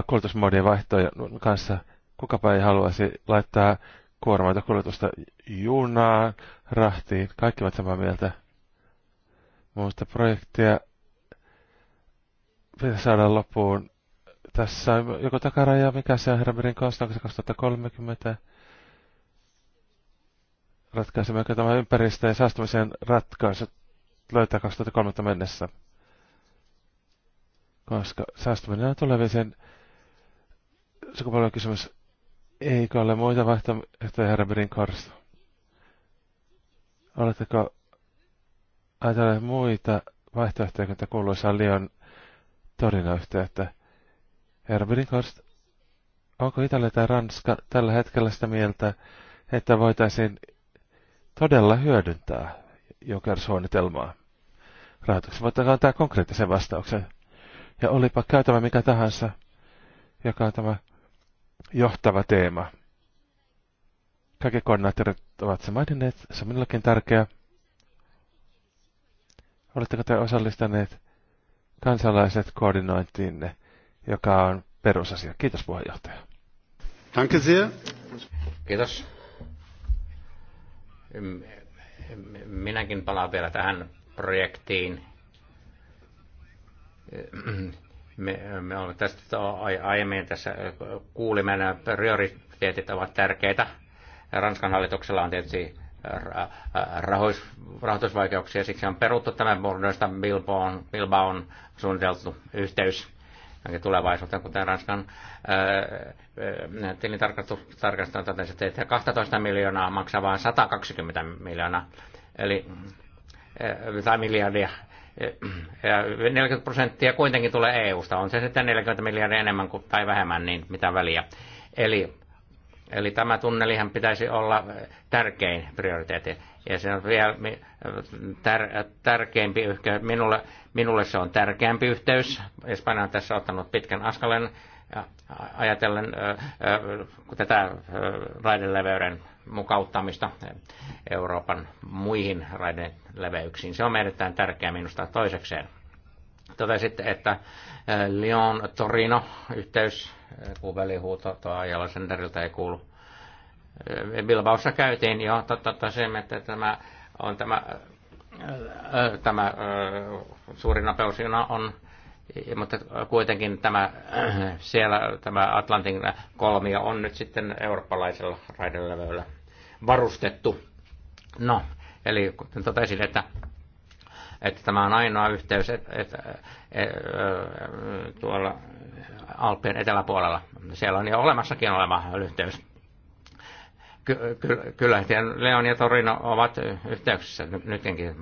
kulutusmuodien vaihtojen kanssa. Kukapa ei haluaisi laittaa kuormaita kuljetusta junaan, rahtiin. Kaikki ovat samaa mieltä. Muista projektia pitää saada loppuun. Tässä on joko takaraja, mikä se on Herberin kanssa, onko se 2030? että tämä ympäristö ja saastumisen ratkaisut löytää 2030 mennessä? Koska saastuminen on tulevisen sukupolven kysymys Eikö ole muita vaihtoehtoja, herra Karsta? Oletteko ajatelleet muita vaihtoehtoja, kun te kuuluisaa Lion tarinayhteyttä? Herra Brinkhorst, onko Italia tai Ranska tällä hetkellä sitä mieltä, että voitaisiin todella hyödyntää Joker-suunnitelmaa? Rahoituksen voitte antaa konkreettisen vastauksen. Ja olipa käytävä mikä tahansa, joka on tämä johtava teema. Kaikki koordinaattorit ovat se maininneet, se on minullakin tärkeä. Oletteko te osallistaneet kansalaiset koordinointiinne, joka on perusasia? Kiitos puheenjohtaja. Danke sehr. Kiitos. Minäkin palaan vielä tähän projektiin me, me olemme tästä aiemmin tässä kuulimme, nämä prioriteetit ovat tärkeitä. Ranskan hallituksella on tietysti rahoitus, rahoitusvaikeuksia, siksi on peruttu tämä Bordeauxsta Bilbaon, Bilbaon suunniteltu yhteys tulevaisuuteen, kuten Ranskan tilintarkastus totesi, että 12 miljoonaa maksaa vain 120 miljoonaa, eli, tai miljardia 40 prosenttia kuitenkin tulee EUsta. On se sitten 40 miljardia enemmän kuin, tai vähemmän, niin mitä väliä. Eli, eli tämä tunnelihan pitäisi olla tärkein prioriteetti. Ja se on vielä tär, tärkeimpi, minulle, minulle se on tärkeämpi yhteys. Espanja on tässä ottanut pitkän askeleen ajatellen tätä raideleveyden mukauttamista Euroopan muihin raideleveyksiin. Se on erittäin tärkeää minusta toisekseen. Totesitte, että Lyon-Torino-yhteys, kun välihuuto tuo ajalla senderiltä ei kuulu. Bilbaossa käytiin jo, se, että tämä on tämä, tämä suuri nopeusjuna on mutta kuitenkin tämä, äh, siellä tämä Atlantin kolmio on nyt sitten eurooppalaisella raidelevyllä varustettu. No, eli kuten totesin, että, että tämä on ainoa yhteys että, että, äh, äh, tuolla Alppien eteläpuolella. Siellä on jo olemassakin oleva yhteys. Ky- ky- kyllä Leon ja Torino ovat yhteyksissä nytkin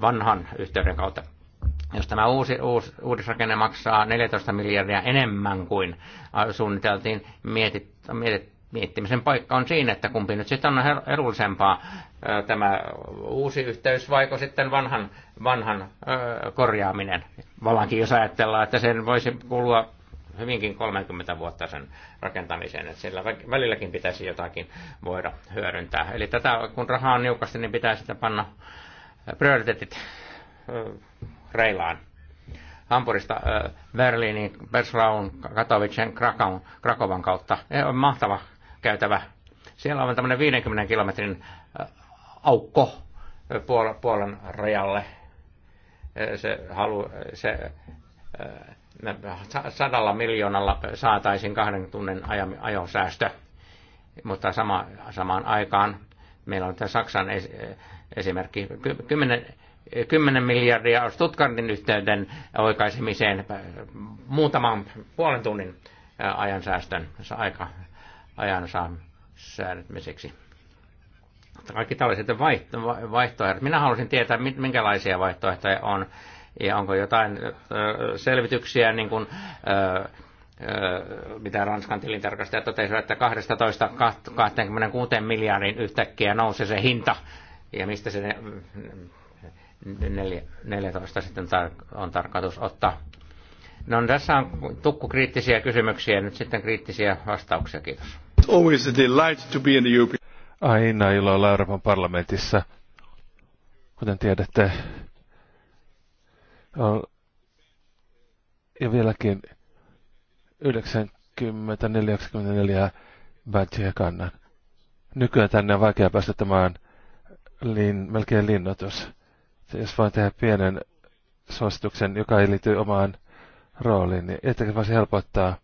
vanhan yhteyden kautta jos tämä uusi, uusi uudisrakenne maksaa 14 miljardia enemmän kuin äh, suunniteltiin, mietit, mietit, miettimisen paikka on siinä, että kumpi nyt sitten on edullisempaa, äh, tämä uusi yhteys vaiko sitten vanhan, vanhan äh, korjaaminen. Vallankin jos ajatellaan, että sen voisi kulua hyvinkin 30 vuotta sen rakentamiseen, että sillä välilläkin pitäisi jotakin voida hyödyntää. Eli tätä, kun rahaa on niukasti, niin pitää sitä panna prioriteetit Reilaan Hampurista äh, Berliiniin, Berslaun, Katowicen, Krakow, Krakovan kautta. Ja on mahtava käytävä. Siellä on tämmöinen 50 kilometrin äh, aukko Puol- Puolan rajalle. Se, halu, se äh, sadalla miljoonalla saataisiin kahden tunnin ajosäästö. Mutta sama, samaan aikaan meillä on tämä Saksan es, esimerkki. Ky- kymmenen 10 miljardia Stuttgartin yhteyden oikaisemiseen muutaman puolen tunnin ajan säästön, aika ajan säädämiseksi. Kaikki tällaiset vaihto, vaihtoehdot. Minä haluaisin tietää, minkälaisia vaihtoehtoja on ja onko jotain selvityksiä, niin kuin, mitä Ranskan tilintarkastaja totesi, että 12-26 miljardin yhtäkkiä nousee se hinta ja mistä se 14 sitten on tarkoitus ottaa. No tässä on tukku kriittisiä kysymyksiä, nyt sitten kriittisiä vastauksia, kiitos. Always a delight to be in the European... Aina ilo olla Euroopan parlamentissa. Kuten tiedätte, ja vieläkin 90 94 badgeja kannan. Nykyään tänne on vaikea päästä tämän lin, melkein linnoitus jos voin tehdä pienen suosituksen, joka ei liity omaan rooliin, niin etteikö voisi helpottaa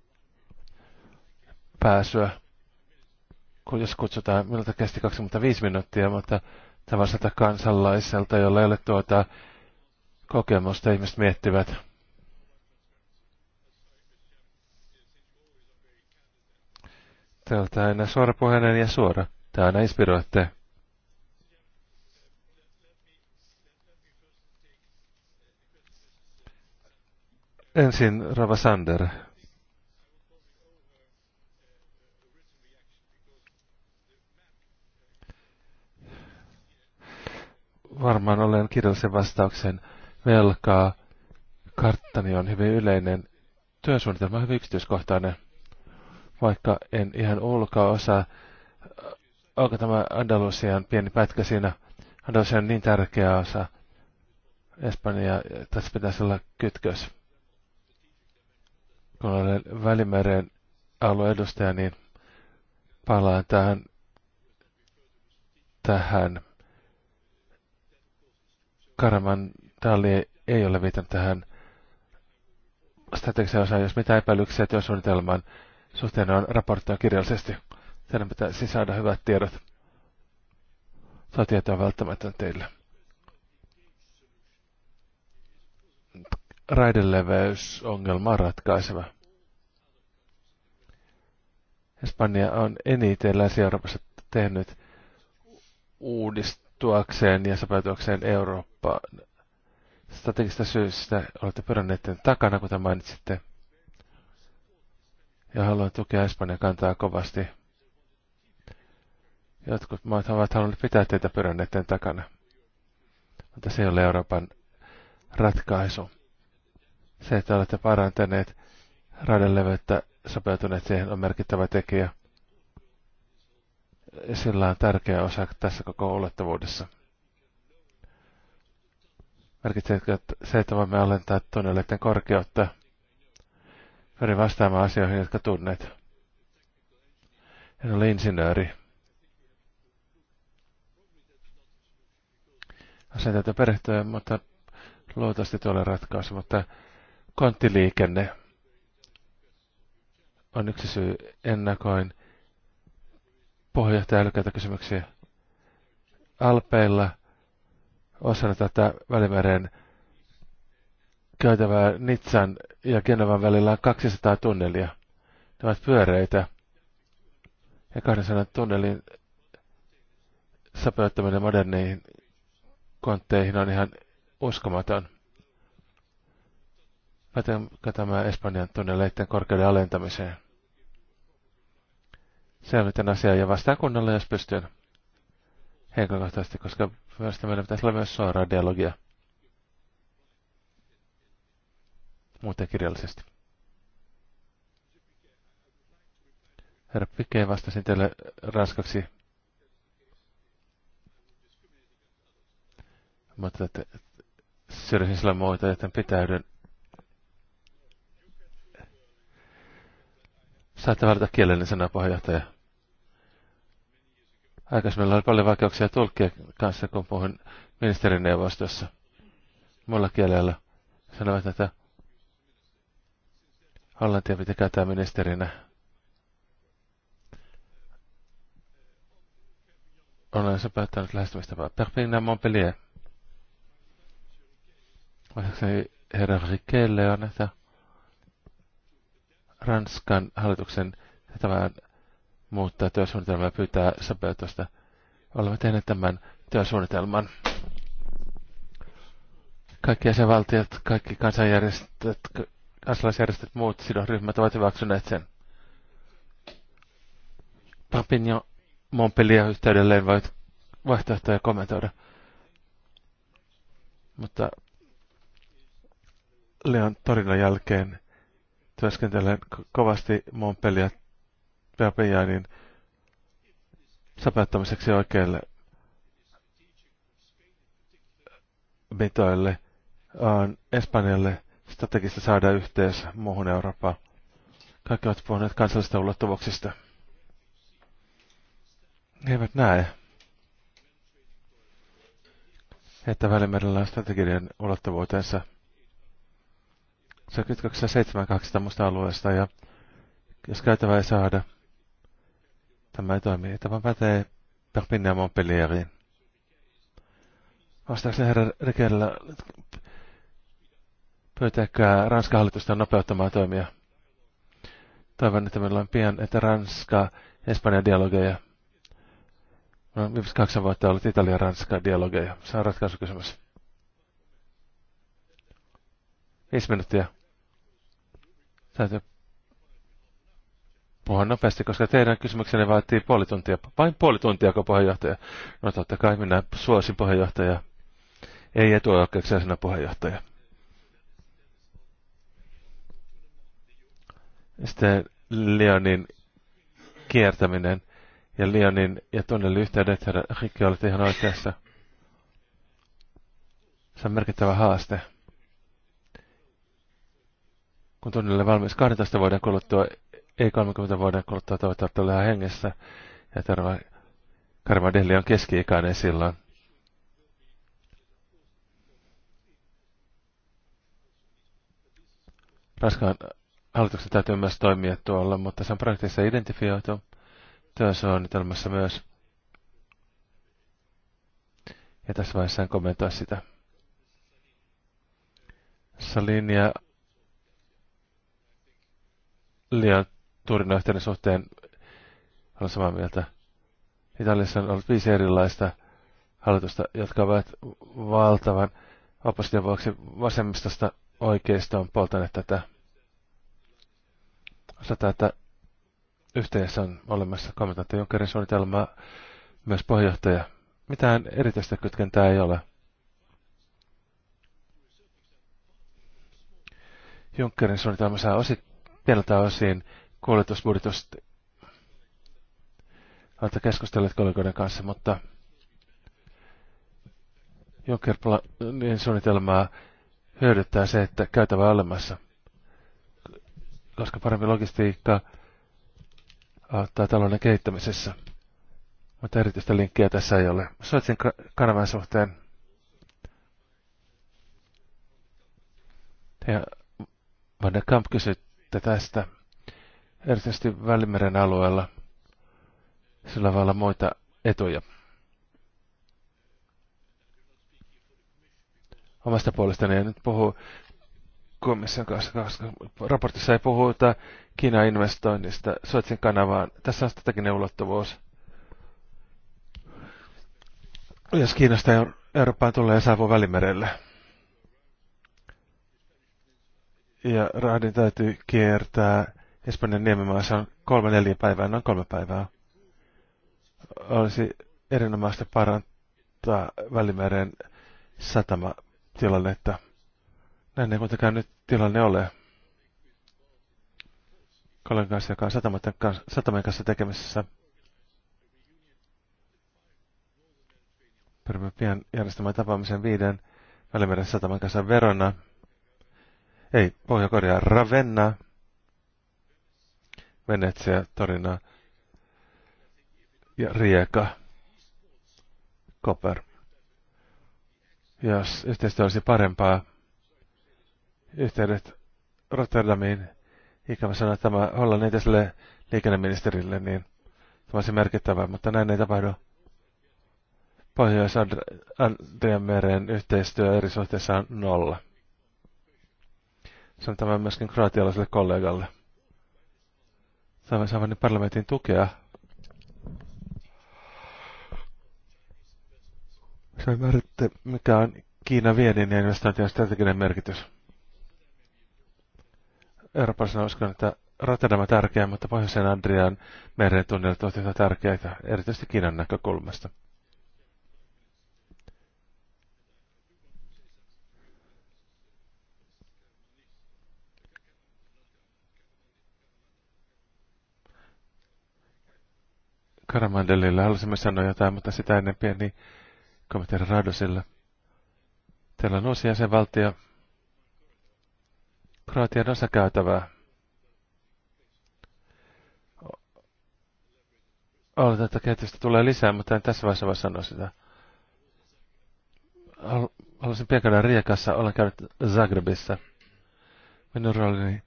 pääsyä, kun jos kutsutaan, minulta kesti 25 minuuttia, mutta tavallaan kansalaiselta, jolla ei ole tuota kokemusta, ihmiset miettivät. Täältä olette aina suorapuheinen ja suora. tämä aina inspiroitte. Ensin Rava Sander. Varmaan olen kirjallisen vastauksen velkaa. Karttani on hyvin yleinen. Työsuunnitelma on hyvin yksityiskohtainen. Vaikka en ihan ulkoa osaa, onko tämä Andalusian pieni pätkä siinä. Andalusia on niin tärkeä osa Espanjaa, tässä pitäisi olla kytkös kun olen Välimeren alueen edustaja, niin palaan tähän, tähän. Karaman talli ei ole viitannut tähän strategiseen osaan, jos mitä epäilyksiä työsuunnitelman suhteen on raporttia kirjallisesti. Teidän pitää siis saada hyvät tiedot. Tuo tieto on välttämätön teille. raideleveysongelma ratkaiseva. Espanja on eniten Länsi-Euroopassa tehnyt uudistuakseen ja sopeutuakseen Eurooppaan. Strategista syystä olette pyränneiden takana, kuten mainitsitte. Ja haluan tukea Espanjan kantaa kovasti. Jotkut maat ovat halunneet pitää teitä pyränneiden takana. Mutta se ei ole Euroopan ratkaisu. Se, että olette parantaneet radan leveyttä sopeutuneet siihen, on merkittävä tekijä. Sillä on tärkeä osa tässä koko olettavuudessa. Merkitseekö että se, että voimme alentaa tunneleiden korkeutta? Pyrin vastaamaan asioihin, jotka tunnet. En ole insinööri. Asian täytyy perehtyä, mutta luultavasti tuolla ratkaisu, mutta konttiliikenne on yksi syy ennakoin puheenjohtaja älykäitä kysymyksiä. Alpeilla osana tätä Välimeren käytävää Nitsan ja Genovan välillä on 200 tunnelia. Ne ovat pyöreitä. Ja 200 tunnelin sopeuttaminen moderniin kontteihin on ihan uskomaton. Päteekö tämä Espanjan tunneleiden korkeuden alentamiseen? Selvitän asiaa ja vastaan kunnolla, jos pystyn henkilökohtaisesti, koska myös meillä pitäisi olla myös suoraa dialogia. Muuten kirjallisesti. Herra Pike, vastasin teille ranskaksi. Mutta että syrjisin sillä muuta, että pitäydyn Saatte valita kielellinen sana, puheenjohtaja. Aikaisemmin oli paljon vaikeuksia tulkia kanssa, kun puhuin ministerineuvostossa. Mulla kielellä sanoivat, että Hollantia pitää käyttää ministerinä. Olen se päättänyt vaan Perpignan Montpellier. se herra Rikelle on, että Ranskan hallituksen tämän muuttaa työsuunnitelmaa ja pyytää sopeutusta. Olemme tehneet tämän työsuunnitelman. Kaikki jäsenvaltiot, kaikki kansanjärjestöt, kansalaisjärjestöt, muut sidosryhmät ovat hyväksyneet sen. Pampin ja Montpellier yhteydelleen voit vaihtoehtoja kommentoida. Mutta Leon torinan jälkeen työskentelen kovasti peliä Perpignanin sapettamiseksi oikeille mitoille on Espanjalle strategista saada yhteys muuhun Eurooppaan. Kaikki ovat puhuneet kansallisista ulottuvuuksista. He eivät näe, että Välimerellä on strateginen ulottuvuutensa – se on kytköksessä 72 musta alueesta ja jos käytävä ei saada, tämä ei toimi. Tämä pätee Perpignan Montpellieriin. Vastaakseni herra Rikellä pyytäkää Ranskan hallitusta nopeuttamaan toimia. Toivon, että meillä on pian, että Ranska Espanjan dialogeja. No, meillä on viimeiset kaksi vuotta ollut Italia Ranska dialogeja. Se on ratkaisukysymys. Viisi minuuttia. Täytyy puhua nopeasti, koska teidän kysymyksenne vaatii puoli tuntia. Vain puoli kun puheenjohtaja? No totta kai minä suosin puheenjohtajaa. Ei sinä puheenjohtaja. Sitten Leonin kiertäminen ja Leonin ja tunneliyhteydet, herra Rikki, olette ihan oikeassa. Se on merkittävä haaste. Kun tunnille valmis 12 vuoden kuluttua, ei 30 vuoden kuluttua toivottavasti ihan hengessä, ja Tarva Karmadelli on keski-ikäinen silloin. Raskaan hallituksen täytyy myös toimia tuolla, mutta se on projektissa identifioitu työsuunnitelmassa myös. Ja tässä vaiheessa en kommentoi sitä. Salin ja Liian turinnoihteiden suhteen olen samaa mieltä. Italiassa on ollut viisi erilaista hallitusta, jotka ovat valtavan opposition vuoksi vasemmistosta oikeistoon on poltaneet tätä. Sata, että yhteydessä on olemassa kommentointi Junckerin suunnitelmaa myös pohjohtaja. Mitään erityistä kytkentää ei ole. Junckerin suunnitelma saa osittain pieneltä osin kuljetusbudjetosta olette keskustelleet kollegoiden kanssa, mutta juncker niin suunnitelmaa hyödyttää se, että käytävä on olemassa. Koska parempi logistiikka auttaa talouden kehittämisessä. Mutta erityistä linkkiä tässä ei ole. Soitsin kanavan suhteen. Ja Van der Kamp kysyi että tästä, erityisesti Välimeren alueella, sillä tavalla muita etuja. Omasta puolestani en nyt puhu komission kanssa, koska raportissa ei puhuta Kiinan investoinnista Suotsin kanavaan. Tässä on strateginen ulottuvuus. Jos Kiinasta Eurooppaan tulee ja saapuu välimerelle. ja rahdin täytyy kiertää Espanjan niemimaassa on kolme neljä päivää, noin kolme päivää. Olisi erinomaista parantaa Välimeren satamatilannetta. Näin ei kuitenkaan nyt tilanne ole. Kolen kanssa, joka on kanssa, satamien kanssa tekemisessä. Pyrimme pian järjestämään tapaamisen viiden Välimeren sataman kanssa verona ei Pohjois-Korea, Ravenna, Venetsia, Torina ja Rieka, Koper. Jos yhteistyö olisi parempaa, yhteydet Rotterdamiin, ikävä sanoa tämä Hollannin entiselle liikenneministerille, niin tämä olisi merkittävää, mutta näin ei tapahdu. pohjois andrian meren yhteistyö eri suhteessa on nolla. Sanon tämän myöskin kroatialaiselle kollegalle. Saamme saavani parlamentin tukea. Se määritte, mikä on Kiinan viennin ja investointien strateginen merkitys. Euroopassa uskon, että Rotterdam on tärkeä, mutta Pohjoisen Andrian meren ovat tärkeitä, erityisesti Kiinan näkökulmasta. Karamandelilla halusimme sanoa jotain, mutta sitä ennen pieni niin kommentti Radosille. Teillä on uusi jäsenvaltio. Kroatian osakäytävää. Oletan, että kehitystä tulee lisää, mutta en tässä vaiheessa voi sanoa sitä. Haluaisin pian Riekassa, olen käynyt Zagrebissa. Minun roolini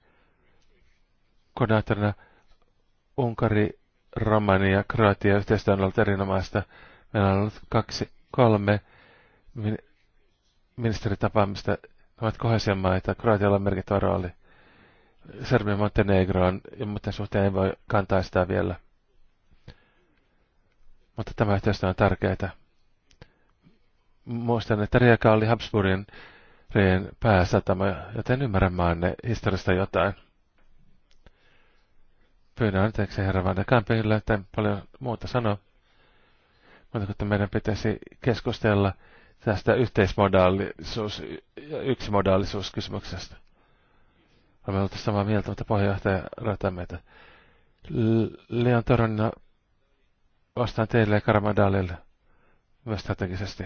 koordinaattorina Unkari Romania ja Kroatia yhteistyö on ollut erinomaista. Meillä on ollut kaksi, kolme min, ministeritapaamista. Ne ovat kohdallisia maita. Kroatialla on merkittävä rooli. Serbia Montenegro on, ja muuten suhteen ei voi kantaa sitä vielä. Mutta tämä yhteistyö on tärkeää. Muistan, että Rieka oli Habsburgin pääsatama, joten ymmärrän maanne historiasta jotain. Pyydän anteeksi herra Van de Kampille, että paljon muuta sanoa. Mutta että meidän pitäisi keskustella tästä yhteismodaalisuus- ja yksimodaalisuuskysymyksestä. Olemme olleet samaa mieltä, mutta puheenjohtaja rata meitä. Leon Toronna vastaan teille ja Karamadalille myös strategisesti.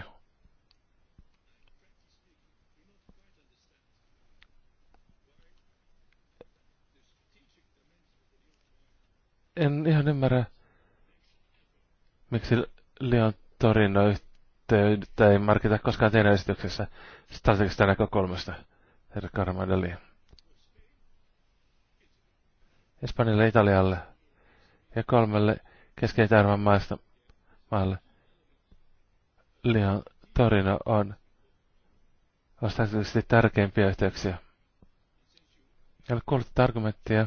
en ihan ymmärrä, miksi Leon Torino yhteyttä ei markita koskaan teidän esityksessä strategista näkökulmasta, herra Karmadeli. Espanjalle, Italialle ja kolmelle keski maista maalle. Leon Torino on vastaisesti tärkeimpiä yhteyksiä. Ei ole kuullut argumenttia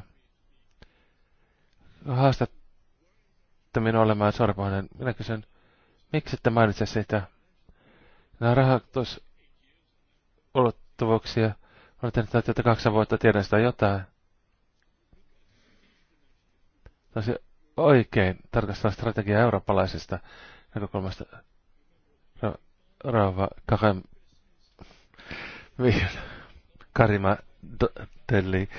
haastatte minua olemaan sormainen. Minä kysyn, miksi ette mainitse sitä? Nämä rahoitusulottuvuuksia. Olen tehnyt tätä kahdeksan vuotta, tiedän sitä jotain. Tosi oikein tarkastella strategiaa eurooppalaisesta näkökulmasta. No, Rauva Kahem Karima Telli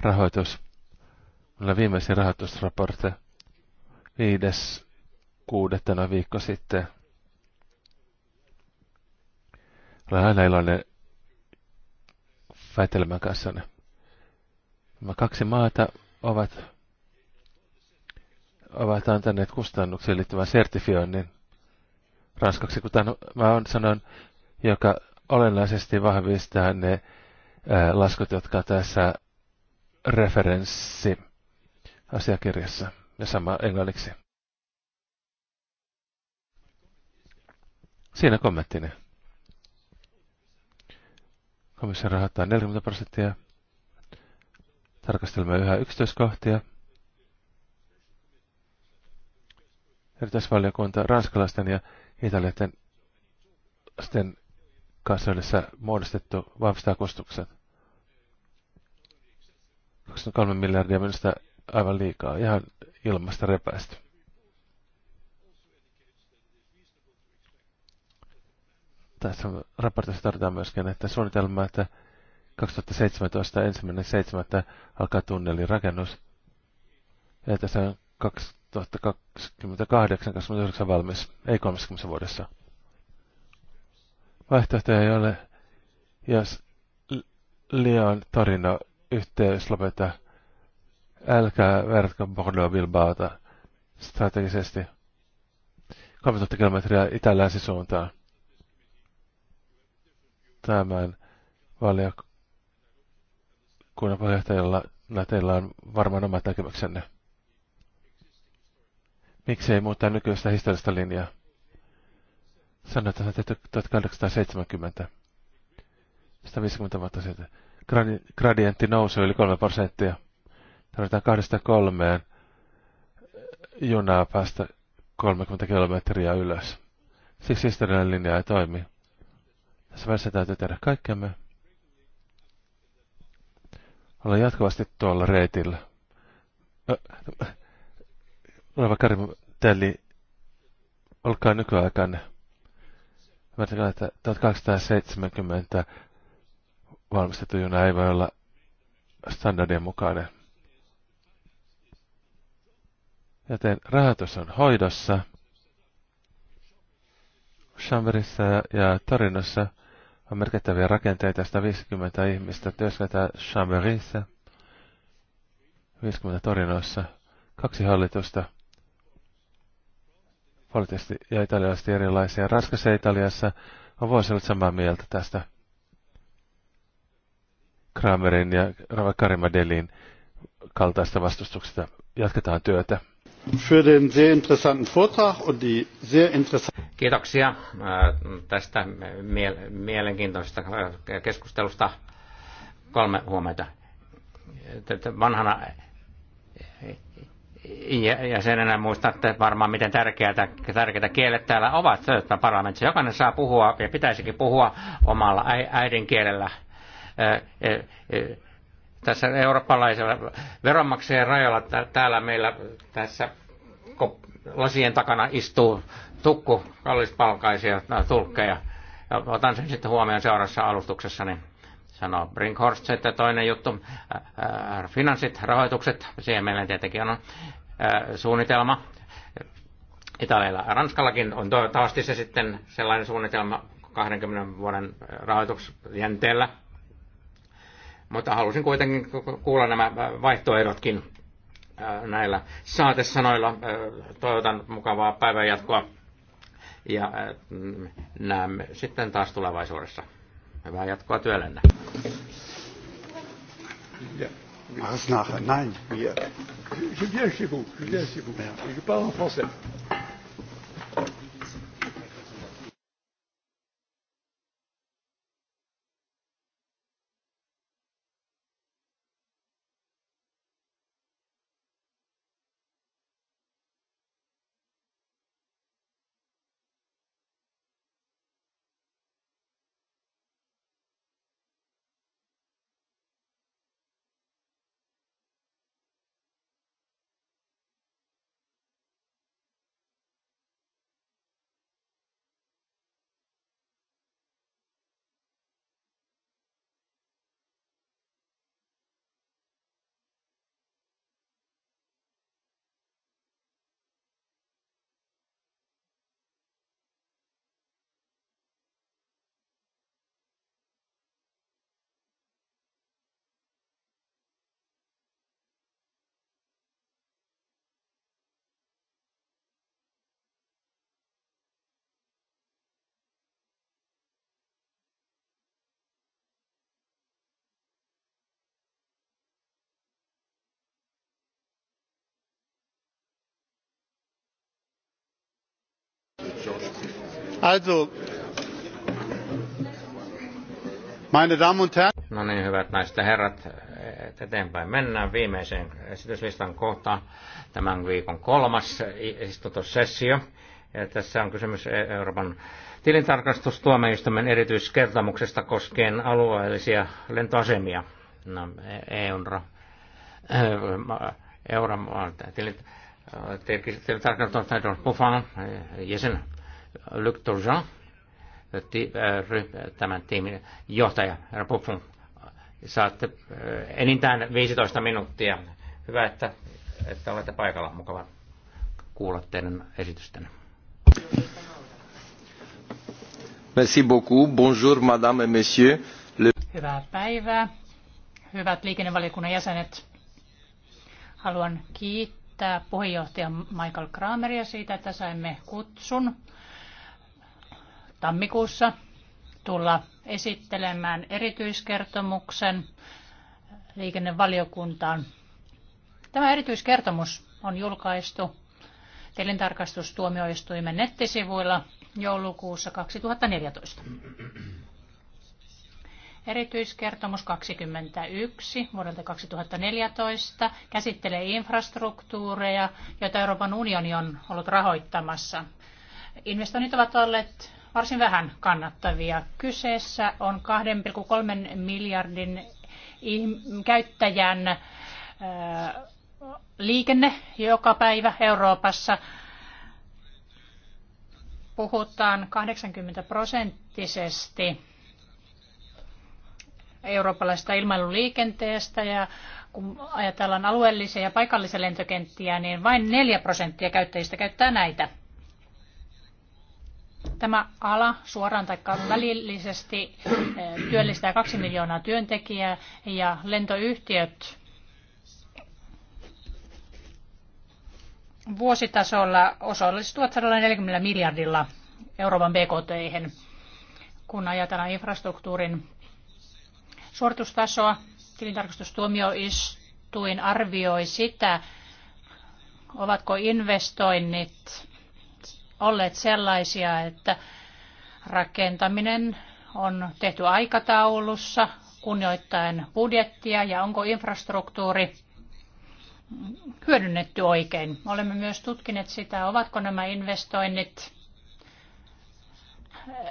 rahoitus. Meillä viimeisin rahoitusraportti 5.6. kuudetta noin viikko sitten. Olen aina iloinen väitelmän kanssa. Nämä kaksi maata ovat, ovat antaneet kustannuksiin liittyvän sertifioinnin ranskaksi, kuten mä on sanon, joka olennaisesti vahvistaa ne ää, laskut, jotka tässä referenssi asiakirjassa ja sama englanniksi. Siinä kommenttini. Komissio rahoittaa 40 prosenttia. Tarkastelemme yhä yksityiskohtia. Erityisvaliokunta ranskalaisten ja italialaisten kanssa yhdessä muodostettu vahvistaa kustukset. 23 miljardia minusta aivan liikaa, ihan ilmasta repäistä. Tässä raportissa todetaan myöskin, että suunnitelma, että 2017 1.7. alkaa tunnelin rakennus. Ja tässä on 2028-2029 valmis, ei 30 vuodessa. Vaihtoehtoja ei ole, jos Leon tarina yhteys lopeta. Älkää verratko Bordeaux Bilbaota strategisesti. 3000 kilometriä itä-länsisuuntaan. Tämän valiokunnan puheenjohtajalla no, teillä on varmaan omat näkemyksenne. Miksi ei muuttaa nykyistä historiallista linjaa? Sanoit, että se on tehty 1870. 150 vuotta sitten gradientti nousee yli 3 prosenttia. Tarvitaan kahdesta kolmeen junaa päästä 30 kilometriä ylös. Siksi historiallinen linja ei toimi. Tässä välissä täytyy tehdä kaikkemme. Olla jatkuvasti tuolla reitillä. Oleva Karim Telli, olkaa nykyaikainen. Mä että 1870 valmistettu juna ei voi olla standardien mukainen. Joten rahoitus on hoidossa. Chamberissa ja Torinossa on merkittäviä rakenteita. 150 ihmistä työskentää Chamberissa, 50 Torinossa, kaksi hallitusta, poliittisesti ja italialaisesti erilaisia. Raskassa Italiassa on vuosi ollut samaa mieltä tästä Kramerin ja Karima Delin kaltaista vastustuksesta. Jatketaan työtä. Für den sehr interessanten Vortrag und die sehr Kiitoksia äh, tästä mielenkiintoisesta keskustelusta. Kolme huomiota. Vanhana jäsenenä muistatte varmaan, miten tärkeätä, tärkeitä kielet täällä ovat parlamentissa. Jokainen saa puhua ja pitäisikin puhua omalla äidinkielellä tässä eurooppalaisella veronmaksajien rajalla täällä meillä tässä lasien takana istuu tukku kallispalkaisia tulkkeja. Otan sen sitten huomioon seuraavassa alustuksessa, niin sanoo Brinkhorst. Sitten toinen juttu, finanssit, rahoitukset, siihen meillä tietenkin on suunnitelma. Italialla ja Ranskallakin on toivottavasti se sitten sellainen suunnitelma 20 vuoden rahoituksjänteellä. Mutta halusin kuitenkin kuulla nämä äh, vaihtoehdotkin äh, näillä saatesanoilla. Äh, toivotan mukavaa päivän jatkoa ja mm, näemme sitten taas tulevaisuudessa. Hyvää jatkoa työllenne. Ja. Mars nachher. Nein, hier. Je viens chez vous, je viens chez vous. Je parle en français. Also, meine Damen und Herren. No niin, hyvät naiset ja herrat, eteenpäin mennään viimeiseen esityslistan kohtaan. Tämän viikon kolmas istutussessio. Ja tässä on kysymys e- Euroopan tilintarkastustuomioistuimen erityiskertomuksesta koskien alueellisia lentoasemia. No, e- EUn euron tilintarkastus Buffon Luc Turgeon, äh, tämän tiimin johtaja, herra Pupfun, saatte äh, enintään 15 minuuttia. Hyvä, että, että olette paikalla. Mukava kuulla teidän esitystänne. Merci beaucoup. Bonjour, madame et monsieur. Le... Hyvää päivää. Hyvät liikennevaliokunnan jäsenet. Haluan kiittää puheenjohtaja Michael Krameria siitä, että saimme kutsun tammikuussa tulla esittelemään erityiskertomuksen liikennevaliokuntaan. Tämä erityiskertomus on julkaistu tilintarkastustuomioistuimen nettisivuilla joulukuussa 2014. Erityiskertomus 21 vuodelta 2014 käsittelee infrastruktuureja, joita Euroopan unioni on ollut rahoittamassa. Investoinnit ovat olleet varsin vähän kannattavia. Kyseessä on 2,3 miljardin käyttäjän liikenne joka päivä Euroopassa. Puhutaan 80 prosenttisesti eurooppalaisesta ilmailuliikenteestä ja kun ajatellaan alueellisia ja paikallisia lentokenttiä, niin vain 4 prosenttia käyttäjistä käyttää näitä. Tämä ala suoraan tai välillisesti eh, työllistää kaksi miljoonaa työntekijää ja lentoyhtiöt vuositasolla osallistuvat 140 miljardilla Euroopan BKT, kun ajatellaan infrastruktuurin suoritustasoa. Tilintarkastustuomioistuin arvioi sitä, ovatko investoinnit olleet sellaisia, että rakentaminen on tehty aikataulussa kunnioittaen budjettia ja onko infrastruktuuri hyödynnetty oikein. Olemme myös tutkineet sitä, ovatko nämä investoinnit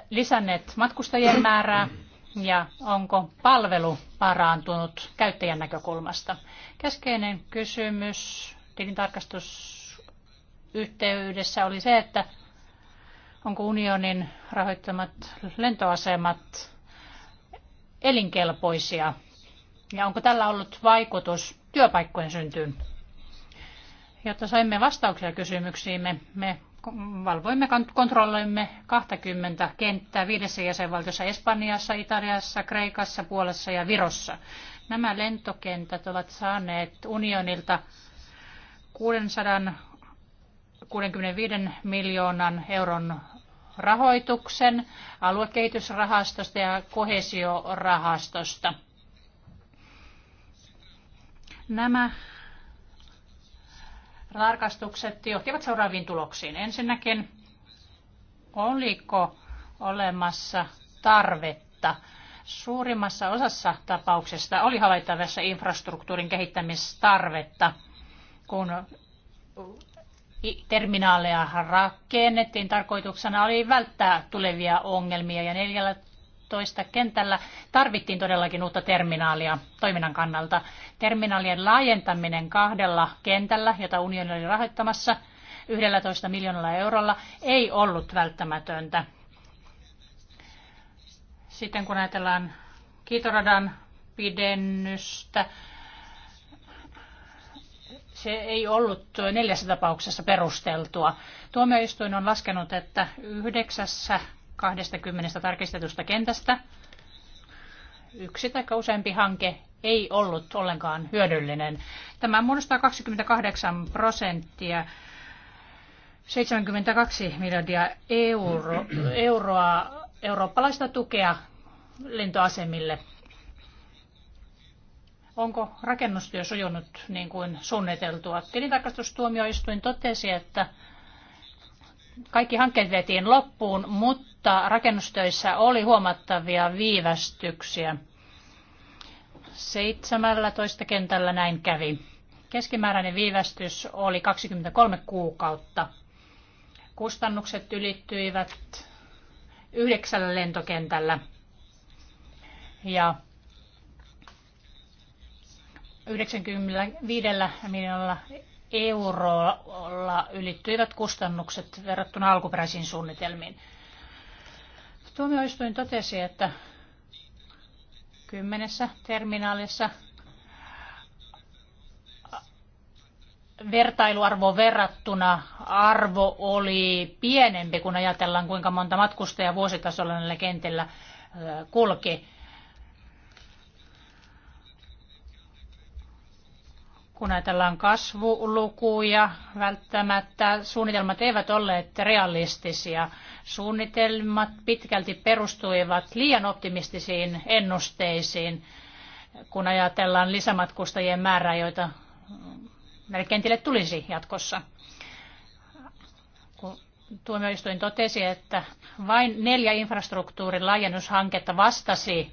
lisänneet matkustajien määrää ja onko palvelu parantunut käyttäjän näkökulmasta. Keskeinen kysymys tilintarkastus yhteydessä oli se, että onko unionin rahoittamat lentoasemat elinkelpoisia ja onko tällä ollut vaikutus työpaikkojen syntyyn. Jotta saimme vastauksia kysymyksiimme, me valvoimme kontrolloimme 20 kenttää viidessä jäsenvaltiossa Espanjassa, Italiassa, Kreikassa, Puolassa ja Virossa. Nämä lentokentät ovat saaneet unionilta 600 65 miljoonan euron rahoituksen aluekehitysrahastosta ja kohesiorahastosta. Nämä tarkastukset johtivat seuraaviin tuloksiin. Ensinnäkin, oliko olemassa tarvetta? Suurimmassa osassa tapauksista oli havaittavissa infrastruktuurin kehittämistarvetta, kun terminaaleja rakennettiin. Tarkoituksena oli välttää tulevia ongelmia ja 14 kentällä tarvittiin todellakin uutta terminaalia toiminnan kannalta. Terminaalien laajentaminen kahdella kentällä, jota unioni oli rahoittamassa 11 miljoonalla eurolla, ei ollut välttämätöntä. Sitten kun ajatellaan kiitoradan pidennystä, se ei ollut neljässä tapauksessa perusteltua. Tuomioistuin on laskenut, että yhdeksässä 20 tarkistetusta kentästä yksi tai useampi hanke ei ollut ollenkaan hyödyllinen. Tämä muodostaa 28 prosenttia 72 miljardia euro, euroa eurooppalaista tukea lentoasemille onko rakennustyö sujunut niin kuin suunniteltua. Tilintarkastustuomioistuin totesi, että kaikki hankkeet vietiin loppuun, mutta rakennustöissä oli huomattavia viivästyksiä. 17 kentällä näin kävi. Keskimääräinen viivästys oli 23 kuukautta. Kustannukset ylittyivät yhdeksällä lentokentällä. Ja 95 miljoonalla eurolla ylittyivät kustannukset verrattuna alkuperäisiin suunnitelmiin. Tuomioistuin totesi, että kymmenessä terminaalissa vertailuarvo verrattuna arvo oli pienempi, kun ajatellaan kuinka monta matkustajaa vuositasolla näillä kentillä kulki. kun ajatellaan kasvulukuja, välttämättä suunnitelmat eivät olleet realistisia. Suunnitelmat pitkälti perustuivat liian optimistisiin ennusteisiin, kun ajatellaan lisämatkustajien määrää, joita merkentille tulisi jatkossa. Kun tuomioistuin totesi, että vain neljä infrastruktuurin laajennushanketta vastasi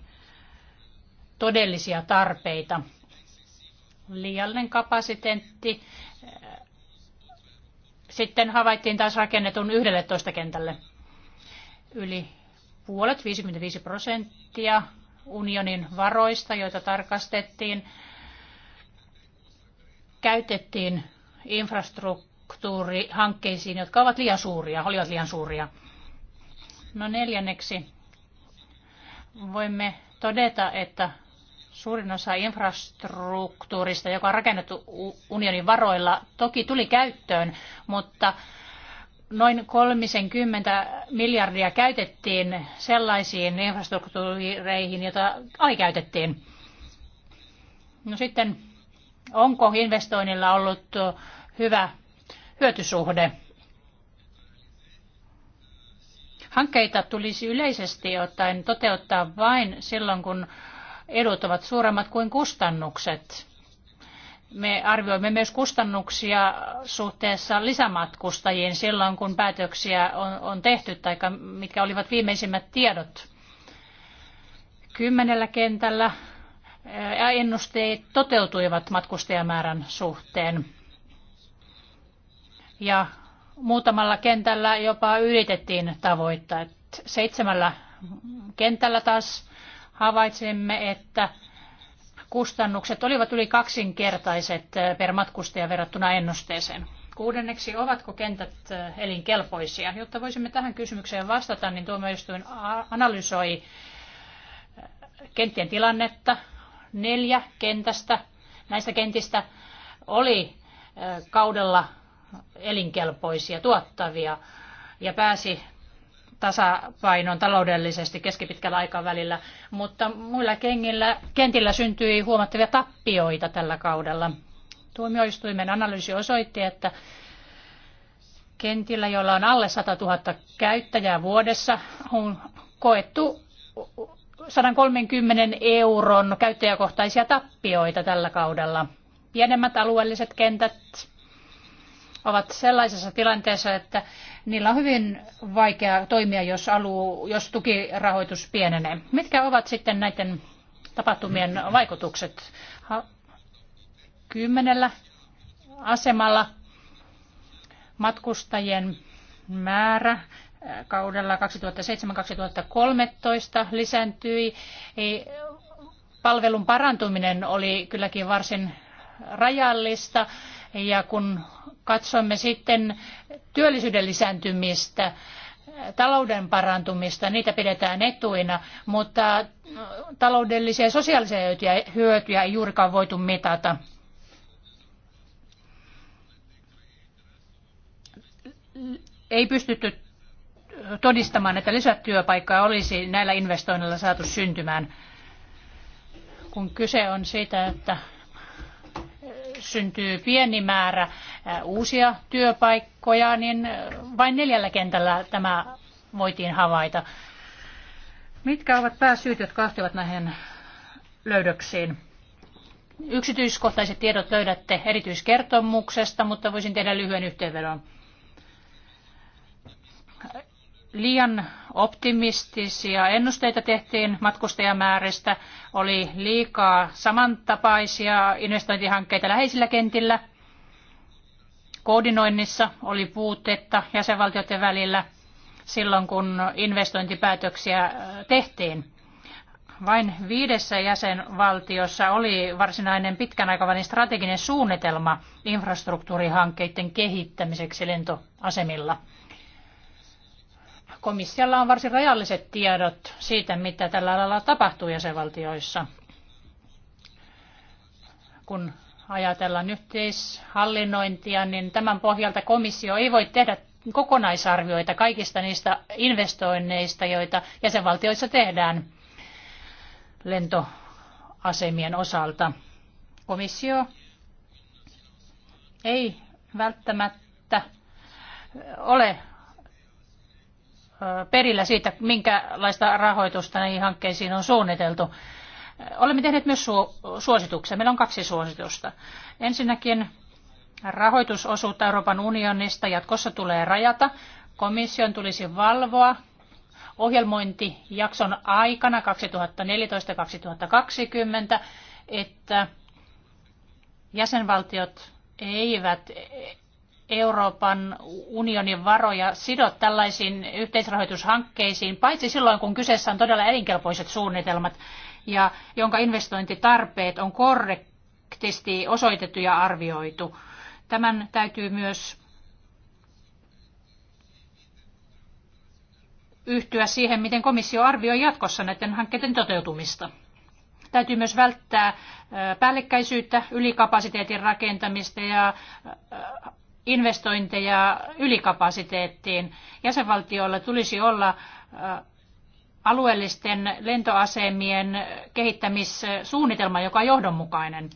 todellisia tarpeita – liiallinen kapasiteetti. Sitten havaittiin taas rakennetun 11 kentälle. Yli puolet, 55 prosenttia unionin varoista, joita tarkastettiin, käytettiin infrastruktuurihankkeisiin, jotka ovat liian suuria, olivat liian suuria. No neljänneksi voimme todeta, että Suurin osa infrastruktuurista, joka on rakennettu unionin varoilla, toki tuli käyttöön, mutta noin 30 miljardia käytettiin sellaisiin infrastruktuureihin, joita käytettiin. No sitten, onko investoinnilla ollut hyvä hyötysuhde? Hankkeita tulisi yleisesti ottaen toteuttaa vain silloin, kun edut ovat suuremmat kuin kustannukset. Me arvioimme myös kustannuksia suhteessa lisämatkustajiin silloin, kun päätöksiä on, on tehty tai mitkä olivat viimeisimmät tiedot. Kymmenellä kentällä ennusteet toteutuivat matkustajamäärän suhteen. Ja muutamalla kentällä jopa ylitettiin tavoitteet. Seitsemällä kentällä taas havaitsemme, että kustannukset olivat yli kaksinkertaiset eh, per matkustaja verrattuna ennusteeseen. Kuudenneksi, ovatko kentät eh, elinkelpoisia? Jotta voisimme tähän kysymykseen vastata, niin tuomioistuin analysoi eh, kenttien tilannetta. Neljä kentästä, näistä kentistä oli kaudella elinkelpoisia, tuottavia ja pääsi tasapainon taloudellisesti keskipitkällä aikavälillä, mutta muilla kengillä, kentillä syntyi huomattavia tappioita tällä kaudella. Tuomioistuimen analyysi osoitti, että kentillä, joilla on alle 100 000 käyttäjää vuodessa, on koettu 130 euron käyttäjäkohtaisia tappioita tällä kaudella. Pienemmät alueelliset kentät ovat sellaisessa tilanteessa, että niillä on hyvin vaikea toimia, jos, alu, jos tukirahoitus pienenee. Mitkä ovat sitten näiden tapahtumien vaikutukset? Kymmenellä asemalla matkustajien määrä kaudella 2007-2013 lisääntyi. E, palvelun parantuminen oli kylläkin varsin rajallista ja kun katsoimme sitten työllisyyden lisääntymistä, talouden parantumista, niitä pidetään etuina, mutta taloudellisia ja sosiaalisia hyötyjä ei juurikaan voitu mitata. Ei pystytty todistamaan, että työpaikkaa olisi näillä investoinneilla saatu syntymään kun kyse on siitä, että syntyy pieni määrä uusia työpaikkoja, niin vain neljällä kentällä tämä voitiin havaita. Mitkä ovat pääsyyt, jotka johtivat näihin löydöksiin? Yksityiskohtaiset tiedot löydätte erityiskertomuksesta, mutta voisin tehdä lyhyen yhteenvedon liian optimistisia ennusteita tehtiin matkustajamääristä, oli liikaa samantapaisia investointihankkeita läheisillä kentillä, koordinoinnissa oli puutetta jäsenvaltioiden välillä silloin, kun investointipäätöksiä äh, tehtiin. Vain viidessä jäsenvaltiossa oli varsinainen pitkän aikavälin strateginen suunnitelma infrastruktuurihankkeiden kehittämiseksi lentoasemilla komissiolla on varsin rajalliset tiedot siitä, mitä tällä alalla tapahtuu jäsenvaltioissa. Kun ajatellaan yhteishallinnointia, niin tämän pohjalta komissio ei voi tehdä kokonaisarvioita kaikista niistä investoinneista, joita jäsenvaltioissa tehdään lentoasemien osalta. Komissio ei välttämättä ole perillä siitä, minkälaista rahoitusta näihin hankkeisiin on suunniteltu. Olemme tehneet myös suosituksia. Meillä on kaksi suositusta. Ensinnäkin rahoitusosuutta Euroopan unionista jatkossa tulee rajata. Komission tulisi valvoa ohjelmointijakson aikana 2014-2020, että jäsenvaltiot eivät Euroopan unionin varoja sidot tällaisiin yhteisrahoitushankkeisiin, paitsi silloin kun kyseessä on todella elinkelpoiset suunnitelmat ja jonka investointitarpeet on korrektisti osoitettu ja arvioitu. Tämän täytyy myös yhtyä siihen, miten komissio arvioi jatkossa näiden hankkeiden toteutumista. Täytyy myös välttää päällekkäisyyttä, ylikapasiteetin rakentamista ja investointeja ylikapasiteettiin. Jäsenvaltioilla tulisi olla alueellisten lentoasemien kehittämissuunnitelma, joka on johdonmukainen.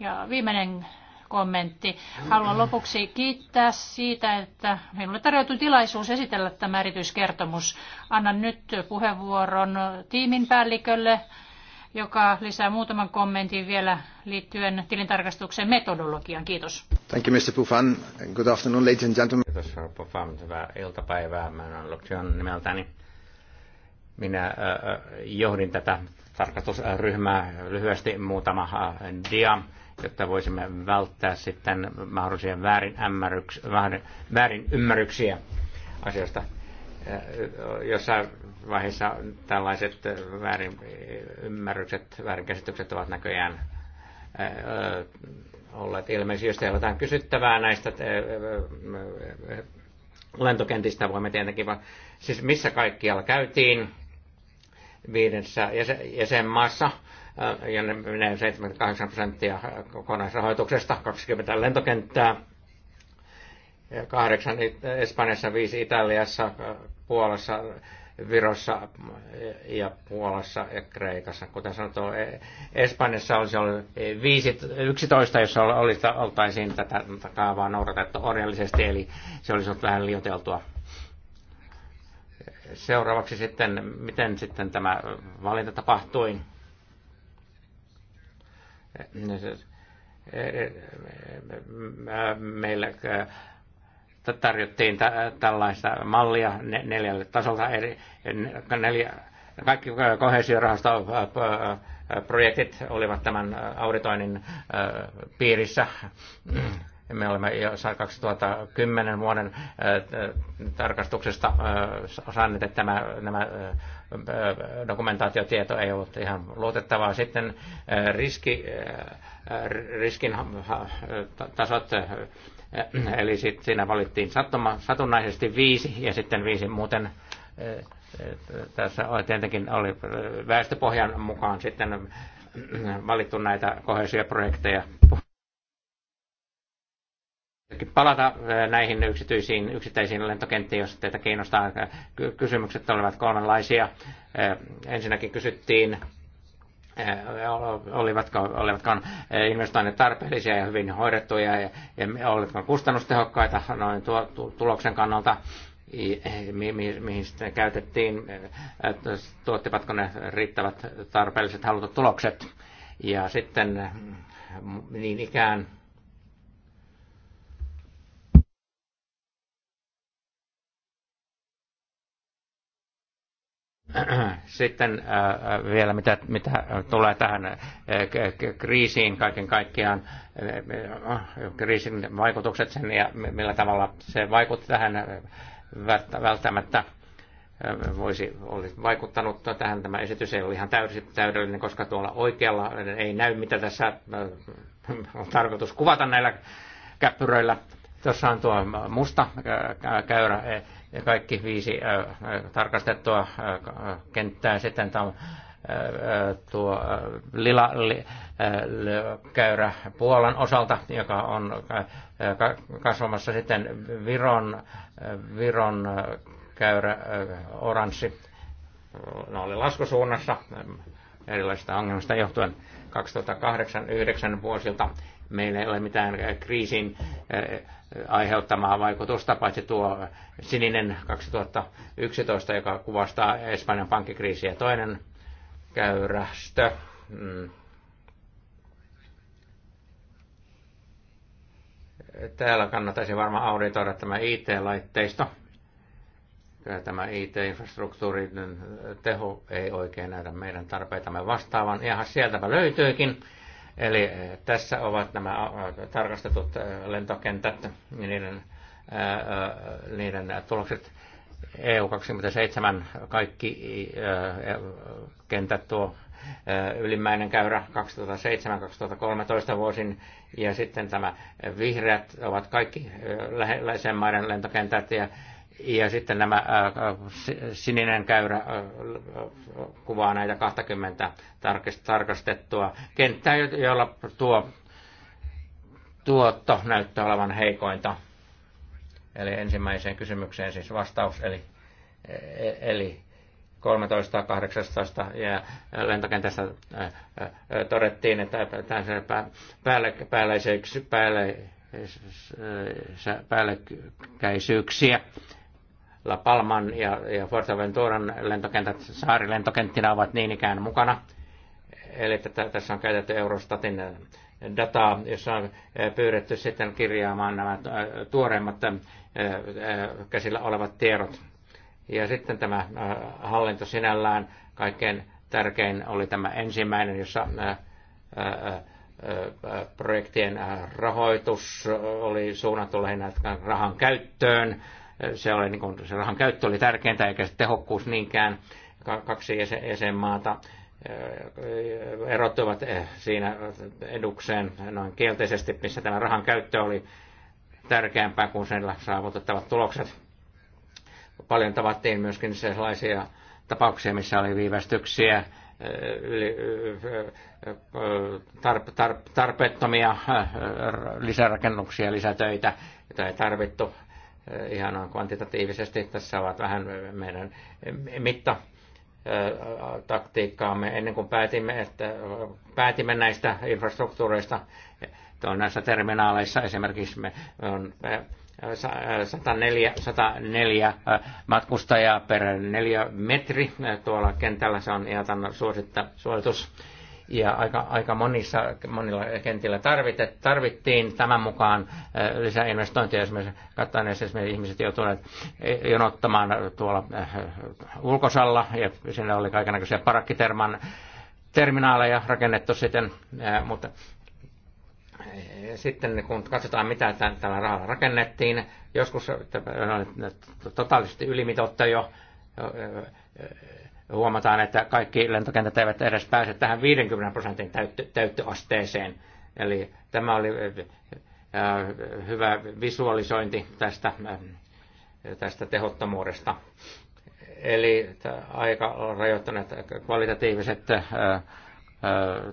Ja viimeinen kommentti. Haluan lopuksi kiittää siitä, että minulle tarjottu tilaisuus esitellä tämä erityiskertomus. Annan nyt puheenvuoron tiimin päällikölle joka lisää muutaman kommentin vielä liittyen tilintarkastuksen metodologiaan. Kiitos. Thank you, Mr. Pufan. Good afternoon, ladies and gentlemen. Kiitos, Herra Pufan. Hyvää iltapäivää. Mä olen Lucian nimeltäni. Minä äh, johdin tätä tarkastusryhmää lyhyesti muutama äh, dia jotta voisimme välttää sitten mahdollisia väärin, väärin, väärin ymmärryksiä asioista jossain vaiheessa tällaiset väärin ymmärrykset, väärinkäsitykset ovat näköjään olleet ilmeisiä. Jos teillä jotain kysyttävää näistä lentokentistä, voimme tietenkin vaan, siis missä kaikkialla käytiin viidessä jäsenmaassa, ja ne menee 78 prosenttia kokonaisrahoituksesta, 20 lentokenttää, kahdeksan Espanjassa, viisi Italiassa, Puolassa, Virossa ja Puolassa ja Kreikassa. Kuten sanottu, e- Espanjassa olisi ollut 5, 11, jossa olisi, oltaisiin tätä kaavaa noudatettu orjallisesti, eli se olisi ollut vähän liioteltua. Seuraavaksi sitten, miten sitten tämä valinta tapahtui niin e- e- meillä tarjottiin tällaista mallia neljälle tasolta eri, neljä, kaikki kohesiorahasto projektit olivat tämän auditoinnin piirissä. Me olemme jo 2010 vuoden tarkastuksesta saaneet, että tämä, nämä dokumentaatiotieto ei ollut ihan luotettavaa. Sitten riski, riskin tasot Äh, eli sit siinä valittiin sattuma, satunnaisesti viisi ja sitten viisi muuten äh, äh, tässä tietenkin oli väestöpohjan mukaan sitten valittu näitä kohesioprojekteja. Palata näihin yksityisiin, yksittäisiin lentokenttiin, jos teitä kiinnostaa. Kysymykset olivat kolmenlaisia. Ensinnäkin kysyttiin Äh, olivatko, olivatko äh, investoinnit tarpeellisia ja hyvin hoidettuja ja, ja olivatko kustannustehokkaita noin tuo, tu, tuloksen kannalta, eh, mi, mi, mihin sitten käytettiin, äh, tuottivatko ne riittävät tarpeelliset halutut tulokset. Ja sitten mm, niin ikään (clears throat) Sitten äh, äh, vielä mitä, mitä tulee tähän äh, kriisiin kaiken kaikkiaan, kriisin vaikutukset sen ja millä tavalla se vaikutti tähän välttämättä voisi, olisi vaikuttanut tähän. Tämä esitys ei ole ihan täysi, täydellinen, koska tuolla oikealla ei näy, mitä tässä on tarkoitus kuvata näillä käppyröillä. Tuossa on tuo musta käyrä ja kaikki viisi äh, äh, tarkastettua äh, kenttää sitten tam, tuo lila li, käyrä Puolan osalta, joka on kasvamassa sitten Viron, Viron käyrä oranssi. No oli laskusuunnassa erilaisista ongelmista johtuen 2008-2009 vuosilta. Meillä ei ole mitään kriisin aiheuttamaa vaikutusta, paitsi tuo sininen 2011, joka kuvastaa Espanjan pankkikriisiä. Toinen käyrästö. Mm, täällä kannattaisi varmaan auditoida tämä IT-laitteisto. tämä IT-infrastruktuurin mm, teho ei oikein näytä meidän tarpeitamme vastaavan. Ihan sieltäpä löytyykin Eli eh, tässä ovat nämä eh, tarkastetut eh, lentokentät ja niiden, niiden tulokset. EU27 kaikki kentät tuo ylimmäinen käyrä 2007-2013 vuosin ja sitten tämä vihreät ovat kaikki läheisen maiden lentokentät ja ja sitten nämä äh, sininen käyrä äh, kuvaa näitä 20 tarkastettua kenttää, joilla tuo tuotto näyttää olevan heikointa. Eli ensimmäiseen kysymykseen siis vastaus, eli, e-, eli 13.18 ja lentokentässä äh, todettiin, että päälle päälle päällekkäisyyksiä La Palman ja, ja Fuerteventuran lentokentät saarilentokenttänä ovat niin ikään mukana. Eli tätä, tässä on käytetty Eurostatin dataa, jossa on pyydetty sitten kirjaamaan nämä tuoreimmat käsillä olevat tiedot. Ja sitten tämä hallinto sinällään, kaikkein tärkein oli tämä ensimmäinen, jossa projektien rahoitus oli suunnattu lähinnä rahan käyttöön se, oli, niin kuin, se rahan käyttö oli tärkeintä eikä se tehokkuus niinkään. Kaksi jäsenmaata eh, eh, erottuivat eh, siinä edukseen noin kielteisesti, missä tämä rahan käyttö oli tärkeämpää kuin sen saavutettavat tulokset. Paljon tavattiin myöskin sellaisia tapauksia, missä oli viivästyksiä, tarpeettomia lisärakennuksia, lisätöitä, joita ei tarvittu Eh, ihan kvantitatiivisesti. Tässä ovat vähän meidän mitta eh, taktiikkaamme ennen kuin päätimme, että päätimme näistä infrastruktuureista näissä terminaaleissa esimerkiksi me on 104, eh, 104 matkustajaa per 4 metri tuolla kentällä. Se on ihan suositta, suositus ja aika, aika monissa, monilla kentillä tarvittiin tämän mukaan äh, lisäinvestointia. Esimerkiksi kattaneessa esimerkiksi ihmiset joutuneet e, jonottamaan tuolla äh, ulkosalla ja sinne oli kaikenlaisia parakkiterman terminaaleja rakennettu sitten, äh, mutta sitten kun katsotaan, mitä tällä rahalla rakennettiin, joskus totaalisesti ylimitotta jo huomataan, että kaikki lentokentät eivät edes pääse tähän 50 prosentin täyttö, täyttöasteeseen. Eli tämä oli hyvä visualisointi tästä, tästä tehottomuudesta. Eli aika rajoittaneet kvalitatiiviset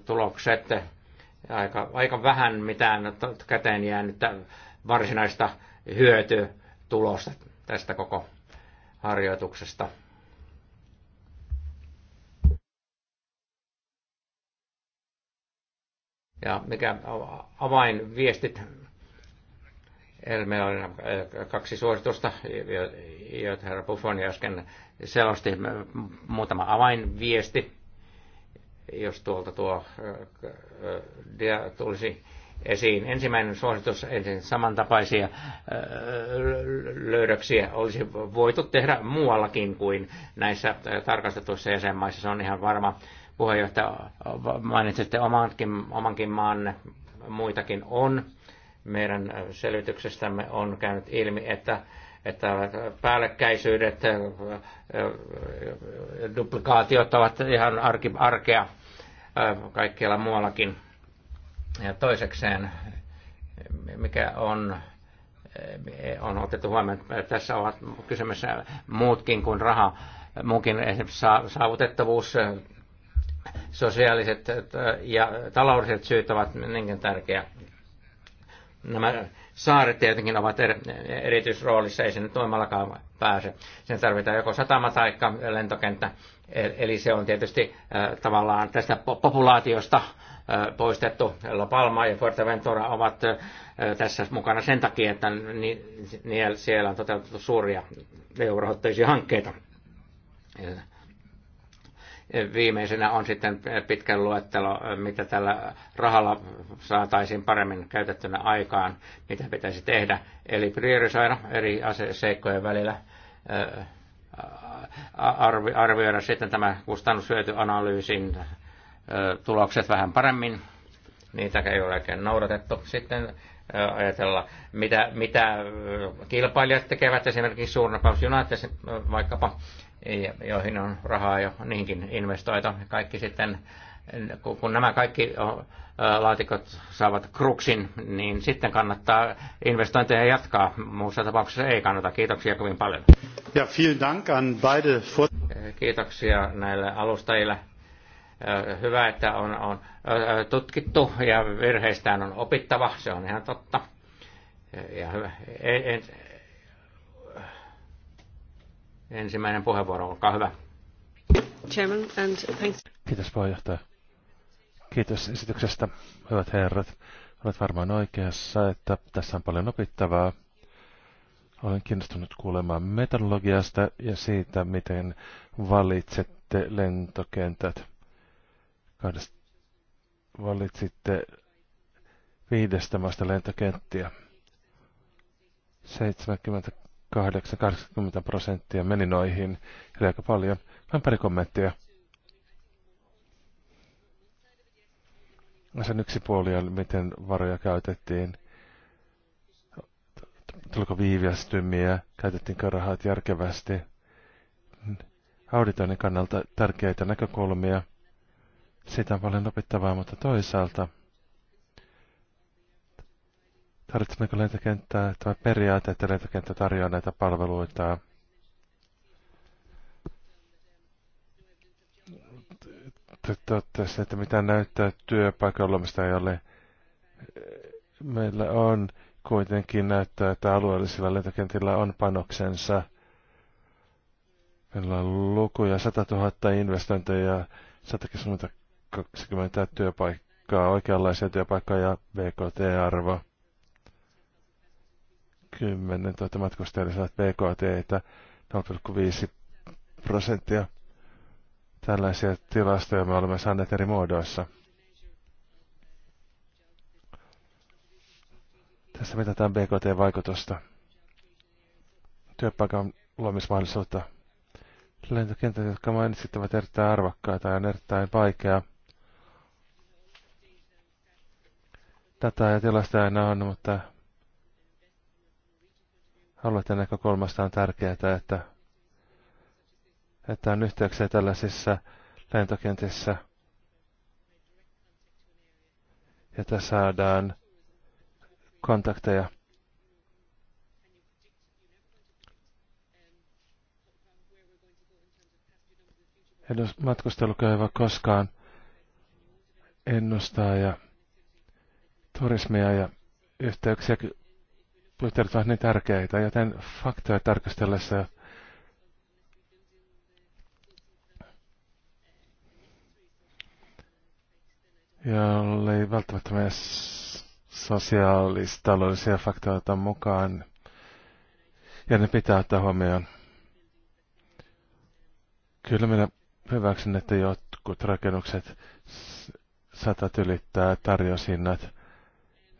tulokset, aika, aika vähän mitään käteen jäänyt varsinaista hyötytulosta tästä koko harjoituksesta. ja mikä avainviestit. meillä oli äh, kaksi suositusta, joita herra Buffoni äsken selosti. Muutama avainviesti, jos tuolta tuo äh, äh, dia tulisi esiin. Ensimmäinen suositus, ensin samantapaisia löydöksiä olisi voitu tehdä muuallakin kuin näissä tarkastetuissa jäsenmaissa. Se on ihan varma, puheenjohtaja, että omankin, omankin maan, muitakin on. Meidän selvityksestämme on käynyt ilmi, että, että päällekkäisyydet, duplikaatiot ovat ihan arki, arkea kaikkialla muuallakin. Ja toisekseen, mikä on on otettu huomioon, että tässä ovat kysymys muutkin kuin raha, muunkin saavutettavuus, sosiaaliset ja taloudelliset syyt ovat niinkin tärkeä. Nämä saaret tietenkin ovat erityisroolissa, ei se nyt pääse. Sen tarvitaan joko satama tai lentokenttä. E, eli se on tietysti tavallaan tästä populaatiosta poistettu. La Palma ja Fuerteventura ovat tässä mukana sen takia, että siellä on toteutettu suuria eurohoitteisia hankkeita. Viimeisenä on sitten pitkä luettelo, mitä tällä rahalla saataisiin paremmin käytettynä aikaan, mitä pitäisi tehdä. Eli priorisoida eri seikkojen välillä, arvioida sitten tämä kustannushyötyanalyysin tulokset vähän paremmin. Niitä ei ole oikein noudatettu. Sitten ajatella, mitä, mitä kilpailijat tekevät, esimerkiksi suurnapaus United vaikkapa, joihin on rahaa jo niinkin investoita. Kaikki sitten, kun nämä kaikki laatikot saavat kruksin, niin sitten kannattaa investointeja jatkaa. Muussa tapauksessa ei kannata. Kiitoksia kovin paljon. Ja vielen dank an beide Kiitoksia näille alustajille. Hyvä, että on, on tutkittu ja virheistään on opittava. Se on ihan totta. Ja hyvä. En, en, Ensimmäinen puheenvuoro, olkaa hyvä. Chairman and thanks. Kiitos puheenjohtaja. Kiitos esityksestä, hyvät herrat. Olet varmaan oikeassa, että tässä on paljon opittavaa. Olen kiinnostunut kuulemaan metodologiasta ja siitä, miten valitsette lentokentät. Kahdesta valitsitte viidestä maasta lentokenttiä. 70 80 prosenttia meni noihin, eli aika paljon. Vain pari kommenttia. Sen yksi puoli oli, miten varoja käytettiin. Tuliko viivästymiä, käytettiinkö rahat järkevästi. Auditoinnin kannalta tärkeitä näkökulmia. Siitä on paljon opittavaa, mutta toisaalta – Tarvitsemmeko lentokenttää? Tämä periaate, että lentokenttä tarjoaa näitä palveluita. Totesin, että mitä näyttää työpaikalla, mistä ei ole. Meillä on kuitenkin näyttää, että alueellisilla lentokentillä on panoksensa. Meillä on lukuja 100 000 investointeja, 120 työpaikkaa, oikeanlaisia työpaikkoja ja BKT-arvo 10 000 tuota matkustajaa lisäävät BKT, 0,5 prosenttia. Tällaisia tilastoja me olemme saaneet eri muodoissa. Tässä mitataan BKT-vaikutusta, työpaikan luomismahdollisuutta. Lentokentät, jotka mainitsit, ovat erittäin arvokkaita ja on erittäin vaikea. Tätä ja tilastoja aina on, mutta alueiden näkökulmasta on tärkeää, että, että on yhteyksiä tällaisissa lentokentissä, että saadaan kontakteja. matkustelu ole voi koskaan ennustaa ja turismia ja yhteyksiä yhteydet ovat niin tärkeitä, joten faktoja tarkastellessa ja ei välttämättä mene sosiaalistaloudellisia faktoja mukaan, ja ne pitää ottaa huomioon. Kyllä minä hyväksyn, että jotkut rakennukset saatat ylittää tarjosinnat.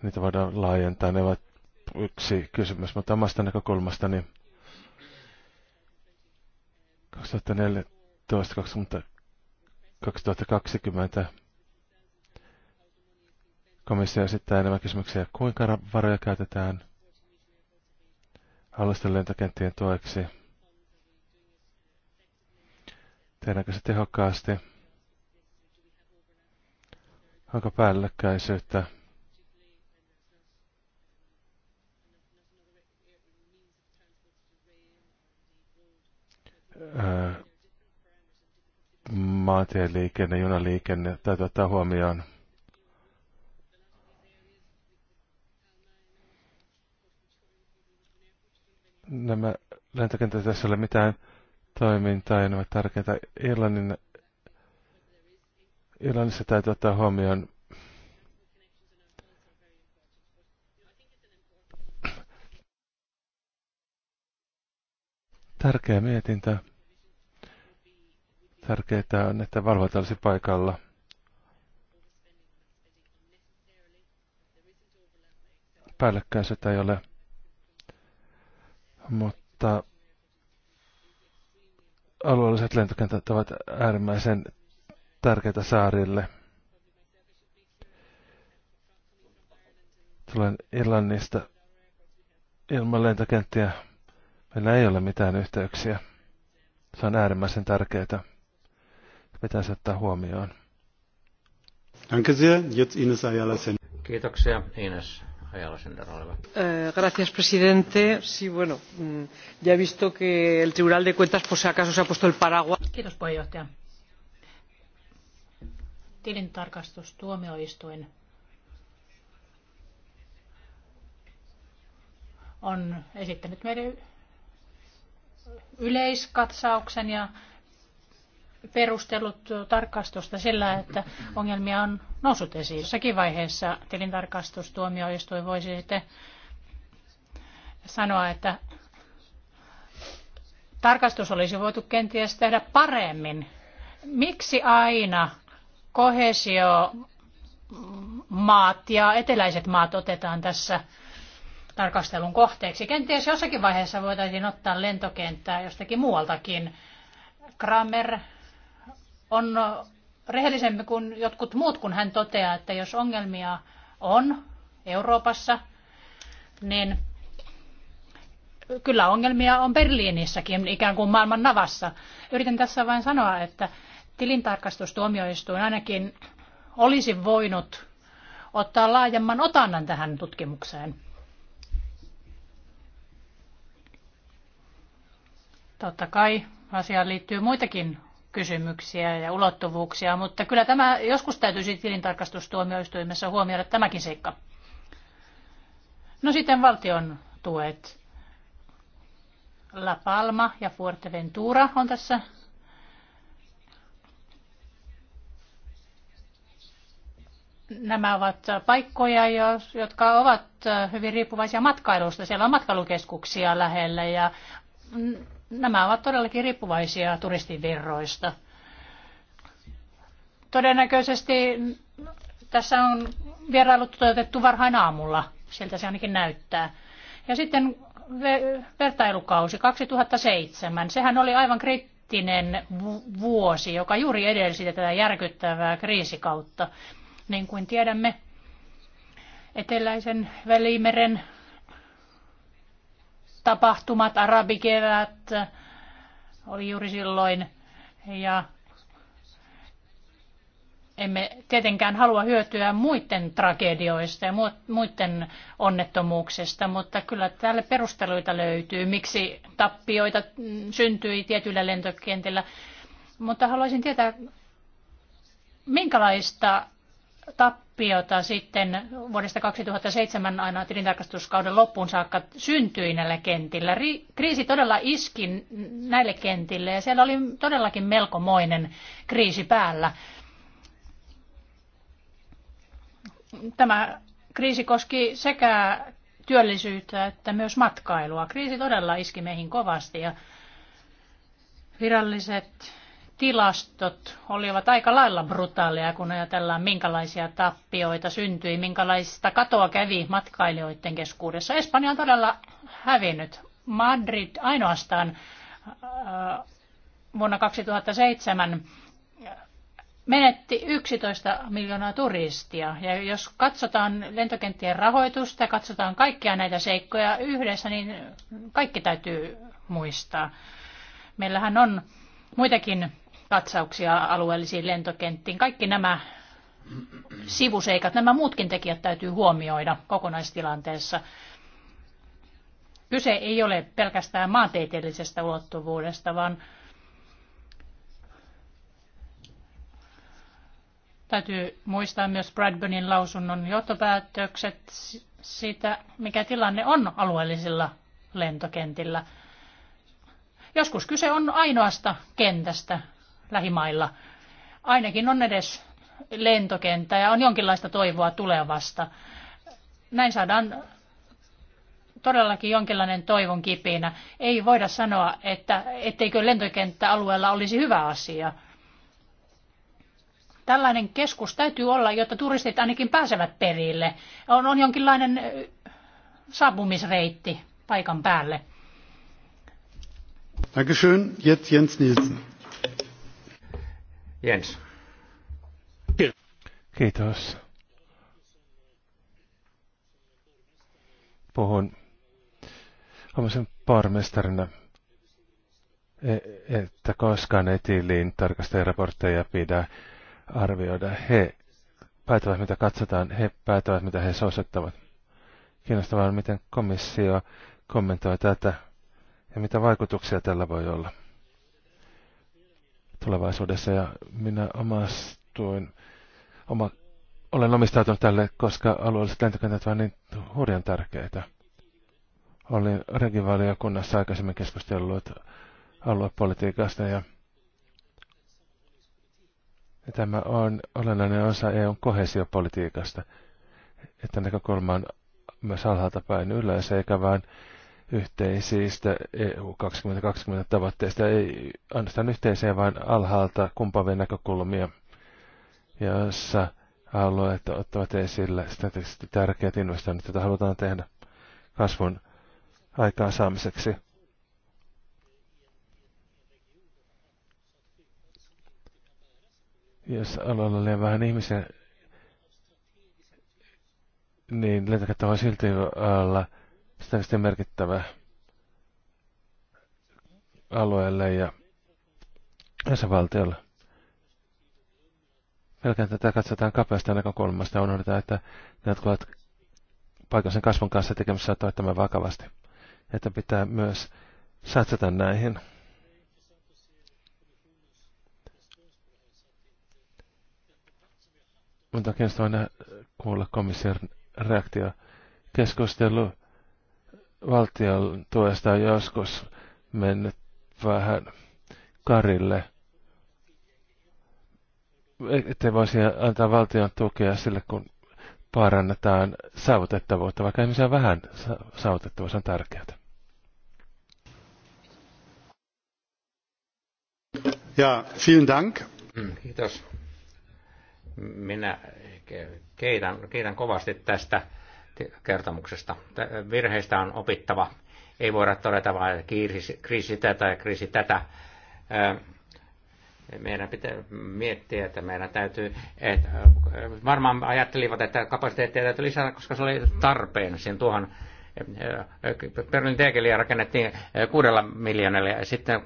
Niitä voidaan laajentaa. Ne ovat yksi kysymys, mutta omasta niin 2014-2020 komissio esittää enemmän kysymyksiä, kuinka varoja käytetään alusten lentokenttien tueksi. Tehdäänkö se tehokkaasti? Onko päällekkäisyyttä? maantieliikenne, junaliikenne täytyy ottaa huomioon. Nämä lentokentät tässä ei ole mitään toimintaa ja nämä ovat tärkeitä. Irlannin, Irlannissa täytyy ottaa huomioon tärkeä mietintä. Tärkeää on, että valvota olisi paikalla. Päällekkäisyyttä ei ole, mutta alueelliset lentokentät ovat äärimmäisen tärkeitä saarille. Tulen Irlannista ilman lentokenttiä. Meillä ei ole mitään yhteyksiä. Se on äärimmäisen tärkeää pitäisi ottaa huomioon. Danke sehr. Jetzt Ines Ayala Kiitoksia Ines eh, gracias, presidente. Sí, bueno, mm, ya he visto que el Tribunal de Cuentas por si acaso se ha puesto el paraguas. Kiitos puheenjohtaja. Tilintarkastustuomioistuin on esittänyt meidän yleiskatsauksen ja perustellut tarkastusta sillä, että ongelmia on noussut esiin. Jossakin vaiheessa tilintarkastustuomioistuin voisi sitten sanoa, että tarkastus olisi voitu kenties tehdä paremmin. Miksi aina kohesio maat ja eteläiset maat otetaan tässä tarkastelun kohteeksi. Kenties jossakin vaiheessa voitaisiin ottaa lentokenttää jostakin muualtakin. Kramer on rehellisempi kuin jotkut muut, kun hän toteaa, että jos ongelmia on Euroopassa, niin kyllä ongelmia on Berliinissäkin ikään kuin maailman navassa. Yritän tässä vain sanoa, että tilintarkastustuomioistuin ainakin olisi voinut ottaa laajemman otannan tähän tutkimukseen. Totta kai asiaan liittyy muitakin kysymyksiä ja ulottuvuuksia, mutta kyllä tämä joskus täytyisi tilintarkastustuomioistuimessa huomioida tämäkin seikka. No sitten valtion tuet. La Palma ja Fuerteventura on tässä nämä ovat paikkoja, jotka ovat hyvin riippuvaisia matkailusta. Siellä on matkailukeskuksia lähellä ja nämä ovat todellakin riippuvaisia turistivirroista. Todennäköisesti tässä on vierailut toteutettu varhain aamulla, siltä se ainakin näyttää. Ja sitten vertailukausi 2007, sehän oli aivan kriittinen vuosi, joka juuri edelsi tätä järkyttävää kriisikautta. Niin kuin tiedämme, eteläisen välimeren tapahtumat, arabikevät oli juuri silloin. Ja emme tietenkään halua hyötyä muiden tragedioista ja muiden onnettomuuksista, mutta kyllä täällä perusteluita löytyy, miksi tappioita syntyi tietyillä lentokentillä. Mutta haluaisin tietää, minkälaista tappiota sitten vuodesta 2007 aina tilintarkastuskauden loppuun saakka syntyi näillä kentillä. Kriisi todella iski näille kentille ja siellä oli todellakin melkomoinen kriisi päällä. Tämä kriisi koski sekä työllisyyttä että myös matkailua. Kriisi todella iski meihin kovasti ja viralliset tilastot olivat aika lailla brutaaleja, kun ajatellaan minkälaisia tappioita syntyi, minkälaista katoa kävi matkailijoiden keskuudessa. Espanja on todella hävinnyt. Madrid ainoastaan äh, vuonna 2007 menetti 11 miljoonaa turistia. Ja jos katsotaan lentokenttien rahoitusta ja katsotaan kaikkia näitä seikkoja yhdessä, niin kaikki täytyy muistaa. Meillähän on muitakin katsauksia alueellisiin lentokenttiin. Kaikki nämä sivuseikat, nämä muutkin tekijät täytyy huomioida kokonaistilanteessa. Kyse ei ole pelkästään maantieteellisestä ulottuvuudesta, vaan täytyy muistaa myös Bradburnin lausunnon johtopäätökset siitä, mikä tilanne on alueellisilla lentokentillä. Joskus kyse on ainoasta kentästä, lähimailla. Ainakin on edes lentokenttä ja on jonkinlaista toivoa tulevasta. Näin saadaan todellakin jonkinlainen toivon kipinä. Ei voida sanoa, että etteikö lentokenttäalueella olisi hyvä asia. Tällainen keskus täytyy olla, jotta turistit ainakin pääsevät perille. On, on jonkinlainen saapumisreitti paikan päälle. Dankeschön. Jetzt Jens Nielsen. Jens. Kiitos. Puhun hommasen parmestarina, e, että koskaan etiliin tiiliin tarkastajaraportteja pidä arvioida. He päätävät, mitä katsotaan, he päätävät, mitä he sosettavat. Kiinnostavaa on, miten komissio kommentoi tätä ja mitä vaikutuksia tällä voi olla tulevaisuudessa ja minä omastuin, oma, olen omistautunut tälle, koska alueelliset lentokentät ovat niin hurjan tärkeitä. Olin regivaliokunnassa aikaisemmin keskustellut aluepolitiikasta ja, ja tämä on olennainen osa EUn kohesiopolitiikasta, että näkökulma on myös alhaalta päin yleensä, eikä vain yhteisistä EU 2020 tavoitteista, ei ainoastaan yhteiseen, vaan alhaalta kumpavia näkökulmia, joissa alueet ottavat esille strategisesti tärkeät investoinnit, joita halutaan tehdä kasvun aikaansaamiseksi. Jos alueella on liian vähän ihmisiä, niin lentokenttähän silti olla strategisesti merkittävää alueelle ja jäsenvaltiolle. Pelkään tätä katsotaan kapeasta näkökulmasta ja unohdetaan, että ne, jotka ovat paikallisen kasvun kanssa tekemässä, ottavat tämän vakavasti. Että pitää myös satsata näihin. Mutta kiinnostavaa kuulla komission reaktio keskustelu valtion tuesta on joskus mennyt vähän karille. Ettei voisi antaa valtion tukea sille, kun parannetaan saavutettavuutta, vaikka ihmisiä on vähän saavutettavuus on tärkeää. Ja, vielen Dank. Mm, kiitos. Minä kiitän, kiitän kovasti tästä kertomuksesta. Virheistä on opittava. Ei voida todeta vain kriisi, kriisi tätä ja kriisi tätä. Meidän pitää miettiä, että meidän täytyy, että varmaan ajattelivat, että kapasiteettia täytyy lisätä, koska se oli tarpeen sen tuohon Berlin Tegelia rakennettiin kuudella miljoonalla ja sitten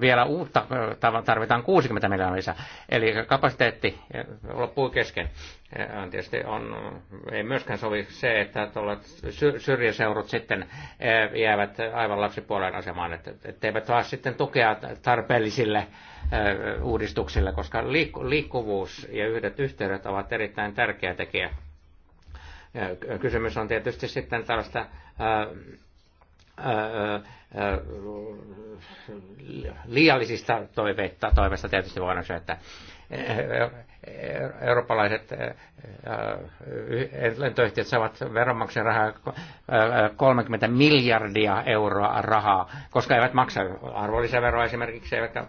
vielä uutta tarvitaan 60 miljoonaa lisää. Eli kapasiteetti loppui kesken. tietysti on, ei myöskään sovi se, että syrjäseurut sitten jäävät aivan lapsipuolen asemaan, että, eivät vaan sitten tukea tarpeellisille uudistuksille, koska liikkuvuus ja yhdet yhteydet ovat erittäin tärkeä tekijä kysymys on tietysti sitten tällaista Äh, äh, äh, liiallisista toiveista, toiveista tietysti voidaan sanoa, että eurooppalaiset lentoyhtiöt saavat veronmaksajan rahaa 30 miljardia euroa rahaa, koska eivät maksa arvonlisäveroa esimerkiksi, eivätkä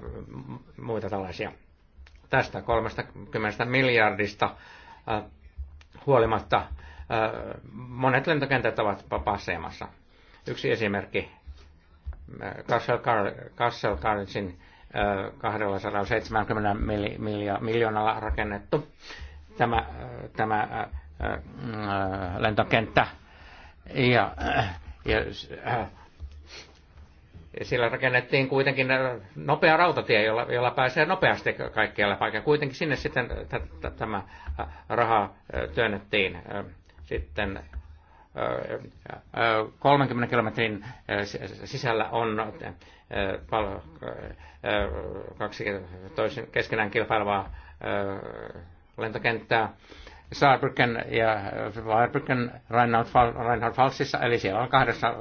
muita tällaisia. Tästä 30 miljardista huolimatta monet lentokentät ovat passeemassa. Yksi esimerkki, Castle Collegein 270 miljoonalla rakennettu tämä, tämä mm, lentokenttä. Ja, ja sillä rakennettiin kuitenkin nopea rautatie, jolla, jolla pääsee nopeasti kaikkialle paikalle. Kuitenkin sinne sitten tämä raha työnnettiin sitten 30 kilometrin sisällä on kaksi keskenään kilpailevaa lentokenttää Saarbrücken ja Saarbrücken Reinhard Falsissa, eli siellä on kahdessa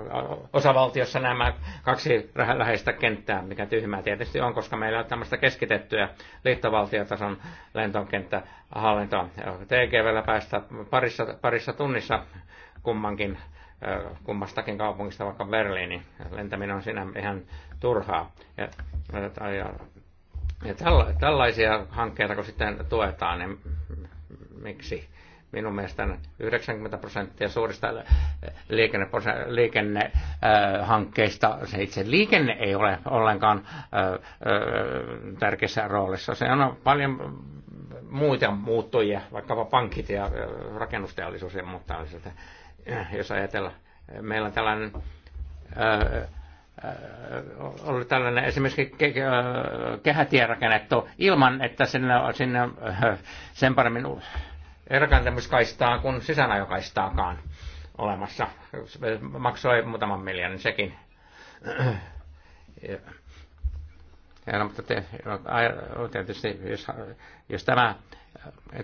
osavaltiossa nämä kaksi läheistä kenttää, mikä tyhmää tietysti on, koska meillä on tämmöistä keskitettyä liittovaltiotason lentokenttähallintoa. TGVllä päästä parissa, parissa tunnissa kummankin kummastakin kaupungista vaikka Berliini. Lentäminen on siinä ihan turhaa. Ja, ja, ja, ja tällaisia hankkeita kun sitten tuetaan, niin miksi minun mielestäni 90 prosenttia suurista äh, liikennehankkeista, äh, se itse liikenne ei ole ollenkaan äh, tärkeässä roolissa. Se on paljon muita muuttujia, vaikkapa pankit ja rakennusteollisuus ja muuta Jos ajatellaan, meillä on tällainen oli tällainen esimerkiksi kehätie rakennettu ilman, että sinne, sinne sen paremmin rakentamiskaistaa kuin sisäänajokaistaakaan olemassa. Maksoi muutaman miljoonan sekin. Ja, no, mutta te, no, tietysti, jos, jos tämä,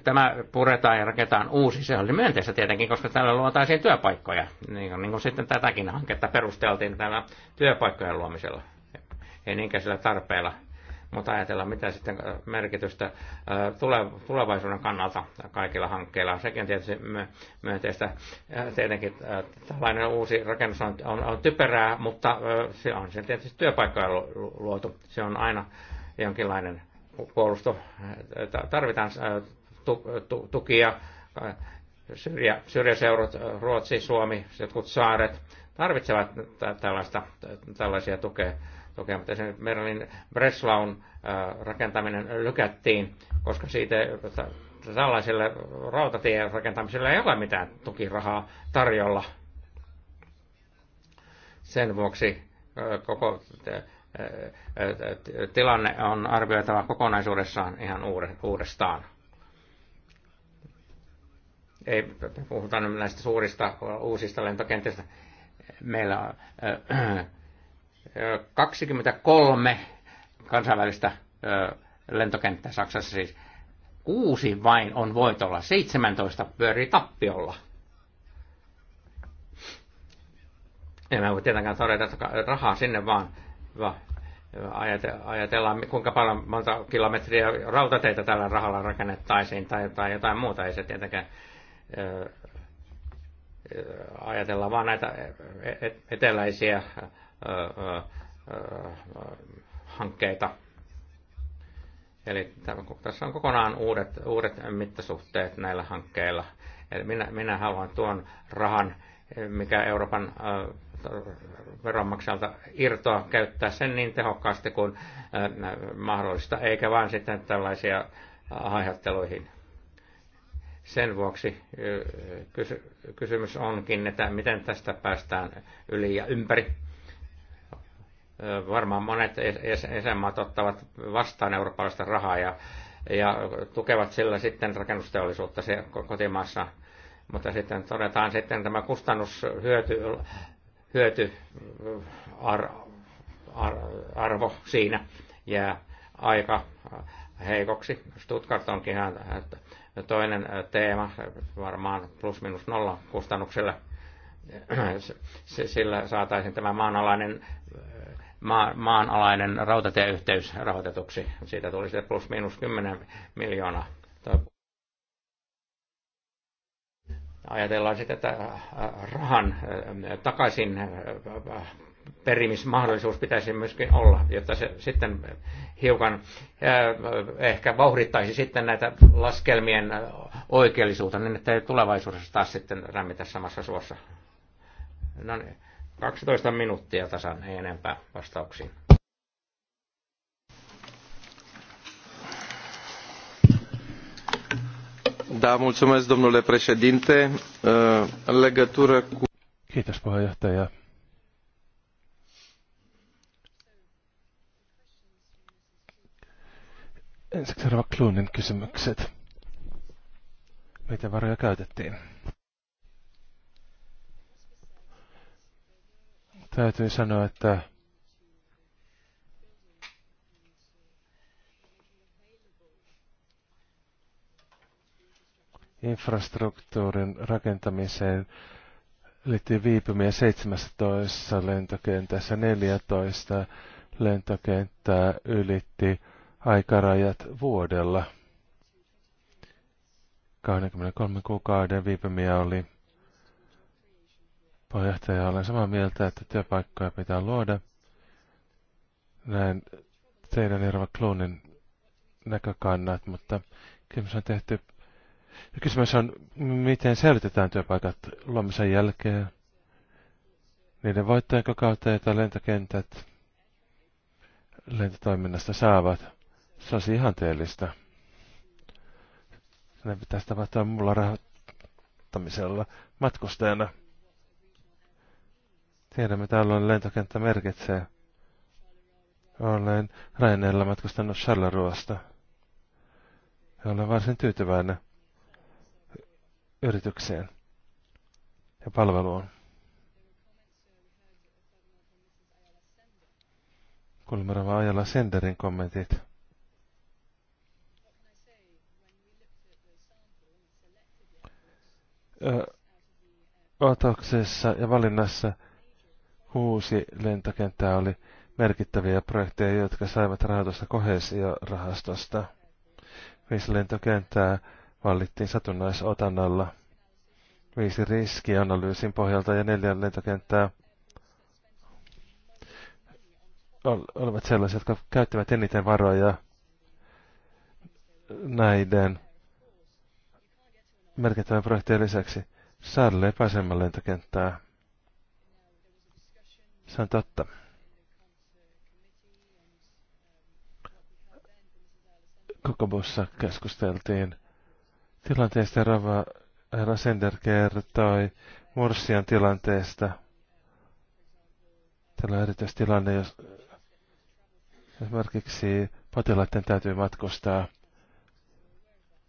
tämä puretaan ja rakennetaan uusi, se oli myönteistä tietenkin, koska tällä luotaisiin työpaikkoja. Niin, niin kuin sitten tätäkin hanketta perusteltiin tällä työpaikkojen luomisella, ei niinkään sillä tarpeella mutta ajatellaan, mitä sitten äh, merkitystä äh, tulevaisuuden kannalta kaikilla hankkeilla. Sekin tietysti myönteistä. Tietenkin äh, tällainen uusi rakennus on, on, on typerää, mutta se on sen tietysti työpaikkoja luotu. Se on aina jonkinlainen puolusto. Tarvitaan tukia, syrjä, syrjäseurut, Ruotsi, Suomi, jotkut saaret tarvitsevat tällaista, tällaisia tukea mutta Esimerkiksi Merlin Breslaun äh, rakentaminen lykättiin, koska siitä tällaiselle rautatien rakentamiselle ei ole mitään tukirahaa tarjolla. Sen vuoksi äh, koko äh, tilanne on arvioitava kokonaisuudessaan ihan uudestaan. Ei puhuta näistä suurista uusista lentokentistä. Meillä on 23 kansainvälistä lentokenttää Saksassa siis. Kuusi vain on voitolla, 17 pyörii tappiolla. Emme voi tietenkään todeta, että rahaa sinne vaan, vaan ajatellaan, kuinka paljon monta kilometriä rautateitä tällä rahalla rakennettaisiin tai, tai jotain muuta. Ei se tietenkään ajatella vaan näitä e-, eteläisiä hankkeita. Eli tässä on kokonaan uudet, uudet mittasuhteet näillä hankkeilla. Eli minä, minä haluan tuon rahan, mikä Euroopan veronmaksajalta irtoa käyttää sen niin tehokkaasti kuin mahdollista, eikä vain sitten tällaisia haihatteluihin. Sen vuoksi kysymys onkin, että miten tästä päästään yli ja ympäri Varmaan monet jäsenmaat ottavat vastaan eurooppalaista rahaa ja, ja tukevat sillä sitten rakennusteollisuutta se kotimaassa. Mutta sitten todetaan sitten tämä kustannushyöty hyöty, ar, ar, arvo siinä jää aika heikoksi. Stuttgart onkin ihan toinen teema, varmaan plus minus nolla kustannuksella. Sillä saataisiin tämä maanalainen maanalainen rautatieyhteys rahoitetuksi. Siitä tuli sitten plus miinus 10 miljoonaa. Ajatellaan sitten, että äh, rahan äh, takaisin äh, perimismahdollisuus pitäisi myöskin olla, jotta se sitten hiukan ehkä vauhdittaisi sitten näitä laskelmien oikeellisuutta, niin että ei tulevaisuudessa taas sitten rämmitä samassa suossa. No niin 12 minuuttia tasan, ei enempää vastauksiin. Da, mulțumesc, domnule președinte. În legătură cu... Kiitos, puheenjohtaja. Ensiksi Rava Kluunin kysymykset. Miten varoja käytettiin? Täytyy sanoa, että infrastruktuurin rakentamiseen liittyy viipymiä 17 lentokentässä, 14 lentokenttää ylitti aikarajat vuodella. 23 kuukauden viipymiä oli Puheenjohtaja, olen samaa mieltä, että työpaikkoja pitää luoda. Näin teidän Irva Kloonin näkökannat, mutta kysymys on tehty. Kysymys on, miten selvitetään työpaikat luomisen jälkeen, niiden voittajien kautta, joita lentokentät lentotoiminnasta saavat. Se olisi ihanteellista. Ne pitäisi tapahtua mulla rahoittamisella matkustajana. Tiedän, mitä alueen lentokenttä merkitsee. Olen Raineella matkustanut charleroi Olen varsin tyytyväinen yritykseen ja palveluun. Kuulimme ajalla Senderin kommentit. Ö, otoksessa ja valinnassa kuusi lentokenttää oli merkittäviä projekteja, jotka saivat rahoitusta kohesiorahastosta. Viisi lentokenttää valittiin satunnaisotannalla. Viisi riskianalyysin pohjalta ja neljä lentokenttää olivat sellaisia, jotka käyttävät eniten varoja näiden merkittävän projektien lisäksi. Saarelle ei lentokenttää. Se on totta. Kokobussa keskusteltiin tilanteesta Rava Rasender kertoi Morsian tilanteesta. Tällä on erityistilanne, jos esimerkiksi potilaiden täytyy matkustaa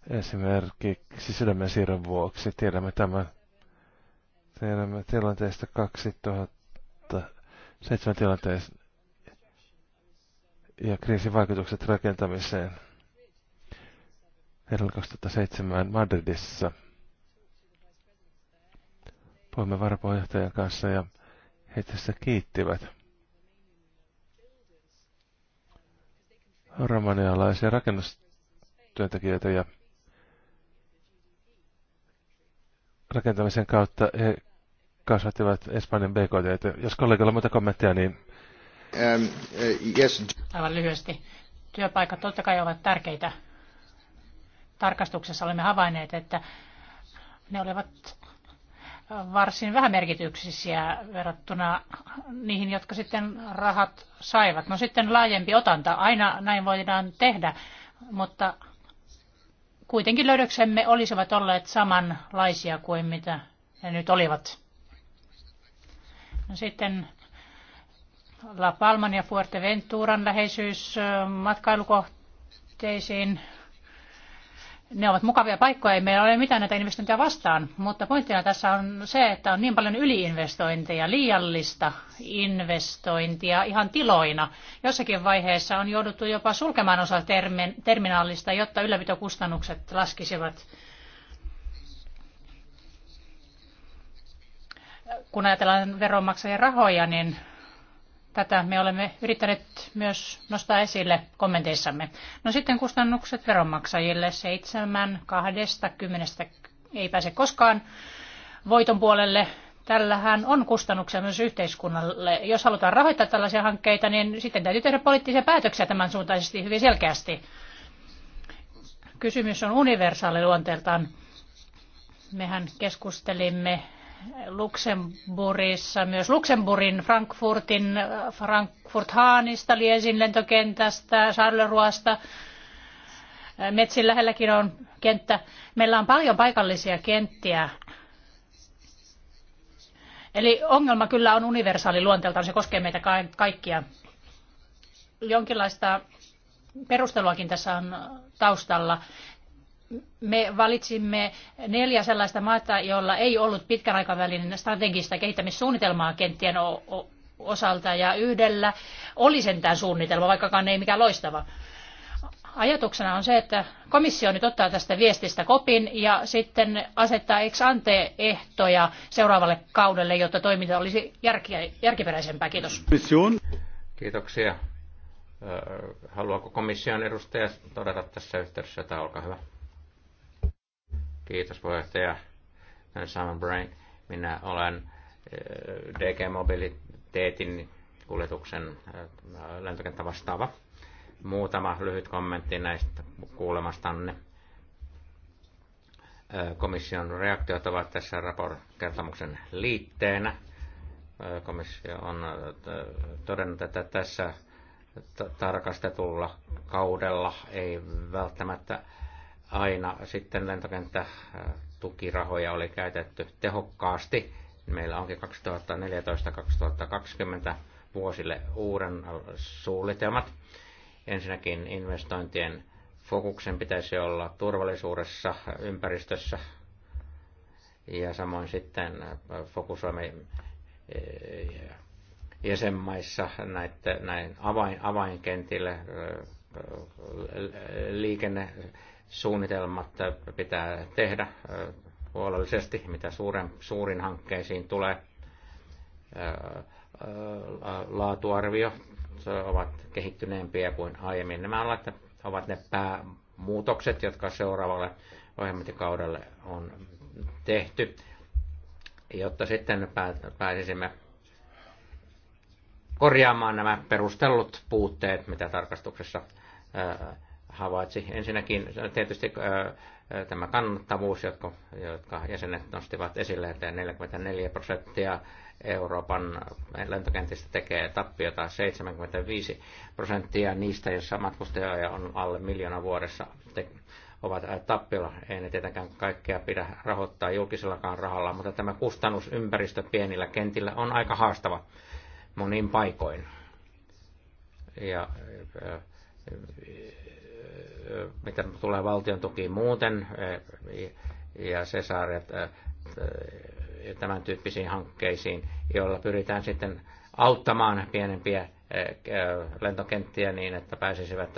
esimerkiksi sydämen siirron vuoksi. Tiedämme tämän. Tiedämme tilanteesta 2000 seitsemän tilanteessa ja kriisin vaikutukset rakentamiseen. Edellä 2007 Madridissa puhuimme varapuheenjohtajan kanssa ja he tässä kiittivät romanialaisia rakennustyöntekijöitä ja rakentamisen kautta he kasvattivat Espanjan BKT. Jos kollegalla on muita kommentteja, niin... Um, uh, yes. Aivan lyhyesti. Työpaikat totta kai ovat tärkeitä. Tarkastuksessa olemme havainneet, että ne olivat varsin vähämerkityksisiä verrattuna niihin, jotka sitten rahat saivat. No sitten laajempi otanta, aina näin voidaan tehdä, mutta kuitenkin löydöksemme olisivat olleet samanlaisia kuin mitä ne nyt olivat. No sitten La Palman ja Fuerteventuran läheisyys matkailukohteisiin. Ne ovat mukavia paikkoja, ei meillä ole mitään näitä investointeja vastaan, mutta pointtina tässä on se, että on niin paljon yliinvestointeja, liiallista investointia ihan tiloina. Jossakin vaiheessa on jouduttu jopa sulkemaan osa terminaalista, jotta ylläpitokustannukset laskisivat kun ajatellaan veronmaksajien rahoja, niin tätä me olemme yrittäneet myös nostaa esille kommenteissamme. No sitten kustannukset veronmaksajille. kahdesta kymmenestä ei pääse koskaan voiton puolelle. Tällähän on kustannuksia myös yhteiskunnalle. Jos halutaan rahoittaa tällaisia hankkeita, niin sitten täytyy tehdä poliittisia päätöksiä tämän suuntaisesti hyvin selkeästi. Kysymys on universaali luonteeltaan. Mehän keskustelimme Luxemburgissa, myös Luxemburgin, Frankfurtin, Frankfurt-Haanista, Liesin lentokentästä, charleroi Metsin lähelläkin on kenttä. Meillä on paljon paikallisia kenttiä. Eli ongelma kyllä on universaali luonteeltaan, se koskee meitä kaikkia. Jonkinlaista perusteluakin tässä on taustalla me valitsimme neljä sellaista maata, joilla ei ollut pitkän aikavälin strategista kehittämissuunnitelmaa kenttien osalta ja yhdellä oli sentään suunnitelma, vaikkakaan ei mikään loistava. Ajatuksena on se, että komissio nyt ottaa tästä viestistä kopin ja sitten asettaa ex ante ehtoja seuraavalle kaudelle, jotta toiminta olisi järkiperäisempää. Kiitos. Kiitoksia. Haluaako komission edustaja todeta tässä yhteydessä jotain? Olkaa hyvä. Kiitos puheenjohtaja Simon Brain. Minä olen eh, DG Mobiliteetin kuljetuksen eh, lentokenttä vastaava. Muutama lyhyt kommentti näistä kuulemastanne. Eh, komission reaktiot ovat tässä raportkertomuksen liitteenä. Komissio on todennut, että tässä tarkastetulla kaudella ei välttämättä aina sitten lentokenttä tukirahoja oli käytetty tehokkaasti. Meillä onkin 2014-2020 vuosille uuden suunnitelmat. Ensinnäkin investointien fokuksen pitäisi olla turvallisuudessa, ympäristössä ja samoin sitten fokusoimme eh, jäsenmaissa näitä, näin avain, avainkentille eh, eh, liikenne suunnitelmat äh, pitää tehdä äh, huolellisesti, mitä suuren, suurin hankkeisiin tulee. Äh, laatuarvio ovat kehittyneempiä kuin aiemmin. Nämä ovat, ovat ne päämuutokset, jotka seuraavalle ohjelmointikaudelle on tehty, jotta sitten pääsisimme korjaamaan nämä perustellut puutteet, mitä tarkastuksessa havaitsi. Ensinnäkin tietysti äh, äh, tämä kannattavuus, jotka, jotka jäsenet nostivat esille, että 44 prosenttia Euroopan lentokentistä tekee tappiota, 75 prosenttia niistä, joissa matkustajia on alle miljoona vuodessa, te, ovat äh, tappilla. Ei ne tietenkään kaikkea pidä rahoittaa julkisellakaan rahalla, mutta tämä kustannusympäristö pienillä kentillä on aika haastava monin paikoin. Ja, mitä tulee valtion tuki muuten e, ja sesaaret e, tämän tyyppisiin hankkeisiin, joilla pyritään sitten auttamaan pienempiä e, lentokenttiä niin, että pääsisivät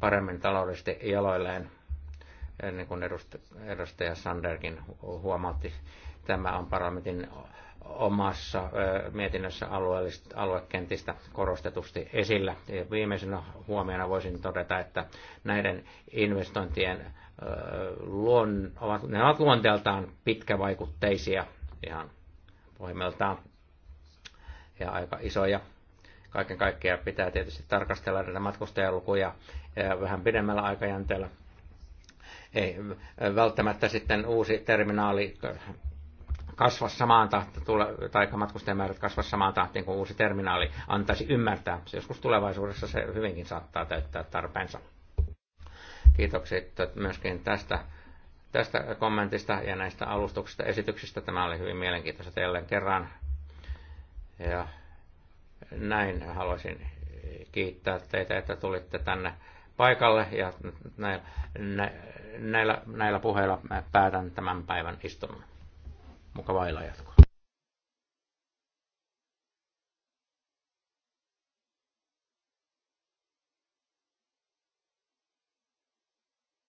paremmin taloudellisesti jaloilleen, niin kuin edustaja Sanderkin huomautti. Tämä on parlamentin omassa mietinnössä aluekentistä korostetusti esillä. Ja viimeisenä huomiona voisin todeta, että näiden investointien luon, ovat, ne ovat luonteeltaan pitkävaikutteisia ihan pohjimmiltaan ja aika isoja. Kaiken kaikkiaan pitää tietysti tarkastella näitä matkustajalukuja vähän pidemmällä aikajänteellä. Ei välttämättä sitten uusi terminaali kasva samaan tahtiin, tai matkustajamäärät kasva samaan tahtiin kuin uusi terminaali antaisi ymmärtää. Se joskus tulevaisuudessa se hyvinkin saattaa täyttää tarpeensa. Kiitokset myöskin tästä, tästä kommentista ja näistä alustuksista esityksistä. Tämä oli hyvin mielenkiintoista teille kerran. Ja näin haluaisin kiittää teitä, että tulitte tänne paikalle ja näillä, näillä, näillä puheilla päätän tämän päivän istunnon mukavaa illanjatkoa.